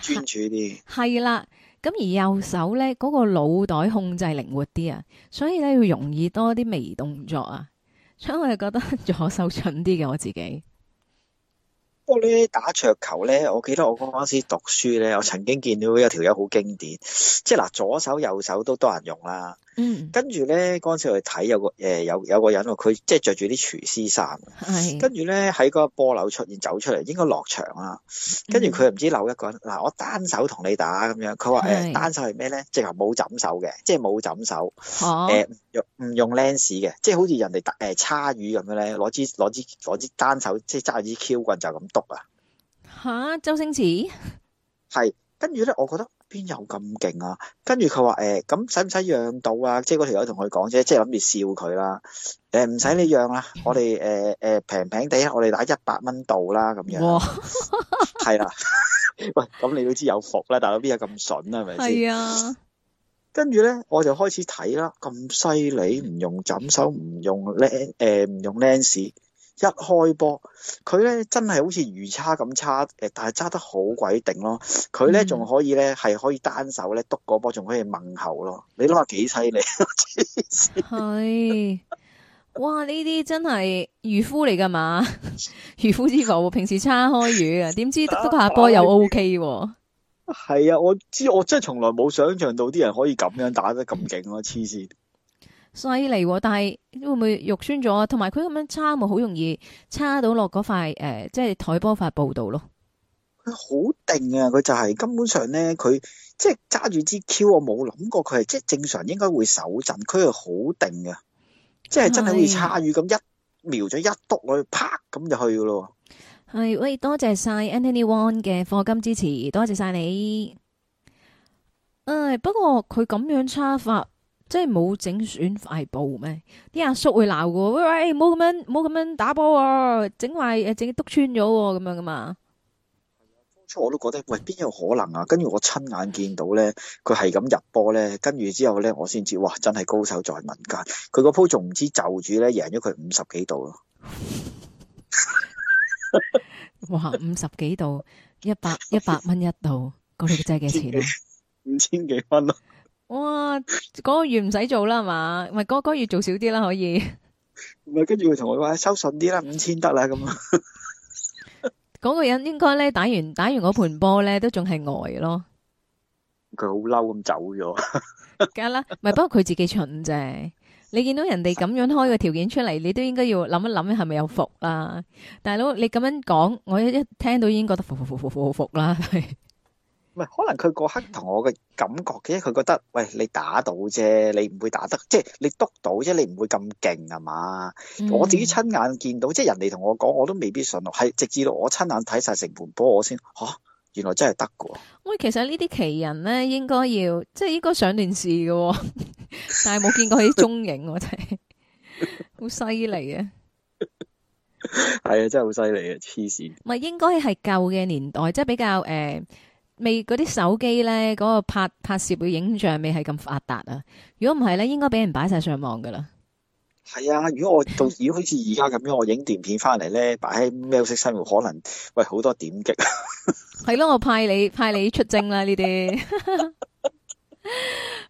專注啲。係啦，咁，啊，而右手咧嗰個腦袋控制靈活啲啊，所以咧要容易多啲微動作啊。所以我就覺得呵呵左手準啲嘅我自己。不過咧打桌球，咧，我記得我嗰陣時讀書咧，我曾經見到有條友好經典，即係嗱左手右手都多人用啦。嗯，跟住咧，嗰陣時我睇有個誒、呃、有有個人喎，佢即係着住啲廚師衫，係。跟住咧喺嗰個波樓出現走出嚟，應該落場啦。跟住佢又唔知留一個人，嗱、嗯、我單手同你打咁樣。佢話誒單手係咩咧？即係冇枕手嘅，即係冇枕手。誒、哦呃，用唔用 Lens 嘅？即係好似人哋誒叉魚咁樣咧，攞支攞支攞支單手，即係揸支 Q 棍就咁篤啊！吓，周星馳係。跟住咧，我覺得。邊有咁勁啊？跟住佢話誒，咁使唔使讓到啊？即係嗰條友同佢講啫，即係諗住笑佢啦。誒，唔使你讓啦，我哋誒誒平平地，我哋打一百蚊到啦，咁樣。哇！係啦，喂，咁你都知有伏啦，大佬邊有咁筍啊？係咪先？係啊。跟住咧，我就開始睇啦，咁犀利，唔用枕手，唔用 lens，誒，唔用 lens。一開波，佢咧真係好似魚叉咁叉，誒，但係叉得好鬼定咯。佢咧仲可以咧係可以單手咧篤個波，仲可以問候咯。你諗下幾犀利？係，哇！呢啲真係漁夫嚟噶嘛？漁 夫之流，啊，平時叉開魚 ，OK，啊，點知篤下波又 OK？係啊，我知，我真係從來冇想象到啲人可以咁樣打得咁勁咯，黐線！犀利，哦，但係會唔會肉酸咗啊？同埋佢咁樣叉，咪好容易叉到落嗰塊誒，即係台波發報度咯。佢好定啊！佢就係、是、根本上咧，佢即係揸住支 Q，我冇諗過佢係即係正常應該會手震，佢係好定噶，即係真係會叉魚咁一瞄咗一篤，落去啪咁就去噶咯。係喂，多謝晒 Anthony One 嘅課金支持，多謝晒你。誒、哎，不過佢咁樣叉法。真係冇整損塊布咩？啲阿叔會鬧嘅，喂喂，唔好咁樣，唔好咁樣打波、啊，整壞誒，整督穿咗咁、啊、樣噶嘛？當初我都覺得，喂，邊有可能啊？跟住我親眼見到咧，佢係咁入波咧，跟住之後咧，我先知，哇，真係高手在民間！佢嗰鋪仲唔知就住咧，贏咗佢五十幾度咯。 哇，五十幾度，一百一百蚊一度，嗰度真係幾錢啊？五千幾蚊咯。哇！嗰個月唔使做啦，係嘛？唔係嗰嗰月做少啲啦，可以。唔係跟住佢同我話收順啲啦，五千得啦咁。嗰個人應該咧打完打完嗰盤波咧，都仲係呆咯。佢好嬲咁走咗。梗 啦，唔係不過佢自己蠢啫。你見到人哋咁樣開個條件出嚟，你都應該要諗一諗，係咪有福啊？大佬，你咁樣講，我一聽到已經覺得服服服服服服服服服啦。 可能佢嗰刻同我嘅感覺嘅，佢覺得，喂，你打到啫，你唔會打得，即係你督到啫，你唔會咁勁呀嘛？我自己親眼見到，即係人哋同我講，我都未必信咯。係直至到我親眼睇晒成盤波我，我先嚇，原來真係得㗎。喂，其實呢啲奇人咧，應該要即係應該上電視嘅、哦，但係冇見過佢啲蹤影，我 真係好犀利嘅。係 啊，真係好犀利嘅，黐線。唔係應該係舊嘅年代，即係比較誒。呃未嗰啲手機咧，嗰個拍拍攝嘅影像未係咁發達啊！如果唔係咧，應該俾人擺晒上網噶啦。係啊，如果我到如果好似而家咁樣，我影電片翻嚟咧，擺喺喵式生活，可能喂好多點擊。係咯， 我派你派你出征啦呢啲。 這些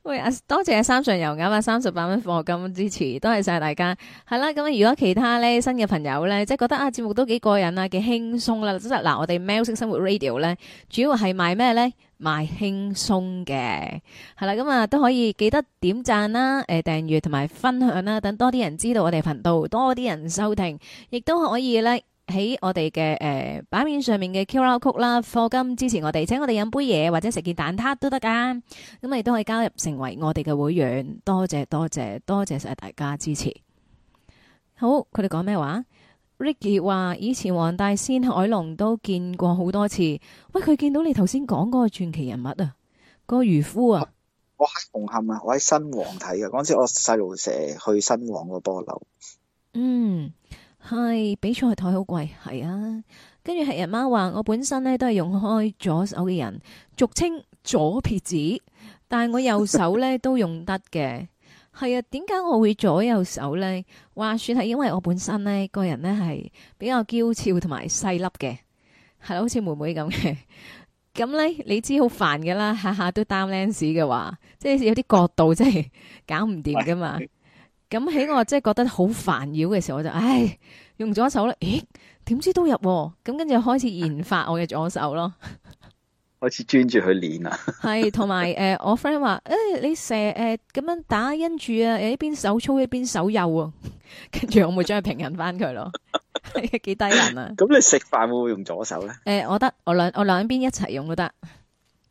喂，多謝阿三上油攞三十八蚊課金支持，多謝晒大家。係啦，咁如果其他咧新嘅朋友咧，即係覺得啊節目都幾過癮啊，幾輕鬆啦。即係嗱，我哋喵式生活 Radio 咧，主要係賣咩咧？賣輕鬆嘅。係啦，咁啊都可以記得點讚啦，誒訂閱同埋分享啦，等多啲人知道我哋頻道，多啲人收聽，亦都可以咧。喺我哋嘅誒版面上面嘅 QR code 啦，課金支持我哋，請我哋飲杯嘢或者食件蛋撻都得㗎。咁你都可以加入成為我哋嘅會員，多謝多謝多謝晒大家支持。好，佢哋講咩話？Ricky 話以前黃大仙海龍都見過好多次。喂，佢見到你頭先講嗰個傳奇人物啊，嗰個漁夫啊。我喺紅磡啊，我喺新黃睇嘅。嗰陣時我細路成日去新黃個波樓。嗯。係比賽台好貴，係啊。跟住係人媽話，我本身咧都係用開左手嘅人，俗稱左撇子。但係我右手咧都用得嘅。係 啊，點解我會左右手咧？話說係因為我本身咧個人咧係比較嬌俏同埋細粒嘅，係、啊、好似妹妹咁嘅。咁 咧你知好煩噶啦，下下都擔 lens 嘅話，即係有啲角度真係搞唔掂噶嘛。 咁喺我即係覺得好煩擾嘅時候，我就唉用左手啦。咦？點知都入咁，跟住開始研發我嘅左手咯，開始專注去練啊。係同埋誒，我 friend 話誒你射誒咁樣打因住啊，誒一邊手粗一邊手幼 啊，跟住我會將佢平衡翻佢咯，幾低能啊！咁你食飯會唔會用左手咧？誒、呃，我得我兩我兩邊一齊用都得。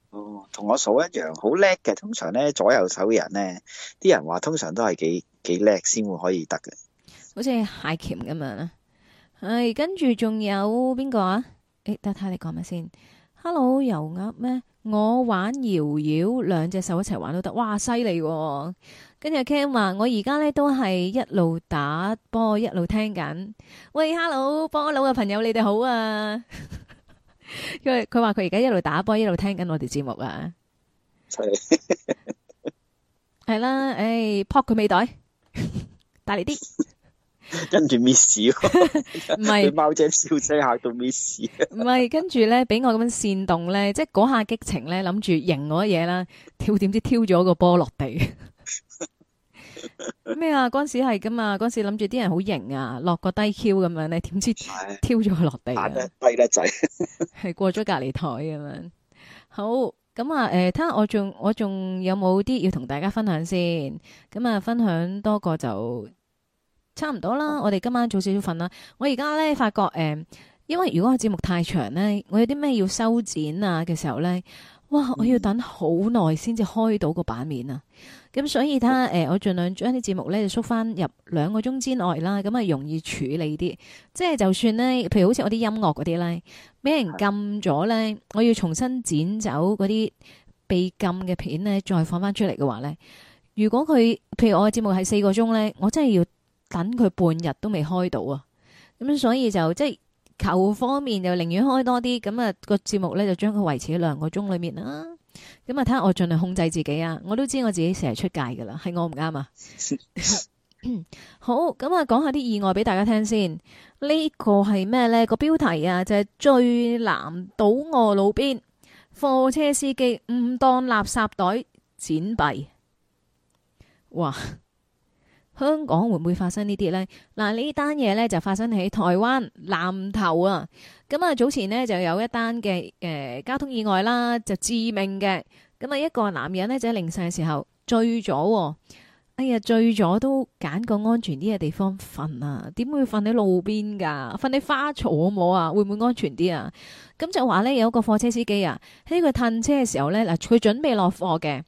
哦，同我數一樣，好叻嘅。通常咧，左右手嘅人咧，啲人話通常都係幾。幾叻先會可以得嘅，好似蟹鉗咁樣、哎、啊。係，跟住仲有邊個啊？誒，得下你講咪先。Hello，油鴨咩？我玩瑤瑤兩隻手一齊玩都得。哇，犀利、啊！跟住 Ken 話，我而家咧都係一路打波，一路聽緊。喂，Hello，波佬嘅朋友，你哋好啊！因為佢話佢而家一路打波，一路聽緊我哋節目啊。係係啦，誒 p 佢尾袋。大啲 miss 跟住 miss 唔係，貓姐笑聲吓到 miss，唔係，跟住咧俾我咁樣煽動咧， 即係嗰下激情咧，諗住型嗰啲嘢啦，跳點知跳咗個波落地，咩 啊？嗰時係咁啊，嗰時諗住啲人好型啊，落個低 Q 咁樣咧，點知跳咗落地 啊？低得滯，係過咗隔離台咁樣。好，咁啊，誒，睇下我仲我仲有冇啲要同大家分享先。咁啊，分享多個就。差唔多啦，我哋今晚早少少瞓啦。我而家咧發覺，誒、呃，因為如果個節目太長咧，我有啲咩要修剪啊嘅時候咧，哇，我要等好耐先至開到個版面啊。咁所以睇下，誒、呃，我盡量將啲節目咧縮翻，入兩個鐘之內啦，咁啊容易處理啲。即係就算咧，譬如好似我啲音樂嗰啲咧，俾人禁咗咧，我要重新剪走嗰啲被禁嘅片咧，再放翻出嚟嘅話咧，如果佢譬如我嘅節目係四個鐘咧，我真係要。等佢半日都未開到啊！咁所以就即係球方面就寧願開多啲，咁、那、啊個節目呢就將佢維持喺兩個鐘裏面啦。咁啊睇下我盡量控制自己啊！我都知我自己成日出界噶啦，係我唔啱啊！ 好咁啊，講下啲意外俾大家聽先。呢、這個係咩呢？那個標題啊就係、是、最難倒臥路邊，貨車司機唔當垃圾袋剪幣。哇！香港會唔會發生呢啲呢？嗱，呢單嘢呢就發生喺台灣南投啊。咁啊，早前呢就有一單嘅誒交通意外啦，就致命嘅。咁啊，一個男人呢，就喺凌晨嘅時候醉咗。哎呀，醉咗都揀個安全啲嘅地方瞓啊！點會瞓喺路邊噶？瞓喺花草好冇啊？會唔會安全啲啊？咁就話呢，有個貨車司機啊，喺佢褪車嘅時候呢，嗱佢準備落貨嘅，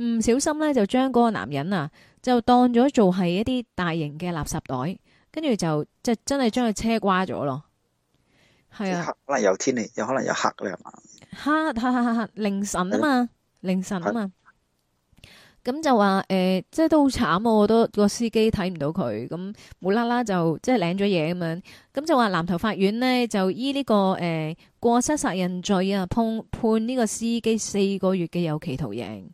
唔小心呢，就將嗰個男人啊就當咗做係一啲大型嘅垃圾袋，跟住就即真係將佢車刮咗咯。係啊，可能有天氣，有可能有黑咧，係咪？黑黑黑黑凌晨啊嘛，凌晨啊嘛。咁就話誒、欸，即係都好慘啊！我都個司機睇唔到佢，咁無啦啦就即係領咗嘢咁樣。咁就話南頭法院呢，就依呢、這個誒、欸、過失殺人罪啊，碰判呢個司機四個月嘅有期徒刑，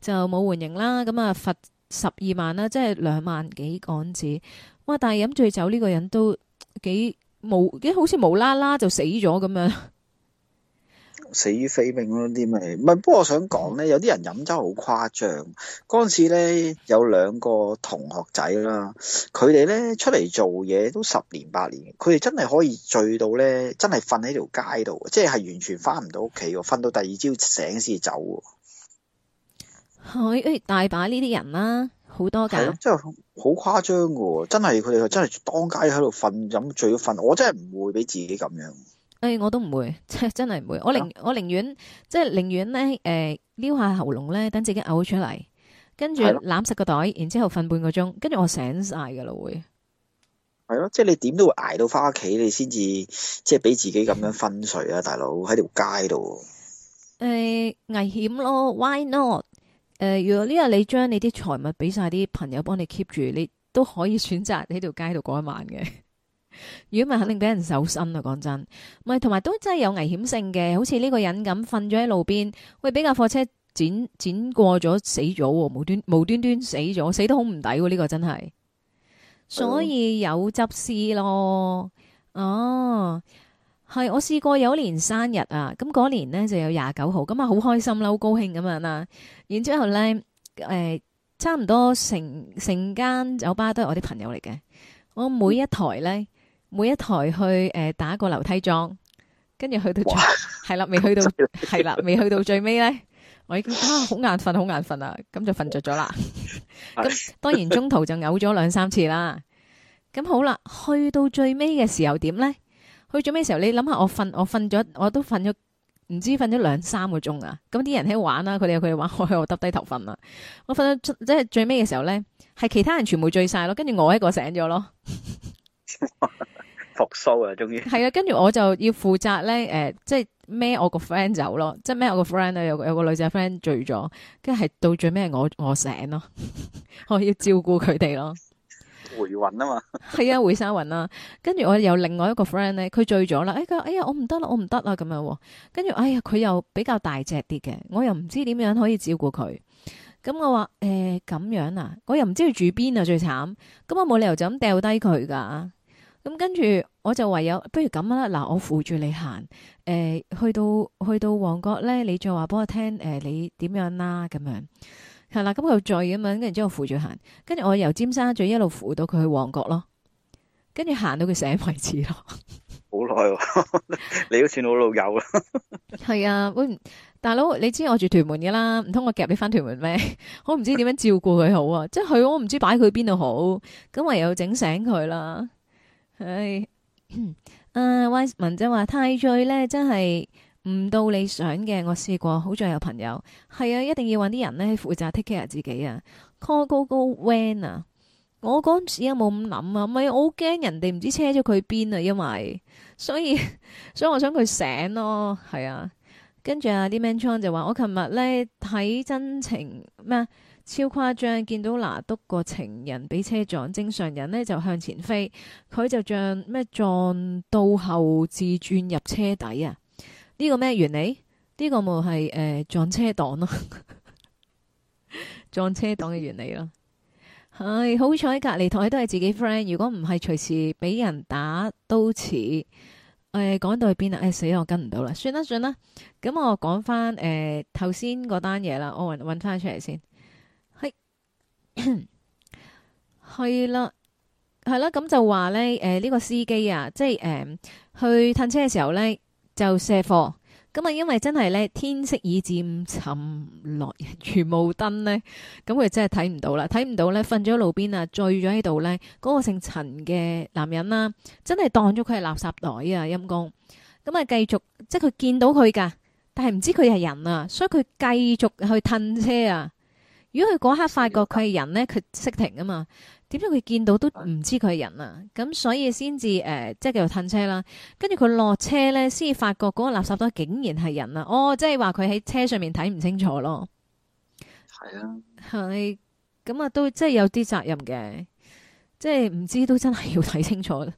就冇緩刑啦、啊。咁啊罰十二萬啦，即係兩萬幾港紙。哇！但係飲醉酒呢個人都幾無，幾好似無啦啦就死咗咁樣。死於非命咯啲咪，唔係。不過我想講咧，有啲人飲酒好誇張。嗰陣時咧，有兩個同學仔啦，佢哋咧出嚟做嘢都十年八年，佢哋真係可以醉到咧，真係瞓喺條街度，即係完全翻唔到屋企喎，瞓到第二朝醒先走喎。係、哎、大把呢啲人啦、啊，好多㗎。係咯，即係好誇張嘅喎，真係佢哋真係當街喺度瞓飲醉咗瞓，我真係唔會俾自己咁樣。誒、哎，我都唔會，真真係唔會。我寧、yeah. 我寧願即係寧願咧，誒、呃，撩下喉嚨咧，等自己嘔出嚟，跟住攬實個袋，yeah. 然之後瞓半個鐘，跟住我醒晒噶啦，會係咯、yeah. 即係你點都會捱到翻屋企，你先至即係俾自己咁樣昏睡啊，大佬喺條街度。誒、呃，危險咯，Why not？誒、呃，如果呢日你將你啲財物俾晒啲朋友幫你 keep 住，你都可以選擇喺條街度過一晚嘅。如果唔係肯定俾人搜身啊。講真的，咪同埋都真係有危險性嘅，好似呢個人咁瞓咗喺路邊，喂，俾架貨車剪剪過咗死咗，無端無端端死咗，死得好唔抵，呢、這個真係，所以有執屍咯、嗯，哦，係我試過有一年生日啊，咁嗰年呢就有廿九號，咁啊好開心啦，好高興咁樣啦，然之後咧，誒、呃，差唔多成成間酒吧都係我啲朋友嚟嘅，我每一台呢。嗯每一台去誒、呃、打個樓梯樁，跟住去到最係啦，未去到係啦，未去到最尾咧，我已經啊好眼瞓，好眼瞓啊，咁就瞓着咗啦。咁 當然中途就嘔咗兩三次啦。咁好啦，去到最尾嘅時候點咧？去到最尾嘅時候，你諗下我瞓，我瞓咗，我都瞓咗唔知瞓咗兩三個鐘啊。咁啲人喺度玩啦，佢哋又佢哋玩，我喺度耷低頭瞓啊。我瞓到即係最尾嘅時候咧，係其他人全部醉晒咯，跟住我一個醒咗咯。復蘇啊，終於係啊，跟住我就要負責咧，誒、呃，即係孭我個 friend 走咯，即係孭我個 friend 啊，有有個女仔 friend 醉咗，跟住係到最尾我我醒咯， 我要照顧佢哋咯，回魂啊嘛，係 啊，回山魂啦，跟住我有另外一個 friend 咧，佢醉咗啦，哎佢話，哎呀我唔得啦，我唔得啦咁樣，跟住哎呀佢又比較大隻啲嘅，我又唔知點樣可以照顧佢，咁我話誒咁樣啊，我又唔知佢住邊啊最慘，咁我冇理由就咁掉低佢噶。咁跟住我就唯有不如咁啦，嗱我扶住你行，誒、呃、去到去到旺角咧，你再話幫我聽，誒、呃、你點樣啦、啊、咁樣，係啦咁佢再咁樣，跟住之後扶住行，跟住我由尖沙咀一路扶到佢去旺角咯，跟住行到佢醒為止咯，好耐、哦 啊，你都算好老友啦，係啊，喂大佬你知我住屯門噶啦，唔通我夾你翻屯門咩？我唔知點樣照顧佢好啊， 即係佢我唔知擺佢邊度好，咁唯有整醒佢啦。唉、哎、誒，文姐話太醉咧真係唔到你想嘅，我試過，好在有朋友係啊，一定要搵啲人咧負責 take care 自己啊，call GoGoVan 啊，我嗰陣時有冇咁諗啊？唔係，我好驚人哋唔知車咗佢邊啊，因為所以所以， 所以我想佢醒咯，係啊，跟住啊啲、 啊、man chong 就話我琴日咧睇真情咩？超誇張，見到拿督個情人俾車撞，正常人呢就向前飛，佢就像咩撞到後至轉入車底啊？呢、這個咩原理？呢、這個咪係撞車檔咯，撞車檔嘅 原理咯。係好彩，隔離台都係自己 friend。如果唔係，隨時俾人打刀刺。誒、呃，講到去邊啊？誒、哎，死我跟唔到啦，算啦算啦。咁我講翻誒頭先嗰單嘢啦，我搵翻出嚟先。係啦，係 啦，咁就話呢誒呢、呃這個司機啊，即係誒、呃、去褪車嘅時候呢，就卸貨，咁啊因為真係呢天色已漸沉落，如冇燈呢。咁佢真係睇唔到啦，睇唔到呢。瞓咗喺路邊，那個，啊，醉咗喺度呢。嗰個姓陳嘅男人啦，真係當咗佢係垃圾袋啊，陰公，咁啊繼續，即係佢見到佢噶，但係唔知佢係人啊，所以佢繼續去褪車啊。如果佢嗰刻發覺佢係人呢，佢識停啊嘛？點解佢見到都唔知佢係人啊？咁所以先至誒，即係繼續褪車啦。跟住佢落車呢，先發覺嗰個垃圾袋竟然係人啊！哦，即係話佢喺車上面睇唔清楚咯。係啊，係咁啊，都即係有啲責任嘅，即係唔知都真係要睇清楚。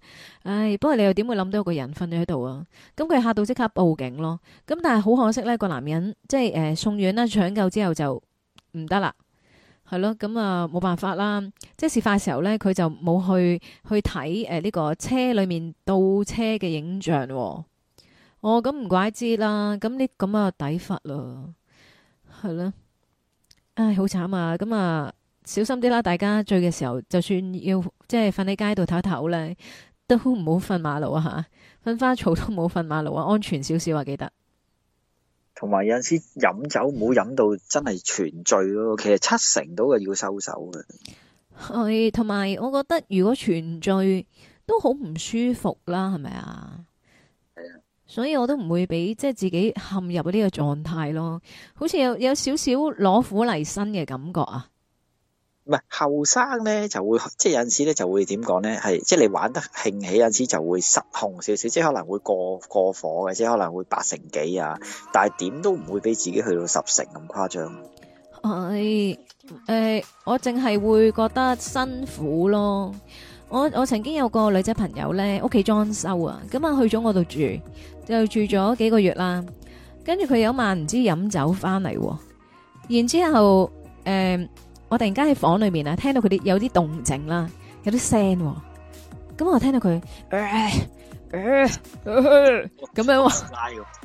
唉，不過你又點會諗到有個人瞓咗喺度啊？咁佢嚇到即刻報警咯。咁但係好可惜呢，個男人即係誒、呃、送院啦，搶救之後就唔得啦。係咯，咁啊冇辦法啦。即事發時候呢，佢就冇去去睇誒呢個車裏面倒車嘅影像哦。哦，咁唔怪之啦。咁呢咁啊抵罰咯，係咯。唉，好慘啊！咁、哎、啊，小心啲啦，大家醉嘅時候，就算要即係瞓喺街度唞唞咧，都唔好瞓馬路吓、啊，瞓花草都唔好瞓馬路啊，安全少少啊，記得。同埋有陣時飲酒冇飲到真係全醉咯，其實七成都係要收手嘅。係同埋，我覺得如果全醉都好唔舒服啦，係咪啊？係啊，所以我都唔會俾即係自己陷入呢個狀態咯，好似有有少少攞苦嚟身嘅感覺啊。唔係後生咧，就會即係有陣時咧就會點講咧，係即係你玩得興起，有陣時就會失控少少，即係可能會過過火嘅，即係可能會八成幾啊，但係點都唔會俾自己去到十成咁誇張。係、哎、誒、呃，我淨係會覺得辛苦咯。我我曾經有個女仔朋友咧，屋企裝修啊，咁啊去咗我度住，就住咗幾個月啦。跟住佢有一晚唔知飲酒翻嚟，然之後誒。呃我突然間喺房裏面啊，聽到佢哋有啲動靜啦，有啲聲，咁我聽到佢咁樣話，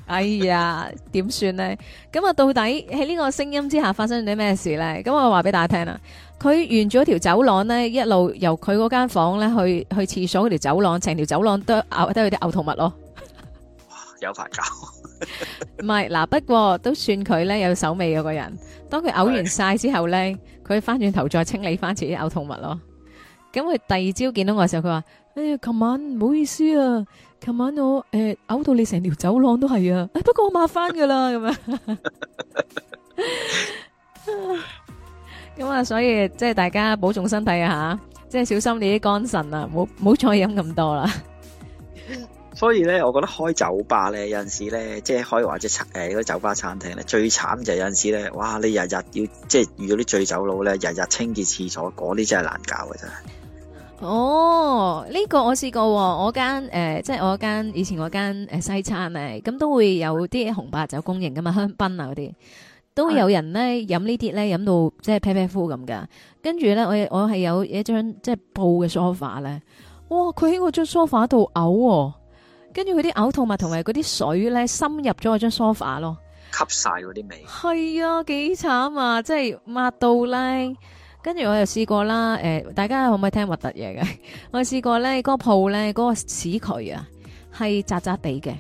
哎呀，點算咧？咁啊，到底喺呢個聲音之下發生咗啲咩事咧？咁我話俾大家聽啦，佢沿住一條走廊咧，一路由佢嗰間房咧去去廁所嗰條走廊，成條走廊都嘔，都有啲嘔吐物咯。有排搞。唔係嗱，不過都算佢咧有手尾嗰個人。當佢嘔完晒之後咧，佢翻轉頭再清理翻自己嘔吐物咯。咁佢第二朝見到我嘅時候，佢話：哎呀，琴晚唔好意思啊，琴晚我誒嘔到你成條走廊都係啊。不過我抹翻噶啦咁樣。咁啊，所以即係大家保重身體啊吓，即係小心你啲肝腎啊，唔好唔好再飲咁多啦。所以咧，我覺得開酒吧咧有陣時咧，即係開或者餐個、呃、酒吧餐廳咧，最慘就係有陣時咧，哇！你日日要即係遇到啲醉酒佬咧，日日清潔廁所嗰啲真係難搞嘅真係。哦，呢個我試過、哦，我間、呃、即係我間以前我間、呃、西餐咧，咁都會有啲紅白酒供應噶嘛，香檳啊嗰啲都有人咧飲呢啲咧飲到即係披披夫咁噶。跟住咧，我我係有一張即係布嘅 sofa 咧，哇！佢喺我張 sofa 度嘔、哦。跟住佢啲嘔吐物同埋嗰啲水咧，深入咗我張梳化 f 咯，吸晒嗰啲味。係啊，幾慘啊！即係抹到咧。跟住我又試過啦，誒、呃，大家可唔可以聽核突嘢嘅？ 我試過咧，嗰鋪咧嗰個屎渠、那個、啊，係窄窄哋嘅。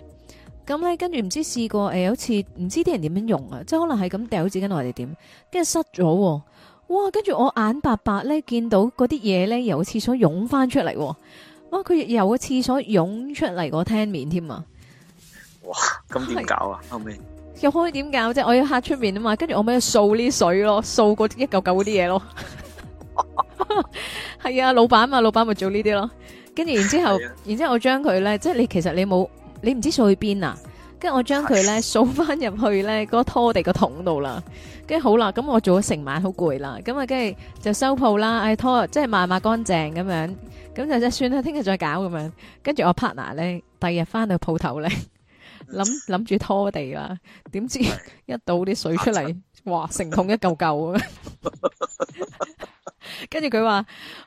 咁咧，跟住唔知試過誒、呃，好似唔知啲人點樣用啊，即係可能係咁掉紙巾落嚟點，跟住塞咗、啊。哇！跟住我眼白白咧，見到嗰啲嘢咧由廁所湧翻出嚟、啊。哇！佢由個廁所湧出嚟個廳面添啊！哇！咁點搞啊？後面、oh, 又可以點搞啫？我要吓出面啊嘛！跟住我咪掃啲水咯，掃嗰一嚿嚿嗰啲嘢咯。係 啊，老闆啊，老闆咪做呢啲咯。跟住然之後，然之後、啊、後我將佢咧，即係你其實你冇，你唔知掃去邊啊？跟住我將佢咧掃翻入去咧嗰、那個、拖地個桶度啦。跟住好啦，咁我做咗成晚好攰啦。咁啊，跟住就收鋪啦，誒拖，即係抹抹乾淨咁樣。咁就就算啦，聽日再搞咁樣。跟住我 partner 咧，第二日翻到鋪頭咧，諗諗住拖地啦，點知一倒啲水出嚟，哇，成桶一嚿嚿。跟住佢話，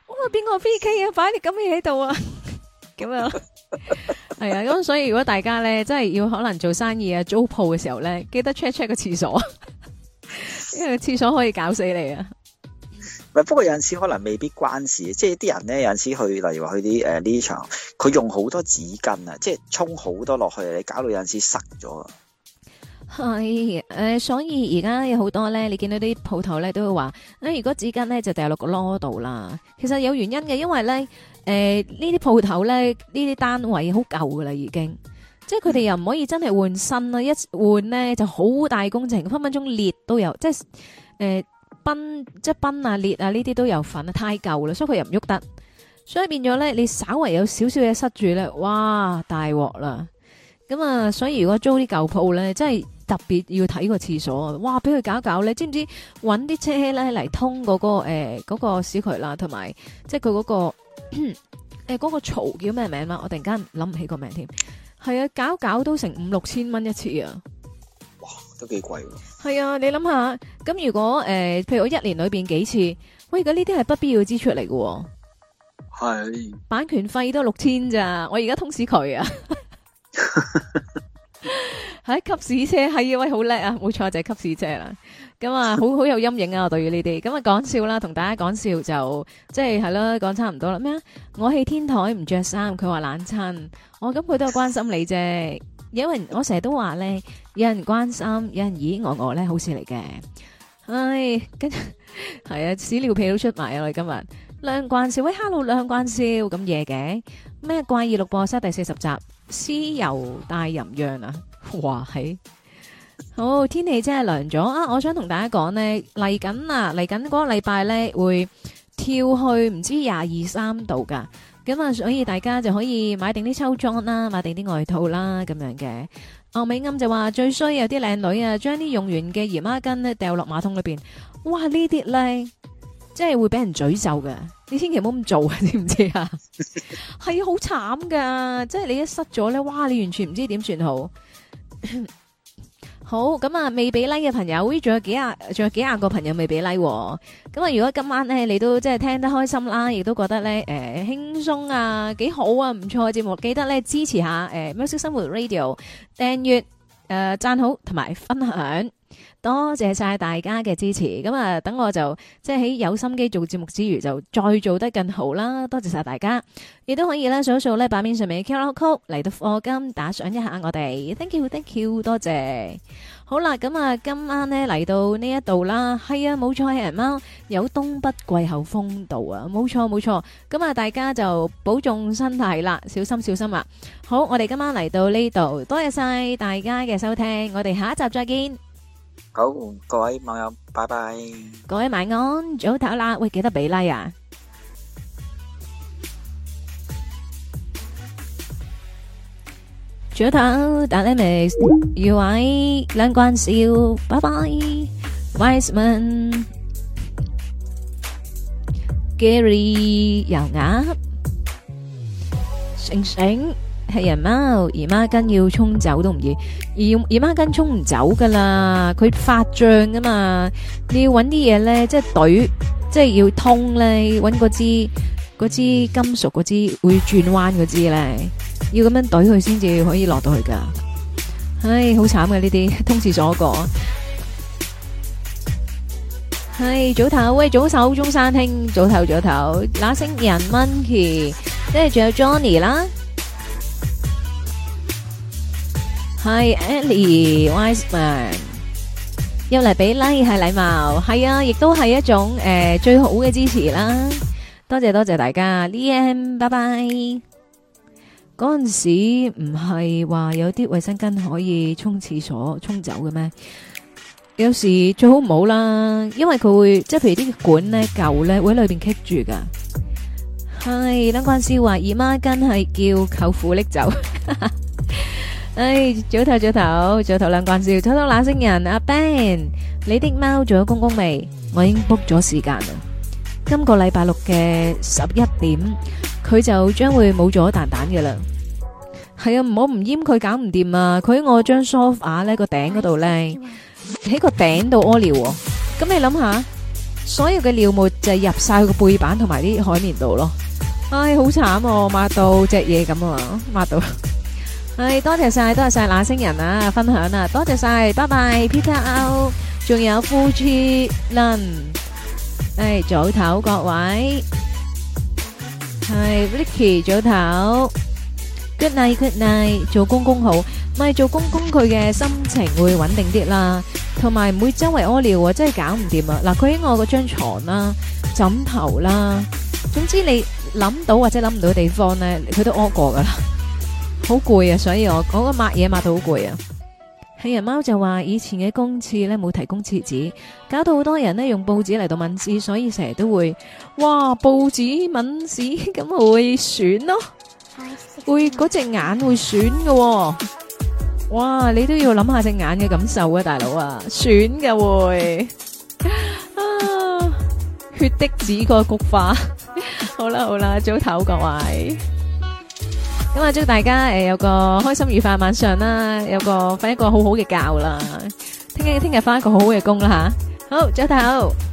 哇，邊個 V K 啊，擺啲咁嘅嘢喺度啊，咁 樣。係啊，咁所以如果大家咧，真係要可能做生意啊，租鋪嘅時候咧，記得 check check 個廁所， 因為個廁所可以搞死你啊。不過有陣時可能未必關事，即係啲人咧，有陣時去，例如話去啲誒呢場，佢用好多紙巾啊，即係沖好多落去，你搞到有陣時塞咗。係、呃、所以而家有好多咧，你見到啲鋪頭咧都會話、呃，如果紙巾咧就掉落個攞度啦。其實有原因嘅，因為咧誒呢啲鋪頭咧呢啲單位好舊噶啦，已經，即係佢哋又唔可以真係換新啦，一換咧就好大工程，分分鐘裂都有，即係誒。呃崩，即係崩啊、裂啊呢啲都有份啊，太舊啦，所以佢又唔喐得，所以變咗咧你稍微有少少嘢塞住咧，哇，大鑊啦！咁啊，所以如果租啲舊鋪咧，真係特別要睇個廁所啊！哇，俾佢搞搞咧，你知唔知搵啲車咧嚟，通嗰、嗰個誒嗰、欸嗰個小渠啦，同埋即係佢嗰個誒嗰、嗰個槽叫咩名啊？我突然間諗唔起個名添，係啊，搞搞都成五六千蚊一次啊！都幾貴喎，係啊！你諗下，咁如果誒、呃，譬如我一年裏邊幾次，喂，而家呢啲係不必要支出嚟嘅，係版權費都六千咋，我而家通死佢啊！喺 吸屎車，係啊，喂，好叻啊，冇錯就係、是、吸屎車啦。咁啊，好好有陰影啊，我對於呢啲。咁啊，講笑啦，同大家講笑就即係係咯，講差唔多啦。咩啊？我喺天台唔着衫，佢話冷親，我咁佢都係關心你啫。有人，我成日都話咧，有人關心，有人咦我我咧，好事嚟嘅。唉，跟住 啊屎尿屁都出埋啊！我哋今日亮關笑，喂，Hello 亮關笑，咁夜嘅咩怪異錄播室第四十集。絲油帶淫樣啊！哇，係好天氣，真係涼咗啊！我想同大家講呢，嚟緊啊，嚟緊嗰個禮拜咧會跳去唔知廿二三度噶咁啊所以大家就可以買定啲秋裝啦，買定啲外套啦咁樣嘅。歐美啱就話最衰有啲靚女啊，將啲用完嘅姨媽巾咧掉落馬桶裏邊，哇這些呢啲咧，即係會俾人咀咒嘅。你千祈唔好咁做啊！知唔知啊？係好慘噶，即係你一失咗咧，哇！你完全唔知點算 好。好咁啊，未俾 like 嘅朋友，仲有幾啊，仲有幾廿個朋友未俾 like。咁啊，如果今晚咧你都即係聽得開心啦，亦都覺得咧誒輕鬆啊，幾好啊，唔錯嘅節目。記得咧支持一下誒、呃、喵式生活 radio 訂閱誒讚好同埋分享。多謝晒大家嘅支持，咁啊，等我就即係喺有心機做節目之餘，就再做得更好啦。多謝晒大家，亦都可以咧，掃一掃，咧，版面上面嘅 QR Code，嚟到課金打賞一下我哋。Thank you，Thank you，多謝。好啦。咁啊，今晚呢，嚟到呢一度啦，係啊，冇錯，人貓有東北季候風度啊，冇錯冇錯。咁啊，大家就保重身體啦，小心小心啦。好，我哋今晚嚟到呢度，多謝晒大家嘅收聽，我哋下一集再見。好，各位網友，拜拜！各位晚安，早唞啦，會，記得俾 like 啊！早唞，但係咪余位兩關笑，拜拜，Wiseman，Gary，油牙，醒醒。係人貓，姨媽巾要沖走都唔易，而姨媽巾沖唔走噶啦，佢發脹噶嘛！你要搵啲嘢咧，即係懟，即係要通咧，搵嗰支嗰支金屬嗰支會轉彎嗰支咧，要咁樣懟佢先至可以落到去噶。唉，好慘嘅呢啲，通廁所個。係早唞，喂，早唞，中山兄早唞，早唞，嗱星人 Monkey，即係仲有 Johnny 啦。係 Ellie Wiseman，又嚟俾 like 係禮貌，係啊，亦都係一種誒最好嘅支持啦。多謝多謝大家，Leon，拜拜。嗰陣時唔係話有啲衛生巾可以沖廁所沖走嘅咩？有時最好唔好啦，因為佢會即係譬如啲管咧舊咧會喺裏邊棘住噶。係，啱啱先話姨媽巾係叫舅父拎走。哎，早唞早唞，早唞兩關照，偷偷冷星人阿 Ben，你的貓做咗公公未？我已經 book 咗時間啦，今個禮拜六嘅十一點，佢就將會冇咗蛋蛋㗎啦。係啊，唔好唔閹佢搞唔掂啊！佢喺我張梳化呢個頂嗰度呢，喺個頂度屙尿。咁你諗下，所有嘅尿沫就係入晒佢個背板同埋啲海綿度咯。唉，好慘啊，抹到隻嘢咁啊，抹到。係多謝晒，多謝晒，那星人啊，分享啊，多謝晒，拜拜，Peter O，仲有富智倫，係早唞，各位，係 Vicky 早唞，Good night，good night，做公公好，咪做公公佢嘅心情會穩定啲啦，同埋唔會周圍屙尿啊，真係搞唔掂啊！嗱，佢喺我嗰張床啦，枕頭啦，總之你諗到或者諗唔到嘅地方咧，佢都屙過噶啦。好攰啊，所以我嗰個抹嘢抹到好攰啊。棄人貓就話以前嘅公廁咧冇提供廁紙，搞到好多人咧用報紙嚟到聞屎，所以成日都會，哇，報紙聞屎咁會損咯，會嗰隻眼會損喎！」哇，你都要諗下隻眼嘅感受啊，大佬啊，損㗎會血滴子個菊花。好啦好啦，早唞各位。咁啊！祝大家、呃、有個開心愉快的晚上啦，有個瞓一個好好嘅覺啦，聽日聽日返一個好好嘅工啦吓、啊，好，早唞。